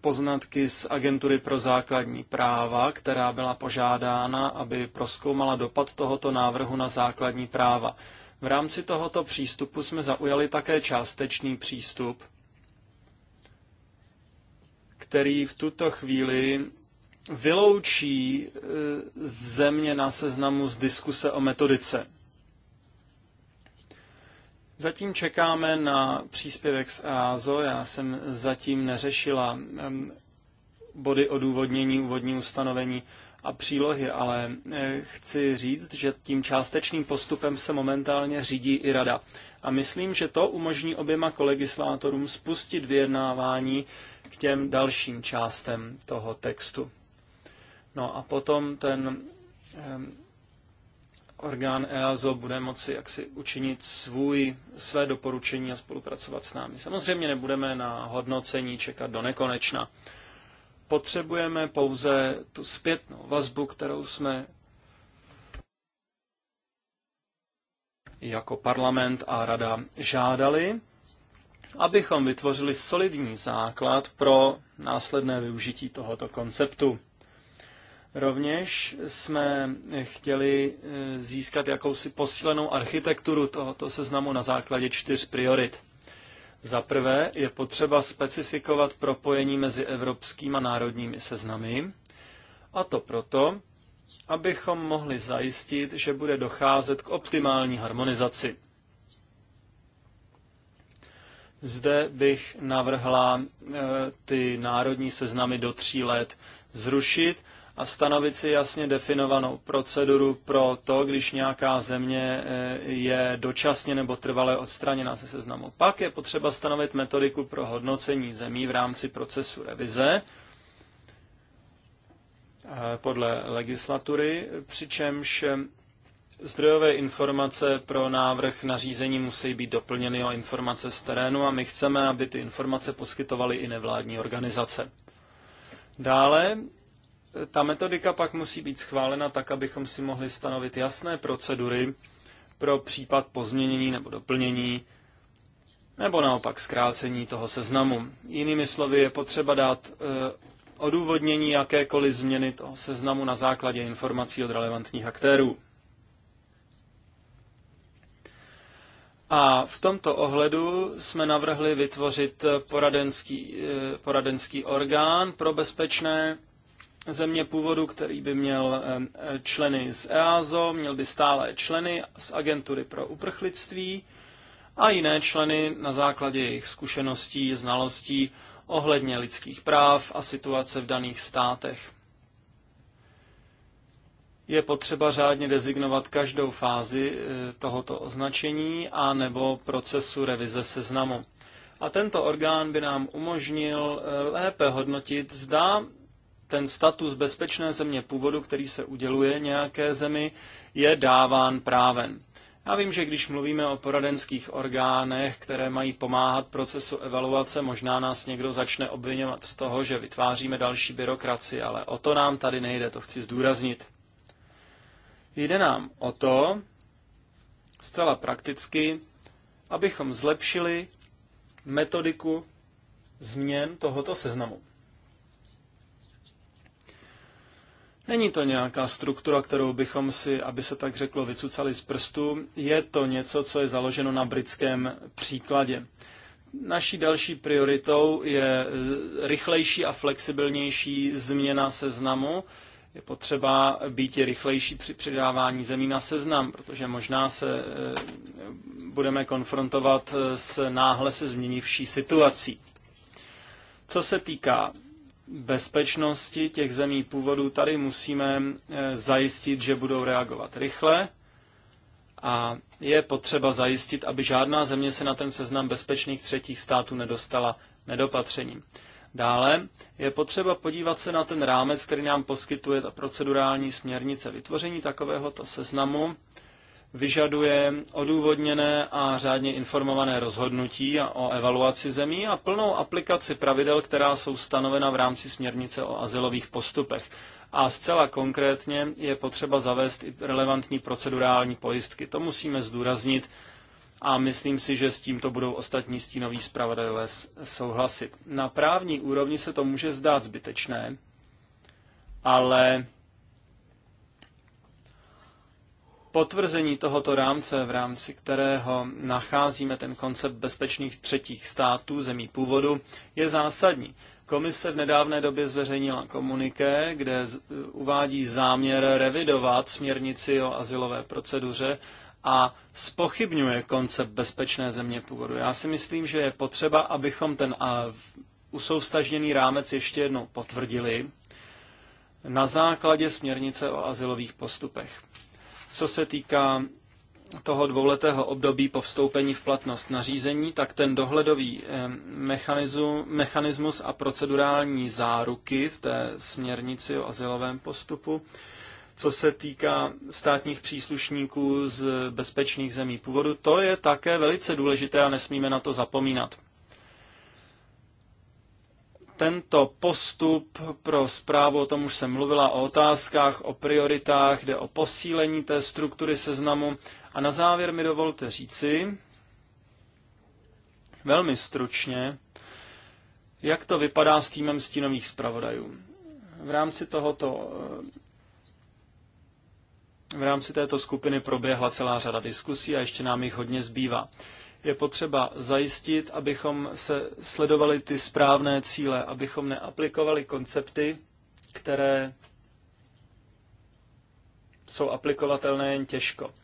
poznatky z Agentury pro základní práva, která byla požádána, aby proskoumala dopad tohoto návrhu na základní práva. V rámci tohoto přístupu jsme zaujali také částečný přístup, který v tuto chvíli vyloučí e, země na seznamu z diskuse o metodice. Zatím čekáme na příspěvek z EASO. Já jsem zatím neřešila body odůvodnění, úvodní ustanovení a přílohy, ale eh, chci říct, že tím částečným postupem se momentálně řídí i rada. A myslím, že to umožní oběma kolegislátorům spustit vyjednávání k těm dalším částem toho textu. No a potom ten orgán EASO bude moci jaksi učinit svůj, své doporučení a spolupracovat s námi. Samozřejmě nebudeme na hodnocení čekat do nekonečna. Potřebujeme pouze tu zpětnou vazbu, kterou jsme jako parlament a rada žádali, abychom vytvořili solidní základ pro následné využití tohoto konceptu. Rovněž jsme chtěli eh, získat jakousi posílenou architekturu tohoto seznamu na základě čtyř priorit. Za prvé je potřeba specifikovat propojení mezi evropským a národními seznamy, a to proto, abychom mohli zajistit, že bude docházet k optimální harmonizaci. Zde bych navrhla eh, ty národní seznamy do tří let zrušit a stanovit si jasně definovanou proceduru pro to, když nějaká země eh, je dočasně nebo trvale odstraněna ze seznamu. Pak je potřeba stanovit metodiku pro hodnocení zemí v rámci procesu revize eh, podle legislatury, přičemž eh, Zdrojové informace pro návrh nařízení musí být doplněny o informace z terénu a my chceme, aby ty informace poskytovaly i nevládní organizace. Dále ta metodika pak musí být schválena tak, abychom si mohli stanovit jasné procedury pro případ pozměnění nebo doplnění nebo naopak zkrácení toho seznamu. Jinými slovy je potřeba dát eh, odůvodnění jakékoliv změny toho seznamu na základě informací od relevantních aktérů. A v tomto ohledu jsme navrhli vytvořit poradenský, eh, poradenský orgán pro bezpečné země původu, který by měl členy z EASO, měl by stále členy z agentury pro uprchlictví a jiné členy na základě jejich zkušeností, znalostí ohledně lidských práv a situace v daných státech. Je potřeba řádně dezignovat každou fázi eh, tohoto označení a nebo procesu revize seznamu. A tento orgán by nám umožnil eh, lépe hodnotit, zda ten status bezpečné země původu, který se uděluje nějaké zemi, je dáván právem. Já vím, že když mluvíme o poradenských orgánech, které mají pomáhat procesu evaluace, možná nás někdo začne obvinovat z toho, že vytváříme další byrokraci, ale o to nám tady nejde, to chci zdůraznit. Jde nám o to, zcela prakticky, abychom zlepšili metodiku změn tohoto seznamu. Není to nějaká struktura, kterou bychom si, aby se tak řeklo, vycucali z prstu. Je to něco, co je založeno na britském příkladě. Naší další prioritou je e, rychlejší a flexibilnější změna seznamu. Je potřeba být rychlejší při přidávání zemí na seznam, protože možná se e, budeme konfrontovat e, s náhle se změnivší situací. Co se týká bezpečnosti těch zemí původu, tady musíme eh, zajistit, že budou reagovat rychle a je potřeba zajistit, aby žádná země se na ten seznam bezpečných třetích států nedostala nedopatřením. Dále je potřeba podívat se na ten rámec, který nám poskytuje ta procedurální směrnice vytvoření takovéhoto seznamu vyžaduje odůvodněné a řádně informované rozhodnutí o evaluaci zemí a plnou aplikaci pravidel, která jsou stanovena v rámci směrnice o azylových postupech. A zcela konkrétně je potřeba zavést i relevantní procedurální pojistky. To musíme zdůraznit a myslím si, že s tímto budou ostatní stínoví zpravodajové souhlasit. Na právní úrovni se to může zdát zbytečné, ale potvrzení tohoto rámce, v rámci kterého nacházíme ten koncept bezpečných třetích států zemí původu, je zásadní. Komise v nedávné době zveřejnila komuniké, kde uvádí záměr revidovat směrnici o asilové proceduře a spochybňuje koncept bezpečné země původu. Já si myslím, že je potřeba, abychom ten usoustažněný rámec ještě jednou potvrdili na základě směrnice o asilových postupech. Co se týká toho dvouletého období po vstoupení v platnost nařízení, tak ten dohledový eh, mechanismus a procedurální záruky v té směrnici o asilovém postupu, co se týká státních příslušníků z bezpečných zemí původu, to je také velice důležité a nesmíme na to zapomínat tento postup pro zprávu, o tom už jsem mluvila, o otázkách, o prioritách, jde o posílení té struktury seznamu. A na závěr mi dovolte říci, velmi stručně, jak to vypadá s týmem stínových zpravodajů. V rámci tohoto eh, v rámci této skupiny proběhla celá řada diskusí a ještě nám jich hodně zbývá je potřeba zajistit, abychom se sledovali ty správné cíle, abychom neaplikovali koncepty, které jsou aplikovatelné jen těžko.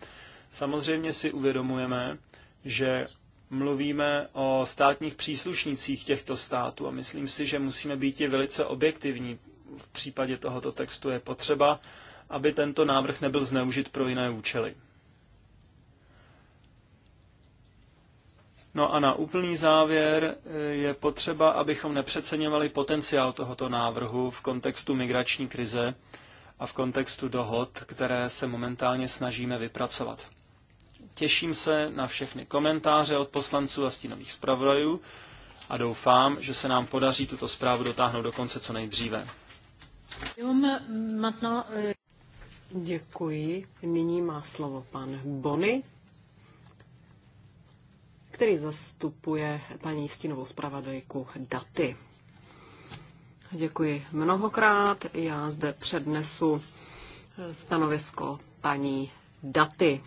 Samozřejmě si uvědomujeme, že mluvíme o státních příslušnících těchto států a myslím si, že musíme být i velice objektivní. V případě tohoto textu je potřeba, aby tento návrh nebyl zneužit pro jiné účely. No a na úplný závěr eh, je potřeba, abychom nepřeceňovali potenciál tohoto návrhu v kontextu migrační krize a v kontextu dohod, které se momentálně snažíme vypracovat. Těším se na všechny komentáře od poslanců a stínových zpravodajů a doufám, že se nám podaří tuto zprávu dotáhnout do konce co nejdříve. Mm, eh, Děkuji. Nyní má slovo pan Bony který zastupuje paní stínovou zpravodajku Daty. Děkuji mnohokrát. Já zde přednesu stanovisko paní Daty.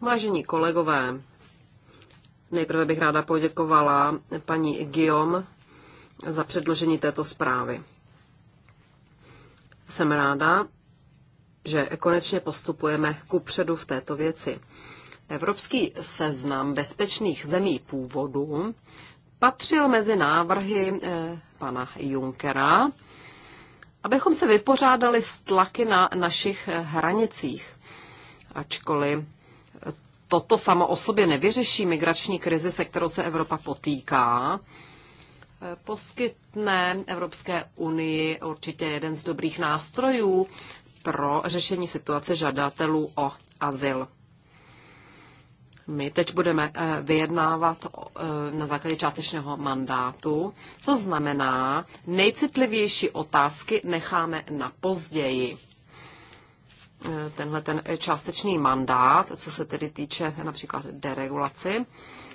Vážení kolegové, nejprve bych ráda poděkovala paní Guillaume za předložení této zprávy. Jsem ráda, že konečně postupujeme ku předu v této věci. Evropský seznam bezpečných zemí původu patřil mezi návrhy eh, pana Junkera, abychom se vypořádali s tlaky na našich eh, hranicích. Ačkoliv eh, toto samo o sobě nevyřeší migrační krizi, se kterou se Evropa potýká, poskytne Evropské unii určitě jeden z dobrých nástrojů pro řešení situace žadatelů o azyl. My teď budeme eh, vyjednávat eh, na základě částečného mandátu. To znamená, nejcitlivější otázky necháme na později. Eh, tenhle ten částečný mandát, co se tedy týče například deregulaci,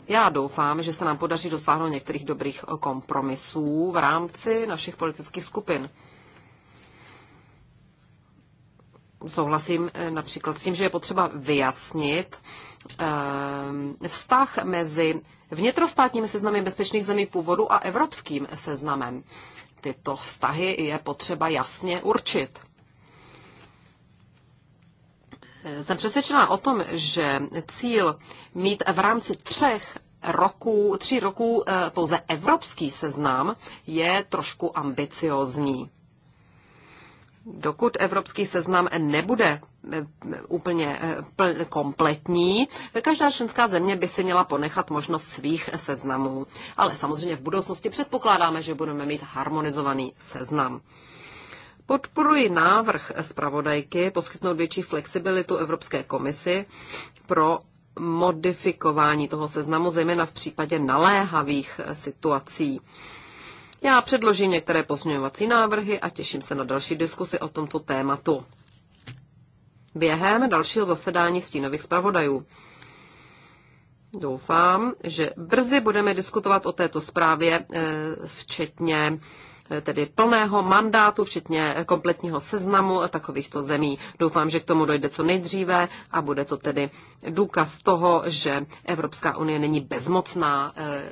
já doufám, že se nám podaří dosáhnout některých dobrých kompromisů v rámci našich politických skupin. Souhlasím například s tím, že je potřeba vyjasnit, Ehm, vztah mezi vnitrostátními seznamy bezpečných zemí původu a evropským seznamem. Tyto vztahy je potřeba jasně určit. Jsem přesvědčená o tom, že cíl mít v rámci třech roků, tří roků eh, pouze evropský seznam je trošku ambiciozní dokud evropský seznam nebude eh, úplně eh, kompletní, každá členská země by si měla ponechat možnost svých seznamů. Ale samozřejmě v budoucnosti předpokládáme, že budeme mít harmonizovaný seznam. Podporuji návrh zpravodajky poskytnout větší flexibilitu Evropské komisi pro modifikování toho seznamu, zejména v případě naléhavých situací. Já předložím některé pozměňovací návrhy a těším se na další diskusy o tomto tématu. Během dalšího zasedání stínových zpravodajů. Doufám, že brzy budeme diskutovat o této zprávě, eh, včetně eh, tedy plného mandátu, včetně kompletního seznamu takovýchto zemí. Doufám, že k tomu dojde co nejdříve a bude to tedy důkaz toho, že Evropská unie není bezmocná eh,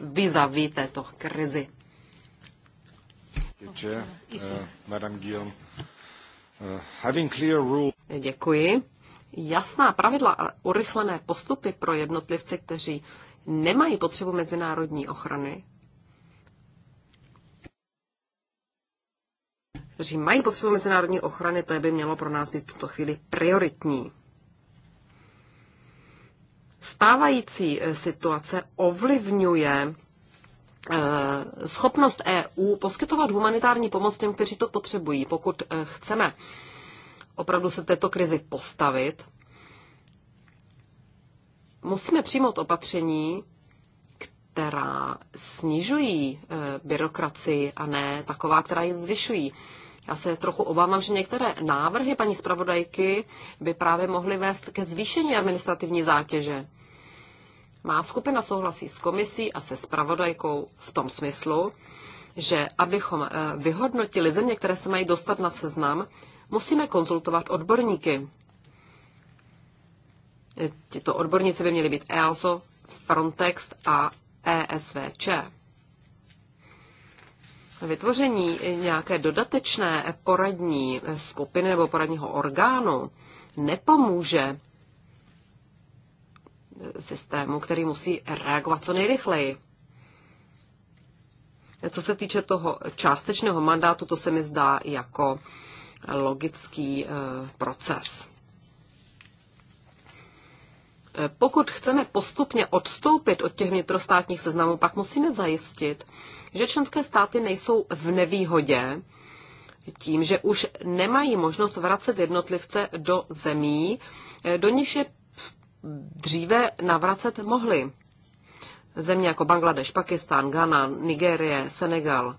vizaví této krizi. Chair, eh, Madam Guillaume. Eh, having clear rule... Děkuji. Jasná pravidla a urychlené postupy pro jednotlivce, kteří nemají potřebu mezinárodní ochrany, kteří mají potřebu mezinárodní ochrany, to by mělo pro nás být v tuto chvíli prioritní. Stávající eh, situace ovlivňuje Eh, schopnost EU poskytovat humanitární pomoc těm, kteří to potřebují, pokud eh, chceme opravdu se této krizi postavit, musíme přijmout opatření, která snižují eh, byrokracii a ne taková, která ji zvyšují. Já se trochu obávám, že některé návrhy paní zpravodajky by právě mohly vést ke zvýšení administrativní zátěže. Má skupina souhlasí s komisí a se spravodajkou v tom smyslu, že abychom eh, vyhodnotili země, které se mají dostat na seznam, musíme konzultovat odborníky. Tito odborníci by měli být EASO, Frontex a ESVČ. Vytvoření nějaké dodatečné poradní skupiny nebo poradního orgánu nepomůže systému, který musí reagovat co nejrychleji. Co se týče toho částečného mandátu, to se mi zdá jako logický eh, proces. Eh, pokud chceme postupně odstoupit od těch vnitrostátních seznamů, pak musíme zajistit, že členské státy nejsou v nevýhodě tím, že už nemají možnost vracet jednotlivce do zemí, eh, do nich je dříve navracet mohli. Země jako Bangladeš, Pakistán, Ghana, Nigérie, Senegal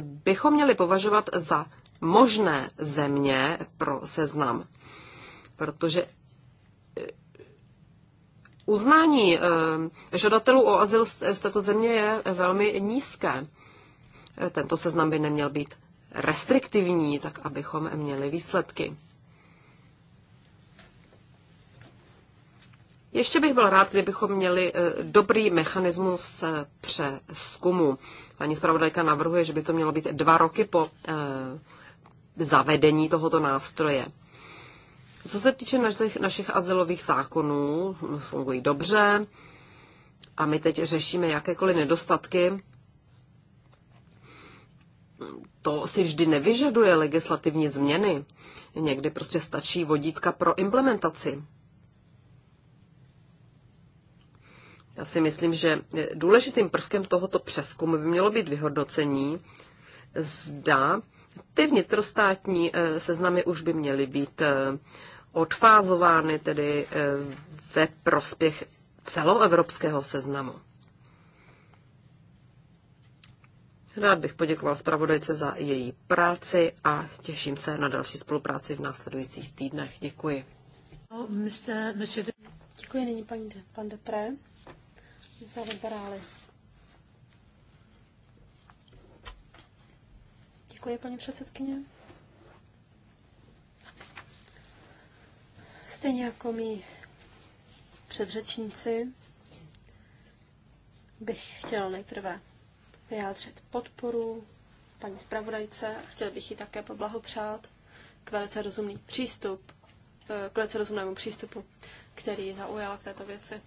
bychom měli považovat za možné země pro seznam, protože eh, uznání eh, žadatelů o azyl z této země je velmi nízké. Tento seznam by neměl být restriktivní, tak abychom měli výsledky. Ještě bych byl rád, kdybychom měli e, dobrý mechanismus e, přeskumu. Paní zpravodajka navrhuje, že by to mělo být dva roky po e, zavedení tohoto nástroje. Co se týče našich, našich azylových zákonů, fungují dobře a my teď řešíme jakékoliv nedostatky. To si vždy nevyžaduje legislativní změny. Někdy prostě stačí vodítka pro implementaci. Já si myslím, že důležitým prvkem tohoto přeskumu by mělo být vyhodnocení, zda ty vnitrostátní eh, seznamy už by měly být eh, odfázovány tedy eh, ve prospěch celoevropského seznamu. Rád bych poděkoval zpravodajce za její práci a těším se na další spolupráci v následujících týdnech. Děkuji. Děkuji nyní paní de, pan Depré za liberály. Děkuji, paní předsedkyně. Stejně jako mý předřečníci bych chtěl nejprve vyjádřit podporu paní zpravodajce a chtěl bych ji také poblahopřát k velice rozumný přístup, eh, k velice rozumnému přístupu, který zaujala k této věci.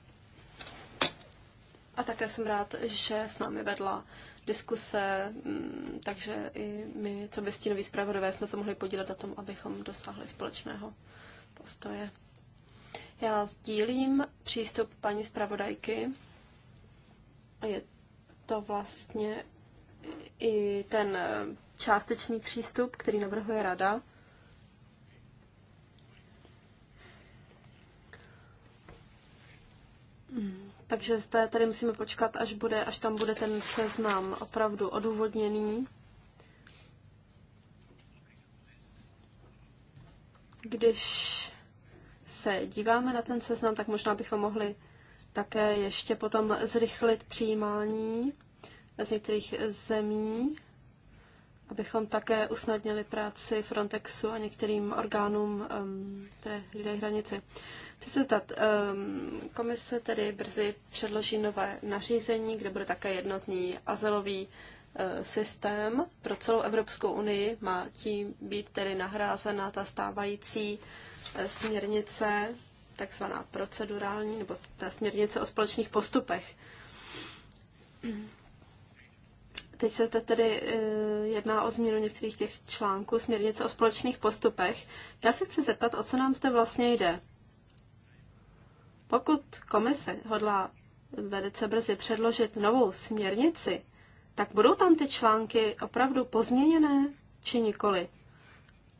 A také jsem rád, že s námi vedla diskuse, mm, takže i my, co by stínoví zpravodové, jsme se mohli podílet na tom, abychom dosáhli společného postoje. Já sdílím přístup paní zpravodajky. Je to vlastně i ten částečný přístup, který navrhuje rada. Hmm takže zde tady musíme počkat, až, bude, až tam bude ten seznam opravdu odůvodněný. Když se díváme na ten seznam, tak možná bychom mohli také ještě potom zrychlit přijímání z některých zemí, abychom také usnadnili práci Frontexu a některým orgánům, té lidé hranici. Chci se zeptat, komise tedy brzy předloží nové nařízení, kde bude také jednotný azylový e, systém pro celou Evropskou unii. Má tím být tedy nahrázena ta stávající e, směrnice, takzvaná procedurální, nebo ta směrnice o společných postupech. Teď se zde tedy e, jedná o změnu některých těch článků směrnice o společných postupech. Já se chci zeptat, o co nám zde vlastně jde. Pokud komise hodlá velice brzy předložit novou směrnici, tak budou tam ty články opravdu pozměněné či nikoli?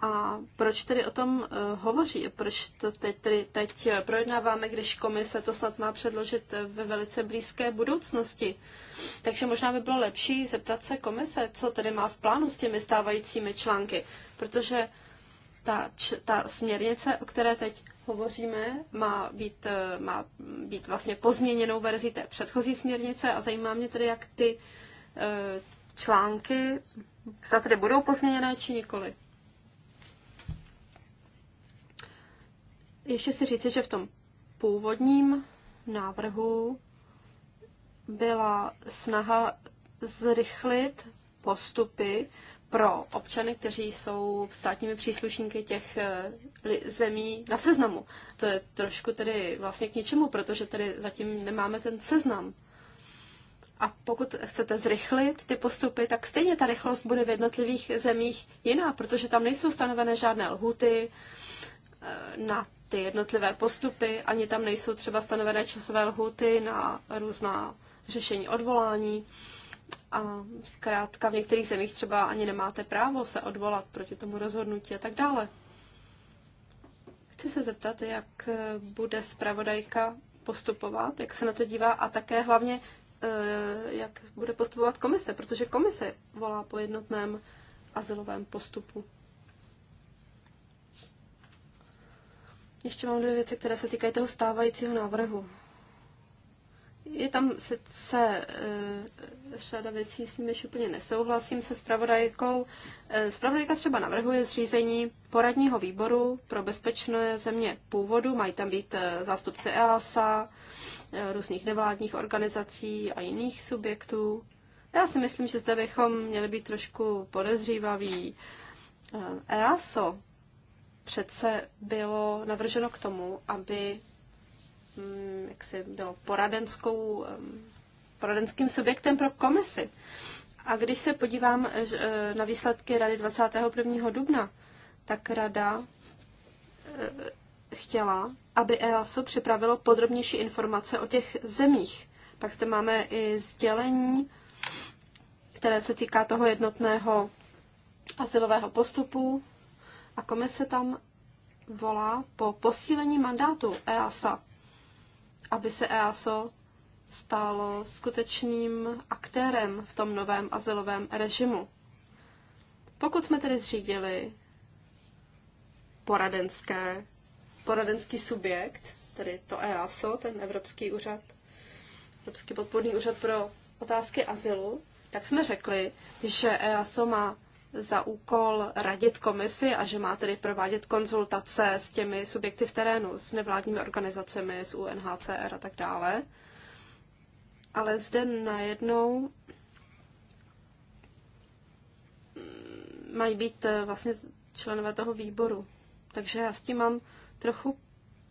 A proč tedy o tom eh, hovoří? Proč to teď, tedy teď projednáváme, když komise to snad má předložit eh, ve velice blízké budoucnosti? Takže možná by bylo lepší zeptat se komise, co tedy má v plánu s těmi stávajícími články, protože ta, č, ta směrnice, o které teď hovoříme, má být, eh, má být vlastně pozměněnou verzi té předchozí směrnice a zajímá mě tedy, jak ty články, se tedy budou pozměněné či nikoli. ještě si říci, že v tom původním návrhu byla snaha zrychlit postupy pro občany, kteří jsou státními příslušníky těch eh, zemí na seznamu. To je trošku tedy vlastně k ničemu, protože tedy zatím nemáme ten seznam. A pokud chcete zrychlit ty postupy, tak stejně ta rychlost bude v jednotlivých zemích jiná, protože tam nejsou stanovené žádné lhuty eh, na ty jednotlivé postupy, ani tam nejsou třeba stanovené časové lhuty na různá řešení odvolání. A zkrátka v některých zemích třeba ani nemáte právo se odvolat proti tomu rozhodnutí a tak dále. Chci se zeptat, jak bude zpravodajka postupovat, jak se na to dívá a také hlavně, eh, jak bude postupovat komise, protože komise volá po jednotném azylovém postupu. Ještě mám dvě věci, které se týkají toho stávajícího návrhu. Je tam sice e, řada věcí, s nimiž úplně nesouhlasím se spravodajkou. Zpravodajka eh, spravodajka třeba navrhuje zřízení poradního výboru pro bezpečné země původu. Mají tam být eh, e, zástupci EASA, různých nevládních organizací a jiných subjektů. Já si myslím, že zde bychom měli být trošku podezřívaví. E, EASO přece bylo navrženo k tomu, aby mm, jak si bylo poradenskou, poradenským subjektem pro komisi. A když se podívám e, e, na výsledky rady 21. dubna, tak rada e, chtěla, aby EASO připravilo podrobnější informace o těch zemích. Pak zde máme i sdělení, které se týká toho jednotného asilového postupu, a komise tam volá po posílení mandátu EASA, aby se EASO stalo skutečným aktérem v tom novém azylovém režimu. Pokud jsme tedy zřídili poradenské, poradenský subjekt, tedy to EASO, ten Evropský úřad, Evropský podporný úřad pro otázky azylu, tak jsme řekli, že EASO má za úkol radit komisi a že má tedy provádět konzultace s těmi subjekty v terénu, s nevládními organizacemi, s UNHCR a tak dále. Ale zde najednou mají být eh, vlastně členové toho výboru. Takže já s tím mám trochu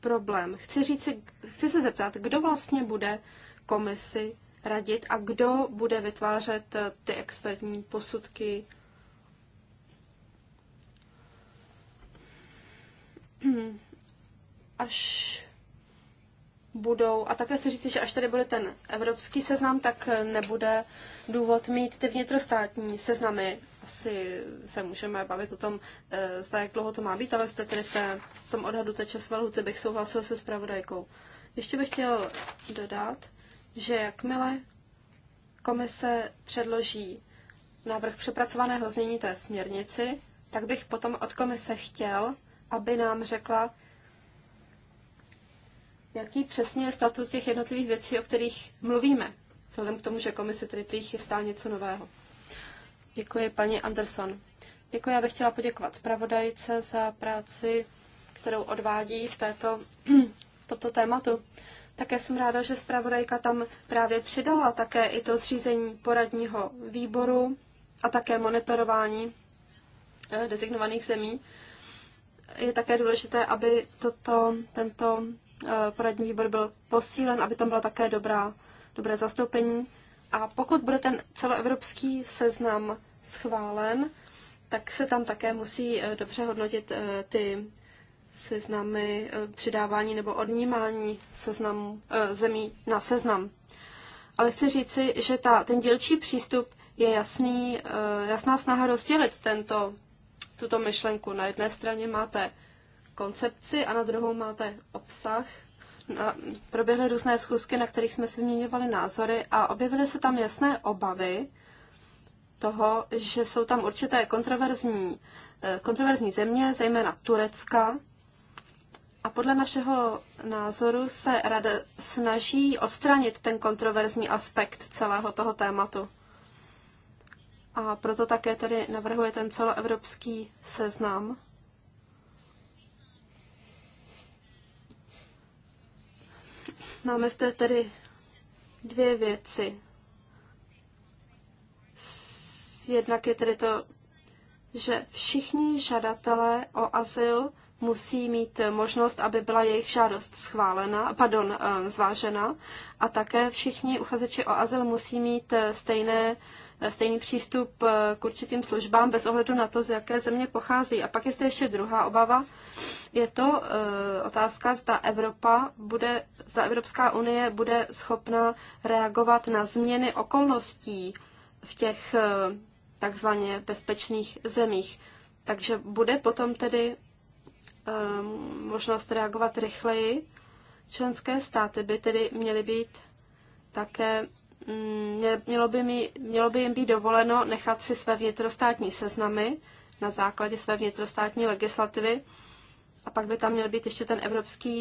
problém. Chci, říct, chci se zeptat, kdo vlastně bude komisi radit a kdo bude vytvářet eh, ty expertní posudky [clears throat] až budou, a také chci říct, že až tady bude ten evropský seznam, tak nebude důvod mít ty vnitrostátní seznamy. Asi se můžeme bavit o tom, eh, zda jak dlouho to má být, ale jste tedy v, té, v tom odhadu té časové lhuty bych souhlasil se zpravodajkou. Ještě bych chtěl dodat, že jakmile komise předloží návrh přepracovaného znění té směrnici, tak bych potom od komise chtěl, aby nám řekla, jaký přesně je status těch jednotlivých věcí, o kterých mluvíme, vzhledem k tomu, že komise tedy prý chystá něco nového. Děkuji, paní Anderson. Děkuji, já bych chtěla poděkovat zpravodajce za práci, kterou odvádí v této, [clears throat] toto tématu. Také jsem ráda, že zpravodajka tam právě přidala také i to zřízení poradního výboru a také monitorování eh, designovaných zemí je také důležité, aby toto, tento eh, poradní výbor byl posílen, aby tam byla také dobrá, dobré zastoupení. A pokud bude ten celoevropský seznam schválen, tak se tam také musí eh, dobře hodnotit eh, ty seznamy přidávání nebo odnímání seznamu, zemí na seznam. Ale chci říci, že ta, ten dělčí přístup je jasný, jasná snaha rozdělit tento tuto myšlenku. Na jedné straně máte koncepci a na druhou máte obsah. Proběhly různé schůzky, na kterých jsme si vyměňovali názory a objevily se tam jasné obavy toho, že jsou tam určité kontroverzní, eh, kontroverzní země, zejména Turecka, a podle našeho názoru se rada snaží odstranit ten kontroverzní aspekt celého toho tématu a proto také tedy navrhuje ten celoevropský seznam. Máme zde tedy dvě věci. Jednak je tedy to, že všichni žadatelé o azyl musí mít možnost, aby byla jejich žádost schválena, pardon, eh, zvážena. A také všichni uchazeči o azyl musí mít eh, stejné E, stejný přístup e, k určitým službám bez ohledu na to, z jaké země pochází. A pak je zde ještě druhá obava. Je to e, otázka, zda Evropa bude, zda Evropská unie bude schopna reagovat na změny okolností v těch takzvaně bezpečných zemích. Takže bude potom tedy možnost reagovat rychleji. Členské státy by tedy měly být také Mm, mělo by, mi, mělo by jim být dovoleno nechat si své vnitrostátní seznamy na základě své vnitrostátní legislativy a pak by tam měl být ještě ten evropský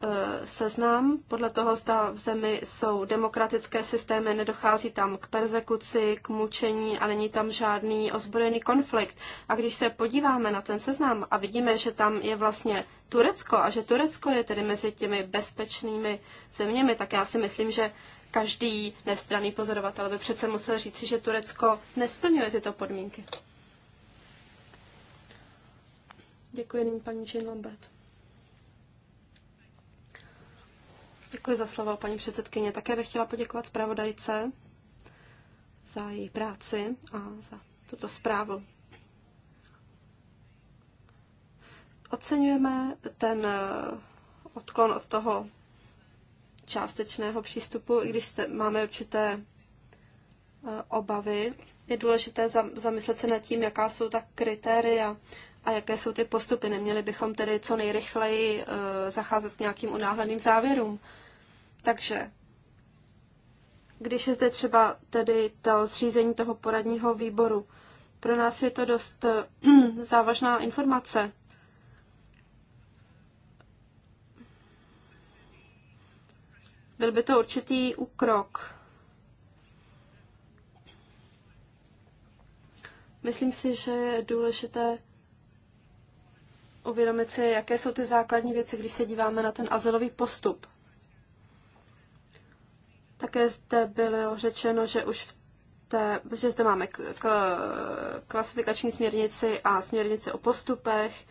e, seznam. Podle toho, zda v zemi jsou demokratické systémy, nedochází tam k persekuci, k mučení a není tam žádný ozbrojený konflikt. A když se podíváme na ten seznam a vidíme, že tam je vlastně Turecko a že Turecko je tedy mezi těmi bezpečnými zeměmi, tak já si myslím, že každý nestraný pozorovatel by přece musel říci, že Turecko nesplňuje tyto podmínky. Děkuji nyní paní Jean Lambert. Děkuji za slovo, paní předsedkyně. Také bych chtěla poděkovat zpravodajce za její práci a za tuto zprávu. Oceňujeme ten odklon od toho částečného přístupu, i když te, máme určité eh, obavy. Je důležité zamyslet se nad tím, jaká jsou ta kritéria a jaké jsou ty postupy. Neměli bychom tedy co nejrychleji eh, zacházet k nějakým unáhleným závěrům. Takže když je zde třeba tedy to zřízení toho poradního výboru, pro nás je to dost eh, [clears throat] závažná informace. Byl by to určitý úkrok. Myslím si, že je důležité uvědomit si, jaké jsou ty základní věci, když se díváme na ten azylový postup. Také zde bylo řečeno, že už v té, že zde máme k, k, klasifikační směrnici a směrnici o postupech,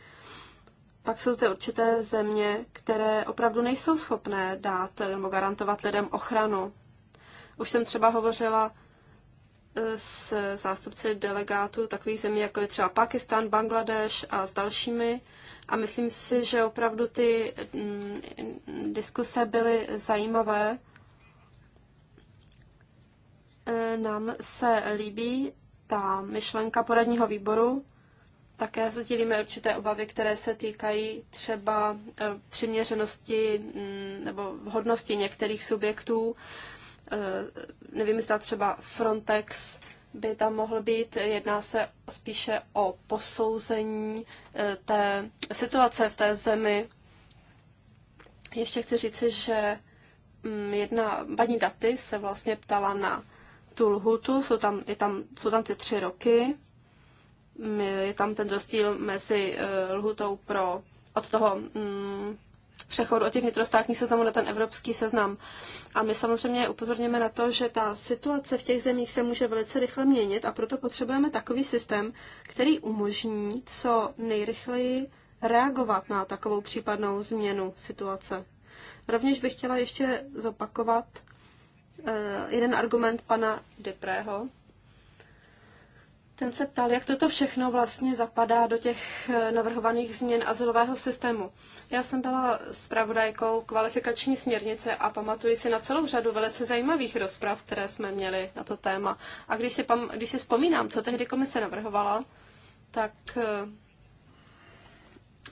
pak jsou zde určité země, které opravdu nejsou schopné dát nebo garantovat lidem ochranu. Už jsem třeba hovořila e, s zástupci delegátů takových zemí, jako je třeba Pakistan, Bangladeš a s dalšími. A myslím si, že opravdu ty mm, diskuse byly zajímavé. E, nám se líbí ta myšlenka poradního výboru, také sdílíme určité obavy, které se týkají třeba eh, přiměřenosti mm, nebo vhodnosti některých subjektů. Eh, nevím, zda třeba Frontex by tam mohl být. Jedná se spíše o posouzení eh, té situace v té zemi. Ještě chci říci, že mm, jedna paní Daty se vlastně ptala na tu lhutu, jsou tam, je tam, jsou tam ty tři roky je tam ten rozdíl mezi eh, lhutou pro od toho mm, přechodu od těch vnitrostátních seznamů na ten evropský seznam. A my samozřejmě upozorněme na to, že ta situace v těch zemích se může velice rychle měnit a proto potřebujeme takový systém, který umožní co nejrychleji reagovat na takovou případnou změnu situace. Rovněž bych chtěla ještě zopakovat eh, jeden argument pana Deprého, ten se ptal, jak toto všechno vlastně zapadá do těch eh, navrhovaných změn azylového systému. Já jsem byla zpravodajkou kvalifikační směrnice a pamatuji si na celou řadu velice zajímavých rozprav, které jsme měli na to téma. A když si, pam- když si vzpomínám, co tehdy komise navrhovala, tak eh,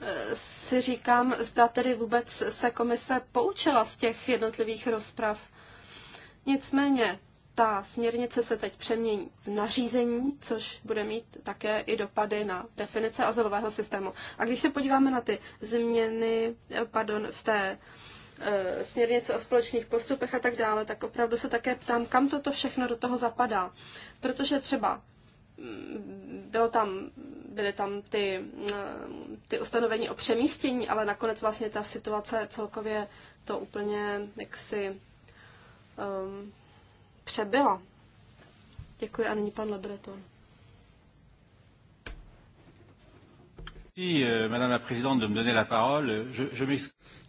eh, si říkám, zda tedy vůbec se komise poučila z těch jednotlivých rozprav. Nicméně ta směrnice se teď přemění v nařízení, což bude mít také i dopady na definice azylového systému. A když se podíváme na ty změny, eh, pardon, v té eh, směrnice o společných postupech a tak dále, tak opravdu se také ptám, kam toto všechno do toho zapadá. Protože třeba mm, bylo tam, byly tam ty, mm, ty ustanovení o přemístění, ale nakonec vlastně ta situace celkově to úplně jaksi um, přebyla. Děkuji a nyní pan Lebreton. Eh, madame la présidente, de me donner la parole. Je, je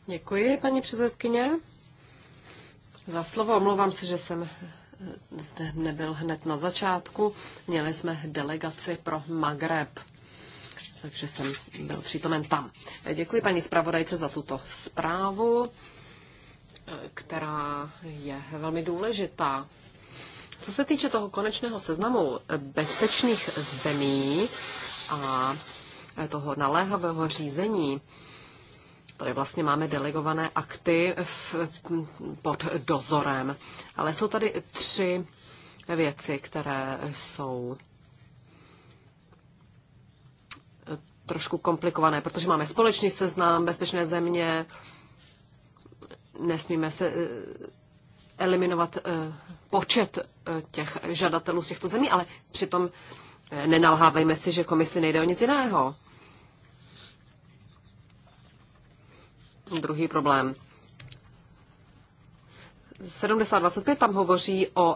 Děkuji, paní předsedkyně. Za slovo omlouvám se, že jsem eh, zde nebyl hned na začátku. Měli jsme delegaci pro Magreb, takže jsem byl přítomen tam. Eh, děkuji paní zpravodajce za tuto zprávu, která je velmi důležitá. Co se týče toho konečného seznamu bezpečných zemí a toho naléhavého řízení, Tady vlastně máme delegované akty v, pod dozorem, ale jsou tady tři věci, které jsou trošku komplikované, protože máme společný seznam bezpečné země, nesmíme se eliminovat eh, počet eh, těch žadatelů z těchto zemí, ale přitom eh, nenalhávejme si, že komisi nejde o nic jiného. Druhý problém. 7025 tam hovoří o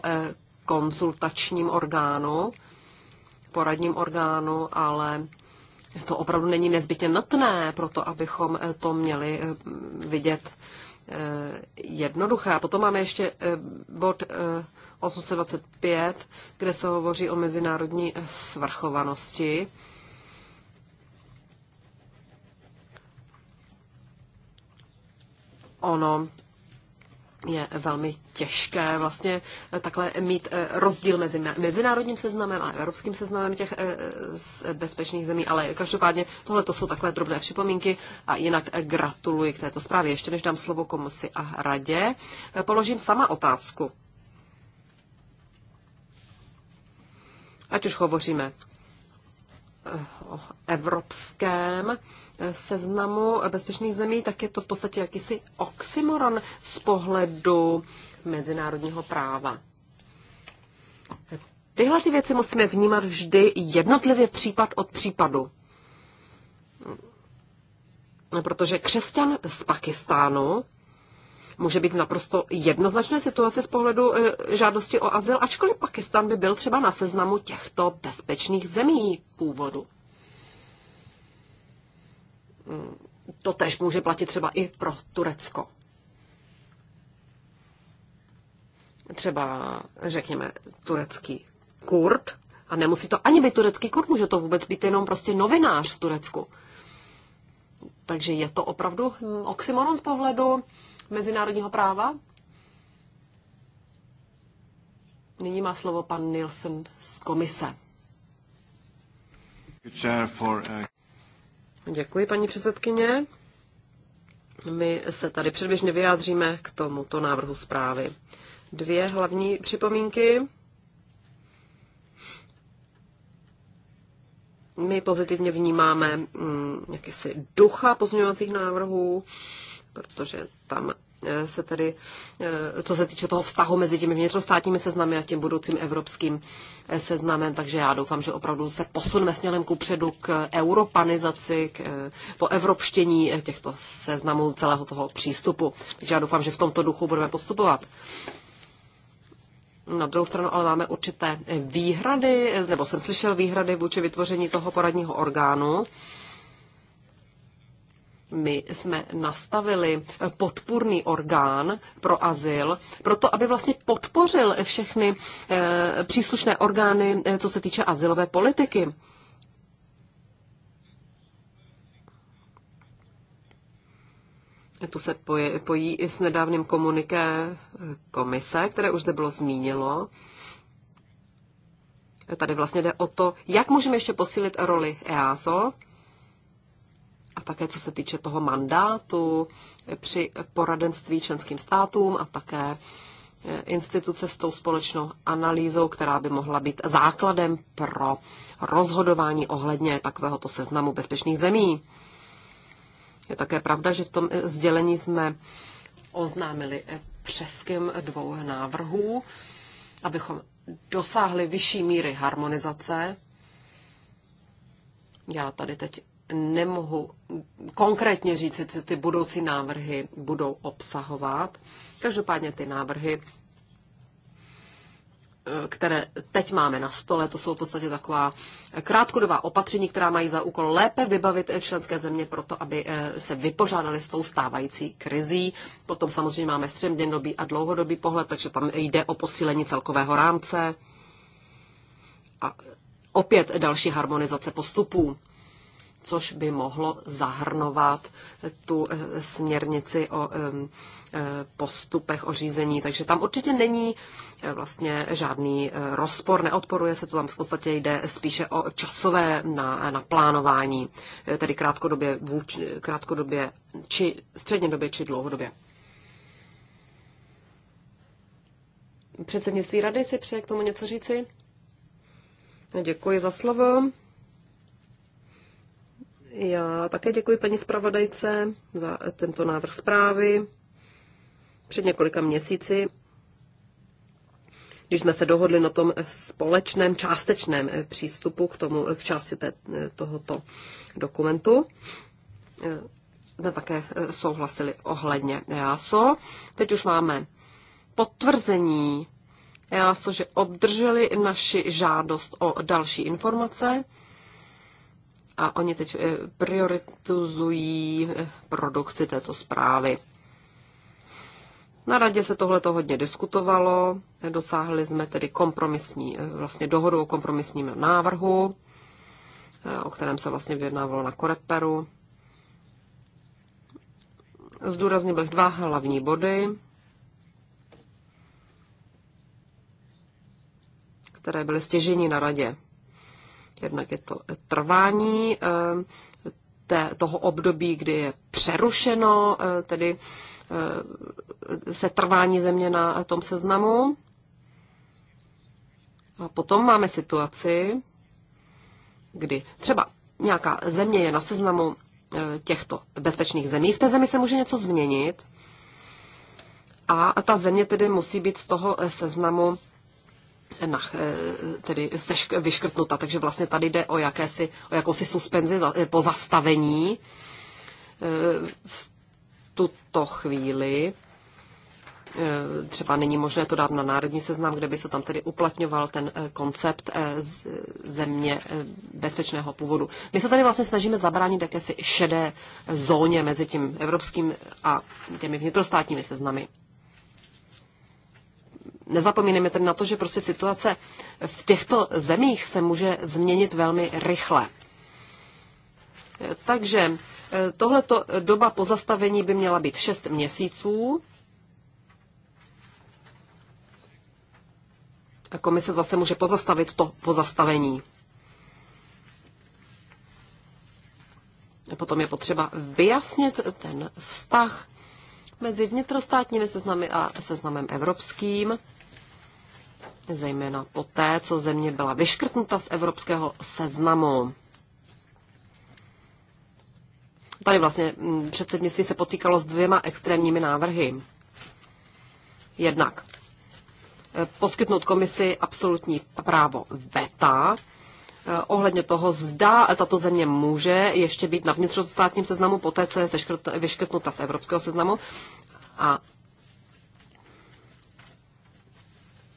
konzultačním orgánu, poradním orgánu, ale to opravdu není nezbytně nutné pro to, abychom to měli vidět Eh, jednoduché. A potom máme ještě eh, bod 825, eh, kde se hovoří o mezinárodní svrchovanosti. Ono je velmi těžké vlastně takhle mít eh, rozdíl mezi mezinárodním seznamem a evropským seznamem těch eh, bezpečných zemí, ale každopádně tohle to jsou takové drobné připomínky a jinak eh, gratuluji k této zprávě. Ještě než dám slovo komisi a radě, položím sama otázku. Ať už hovoříme o evropském seznamu bezpečných zemí, tak je to v podstatě jakýsi oxymoron z pohledu mezinárodního práva. Tyhle ty věci musíme vnímat vždy jednotlivě případ od případu. Protože křesťan z Pakistánu může být naprosto jednoznačné situace z pohledu e, žádosti o azyl, ačkoliv Pakistan by byl třeba na seznamu těchto bezpečných zemí původu. Mm, to tež může platit třeba i pro Turecko. Třeba, řekněme, turecký kurd, a nemusí to ani být turecký kurd, může to vůbec být jenom prostě novinář v Turecku. Takže je to opravdu hm, oxymoron z pohledu mezinárodního práva? Nyní má slovo pan Nielsen z komise. Děkuji, paní předsedkyně. My se tady předběžně vyjádříme k tomuto návrhu zprávy. Dvě hlavní připomínky. My pozitivně vnímáme mm, jakýsi ducha pozměňovacích návrhů, protože tam Eh, se tedy, eh, co se týče toho vztahu mezi těmi vnitrostátními seznamy a tím budoucím evropským eh, seznamem, takže já doufám, že opravdu se posuneme směrem ku předu k europanizaci, k poevropštění těchto seznamů celého toho přístupu. Takže já doufám, že v tomto duchu budeme postupovat. Na druhou stranu ale máme určité výhrady, nebo jsem slyšel výhrady vůči vytvoření toho poradního orgánu. My jsme nastavili podpůrný orgán pro azyl, proto aby vlastně podpořil všechny eh, příslušné orgány, eh, co se týče azylové politiky. To se pojí i s nedávným komuniké eh, komise, které už zde bylo zmíněno. Tady vlastně jde o to, jak můžeme ještě posílit roli EASO a také co se týče toho mandátu při poradenství členským státům a také eh, instituce s tou společnou analýzou, která by mohla být základem pro rozhodování ohledně takovéhoto seznamu bezpečných zemí. Je také pravda, že v tom eh, sdělení jsme oznámili eh, přeským dvou návrhů, abychom dosáhli vyšší míry harmonizace. Já tady teď nemohu konkrétně říct, co ty budoucí návrhy budou obsahovat. Každopádně ty návrhy, eh, které teď máme na stole, to jsou v podstatě taková krátkodobá opatření, která mají za úkol lépe vybavit členské země pro to, aby eh, se vypořádali s tou stávající krizí. Potom samozřejmě máme střednědobý a dlouhodobý pohled, takže tam jde o posílení celkového rámce a opět další harmonizace postupů což by mohlo zahrnovat tu eh, směrnici o eh, postupech o řízení. Takže tam určitě není eh, vlastně žádný rozpor, neodporuje se to, tam v podstatě jde spíše o časové naplánování, na tedy krátkodobě, vůč, krátkodobě či střednědobě či dlouhodobě. Předsednictví rady si přeje k tomu něco říci? Děkuji za slovo. Já také děkuji paní zpravodajce za tento návrh zprávy. Před několika měsíci, když jsme se dohodli na tom společném částečném přístupu k tomu k části té, tohoto dokumentu, jsme také souhlasili ohledně EASO. Teď už máme potvrzení EASO, že obdrželi naši žádost o další informace a oni teď eh, prioritizují eh, produkci této zprávy. Na radě se tohle to hodně diskutovalo, dosáhli jsme tedy kompromisní, eh, vlastně dohodu o kompromisním návrhu, o kterém se vlastně vyjednávalo na Koreperu. Zdůraznil bych dva hlavní body, které byly stěžení na radě. Jednak je to trvání eh, té, toho období, kdy je přerušeno, eh, tedy eh, se trvání země na tom seznamu. A potom máme situaci, kdy třeba nějaká země je na seznamu těchto bezpečných zemí. V té zemi se může něco změnit a ta země tedy musí být z toho seznamu nach, eh, tedy vyškrtnuta. Takže vlastně tady jde o, jakési, o jakousi suspenzi eh, po zastavení eh, v tuto chvíli. Třeba není možné to dát na národní seznam, kde by se tam tedy uplatňoval ten koncept země bezpečného původu. My se tady vlastně snažíme zabránit jakési šedé zóně mezi tím evropským a těmi vnitrostátními seznamy nezapomínejme tedy na to, že prostě situace v těchto zemích se může změnit velmi rychle. Takže eh, tohleto doba pozastavení by měla být 6 měsíců. A komise zase může pozastavit to pozastavení. Potom je potřeba vyjasnit ten vztah mezi vnitrostátními seznamy a seznamem evropským zejména poté, co země byla vyškrtnuta z evropského seznamu. Tady vlastně mm, předsednictví se potýkalo s dvěma extrémními návrhy. Jednak eh, poskytnout komisi absolutní právo veta eh, ohledně toho, zda tato země může ještě být na vnitrostátním seznamu poté, co je vyškrtnuta z evropského seznamu. A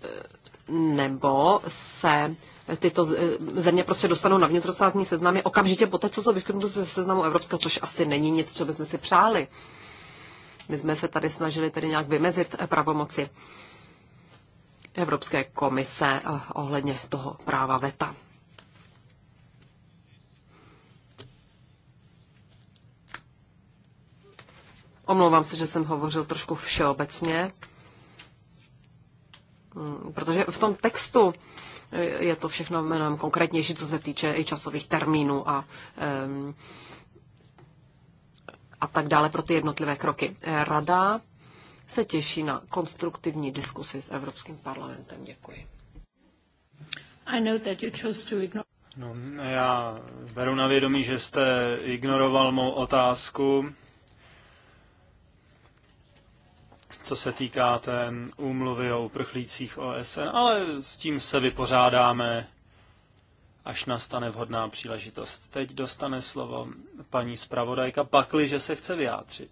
eh, nebo se tyto země prostě dostanou na vnitrostátní seznamy okamžitě po té, co jsou vyškrtnuty ze seznamu evropského, což asi není nic, co bychom si přáli. My jsme se tady snažili tedy nějak vymezit pravomoci Evropské komise eh, ohledně toho práva VETA. Omlouvám se, že jsem hovořil trošku všeobecně. Mm, protože v tom textu je to všechno mnohem konkrétnější, co se týče i časových termínů a, a tak dále pro ty jednotlivé kroky. Rada se těší na konstruktivní diskusi s Evropským parlamentem. Děkuji. I know that you chose to ignore. No, já beru na vědomí, že jste ignoroval mou otázku co se týká té úmluvy o uprchlících OSN, ale s tím se vypořádáme, až nastane vhodná příležitost. Teď dostane slovo paní zpravodajka, pakli, že se chce vyjádřit.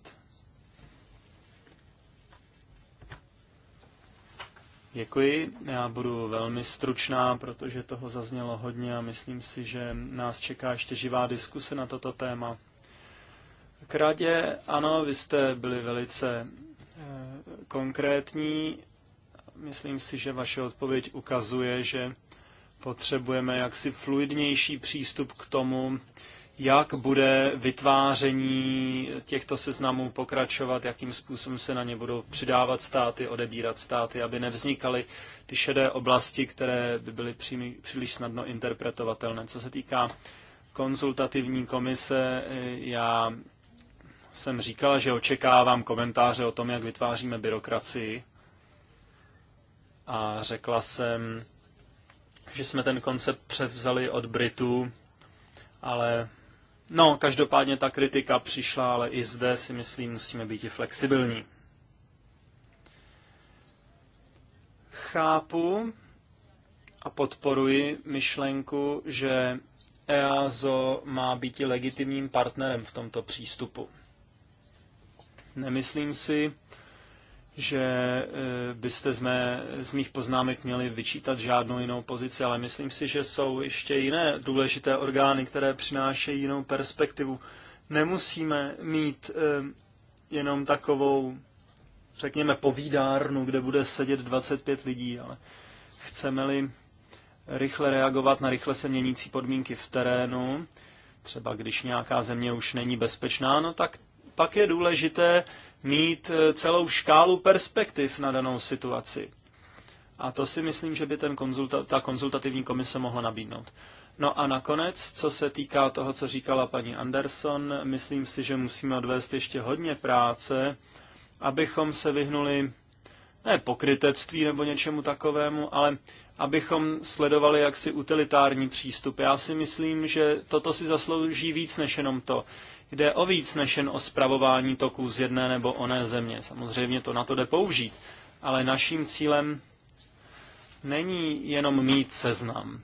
Děkuji. Já budu velmi stručná, protože toho zaznělo hodně a myslím si, že nás čeká ještě živá diskuse na toto téma. K radě, ano, vy jste byli velice konkrétní. Myslím si, že vaše odpověď ukazuje, že potřebujeme jaksi fluidnější přístup k tomu, jak bude vytváření těchto seznamů pokračovat, jakým způsobem se na ně budou přidávat státy, odebírat státy, aby nevznikaly ty šedé oblasti, které by byly příliš snadno interpretovatelné. Co se týká konzultativní komise, já jsem říkala, že očekávám komentáře o tom, jak vytváříme byrokracii. A řekla jsem, že jsme ten koncept převzali od Britů, ale no, každopádně ta kritika přišla, ale i zde si myslím, musíme být i flexibilní. Chápu a podporuji myšlenku, že EASO má být i legitimním partnerem v tomto přístupu. Nemyslím si, že eh, byste z, mé, z mých poznámek měli vyčítat žádnou jinou pozici, ale myslím si, že jsou ještě jiné důležité orgány, které přinášejí jinou perspektivu. Nemusíme mít eh, jenom takovou, řekněme, povídárnu, kde bude sedět 25 lidí, ale chceme-li rychle reagovat na rychle se měnící podmínky v terénu, třeba když nějaká země už není bezpečná, no tak pak je důležité mít eh, celou škálu perspektiv na danou situaci. A to si myslím, že by ten konzulta- ta konzultativní komise mohla nabídnout. No a nakonec, co se týká toho, co říkala paní Anderson, myslím si, že musíme odvést ještě hodně práce, abychom se vyhnuli ne pokrytectví nebo něčemu takovému, ale abychom sledovali jaksi utilitární přístup. Já si myslím, že toto si zaslouží víc než jenom to. Jde o víc než jen o spravování toků z jedné nebo oné země. Samozřejmě to na to jde použít, ale naším cílem není jenom mít seznam,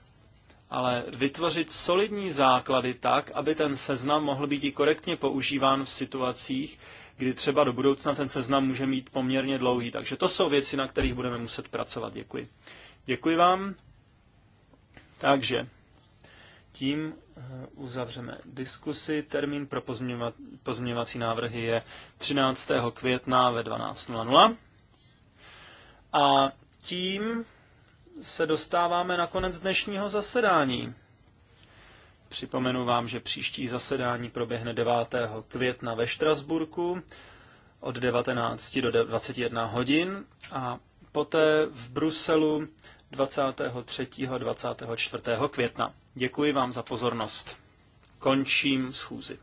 ale vytvořit solidní základy tak, aby ten seznam mohl být i korektně používán v situacích, kdy třeba do budoucna ten seznam může mít poměrně dlouhý. Takže to jsou věci, na kterých budeme muset pracovat. Děkuji. Děkuji vám. Takže tím Eh, uzavřeme diskusi. Termín pro pozměňovací návrhy je 13. května ve 12.00. A tím se dostáváme na konec dnešního zasedání. Připomenu vám, že příští zasedání proběhne 9. května ve Štrasburku od 19 do 21 hodin a poté v Bruselu 23. a 24. května. Děkuji vám za pozornost. Končím schůzi.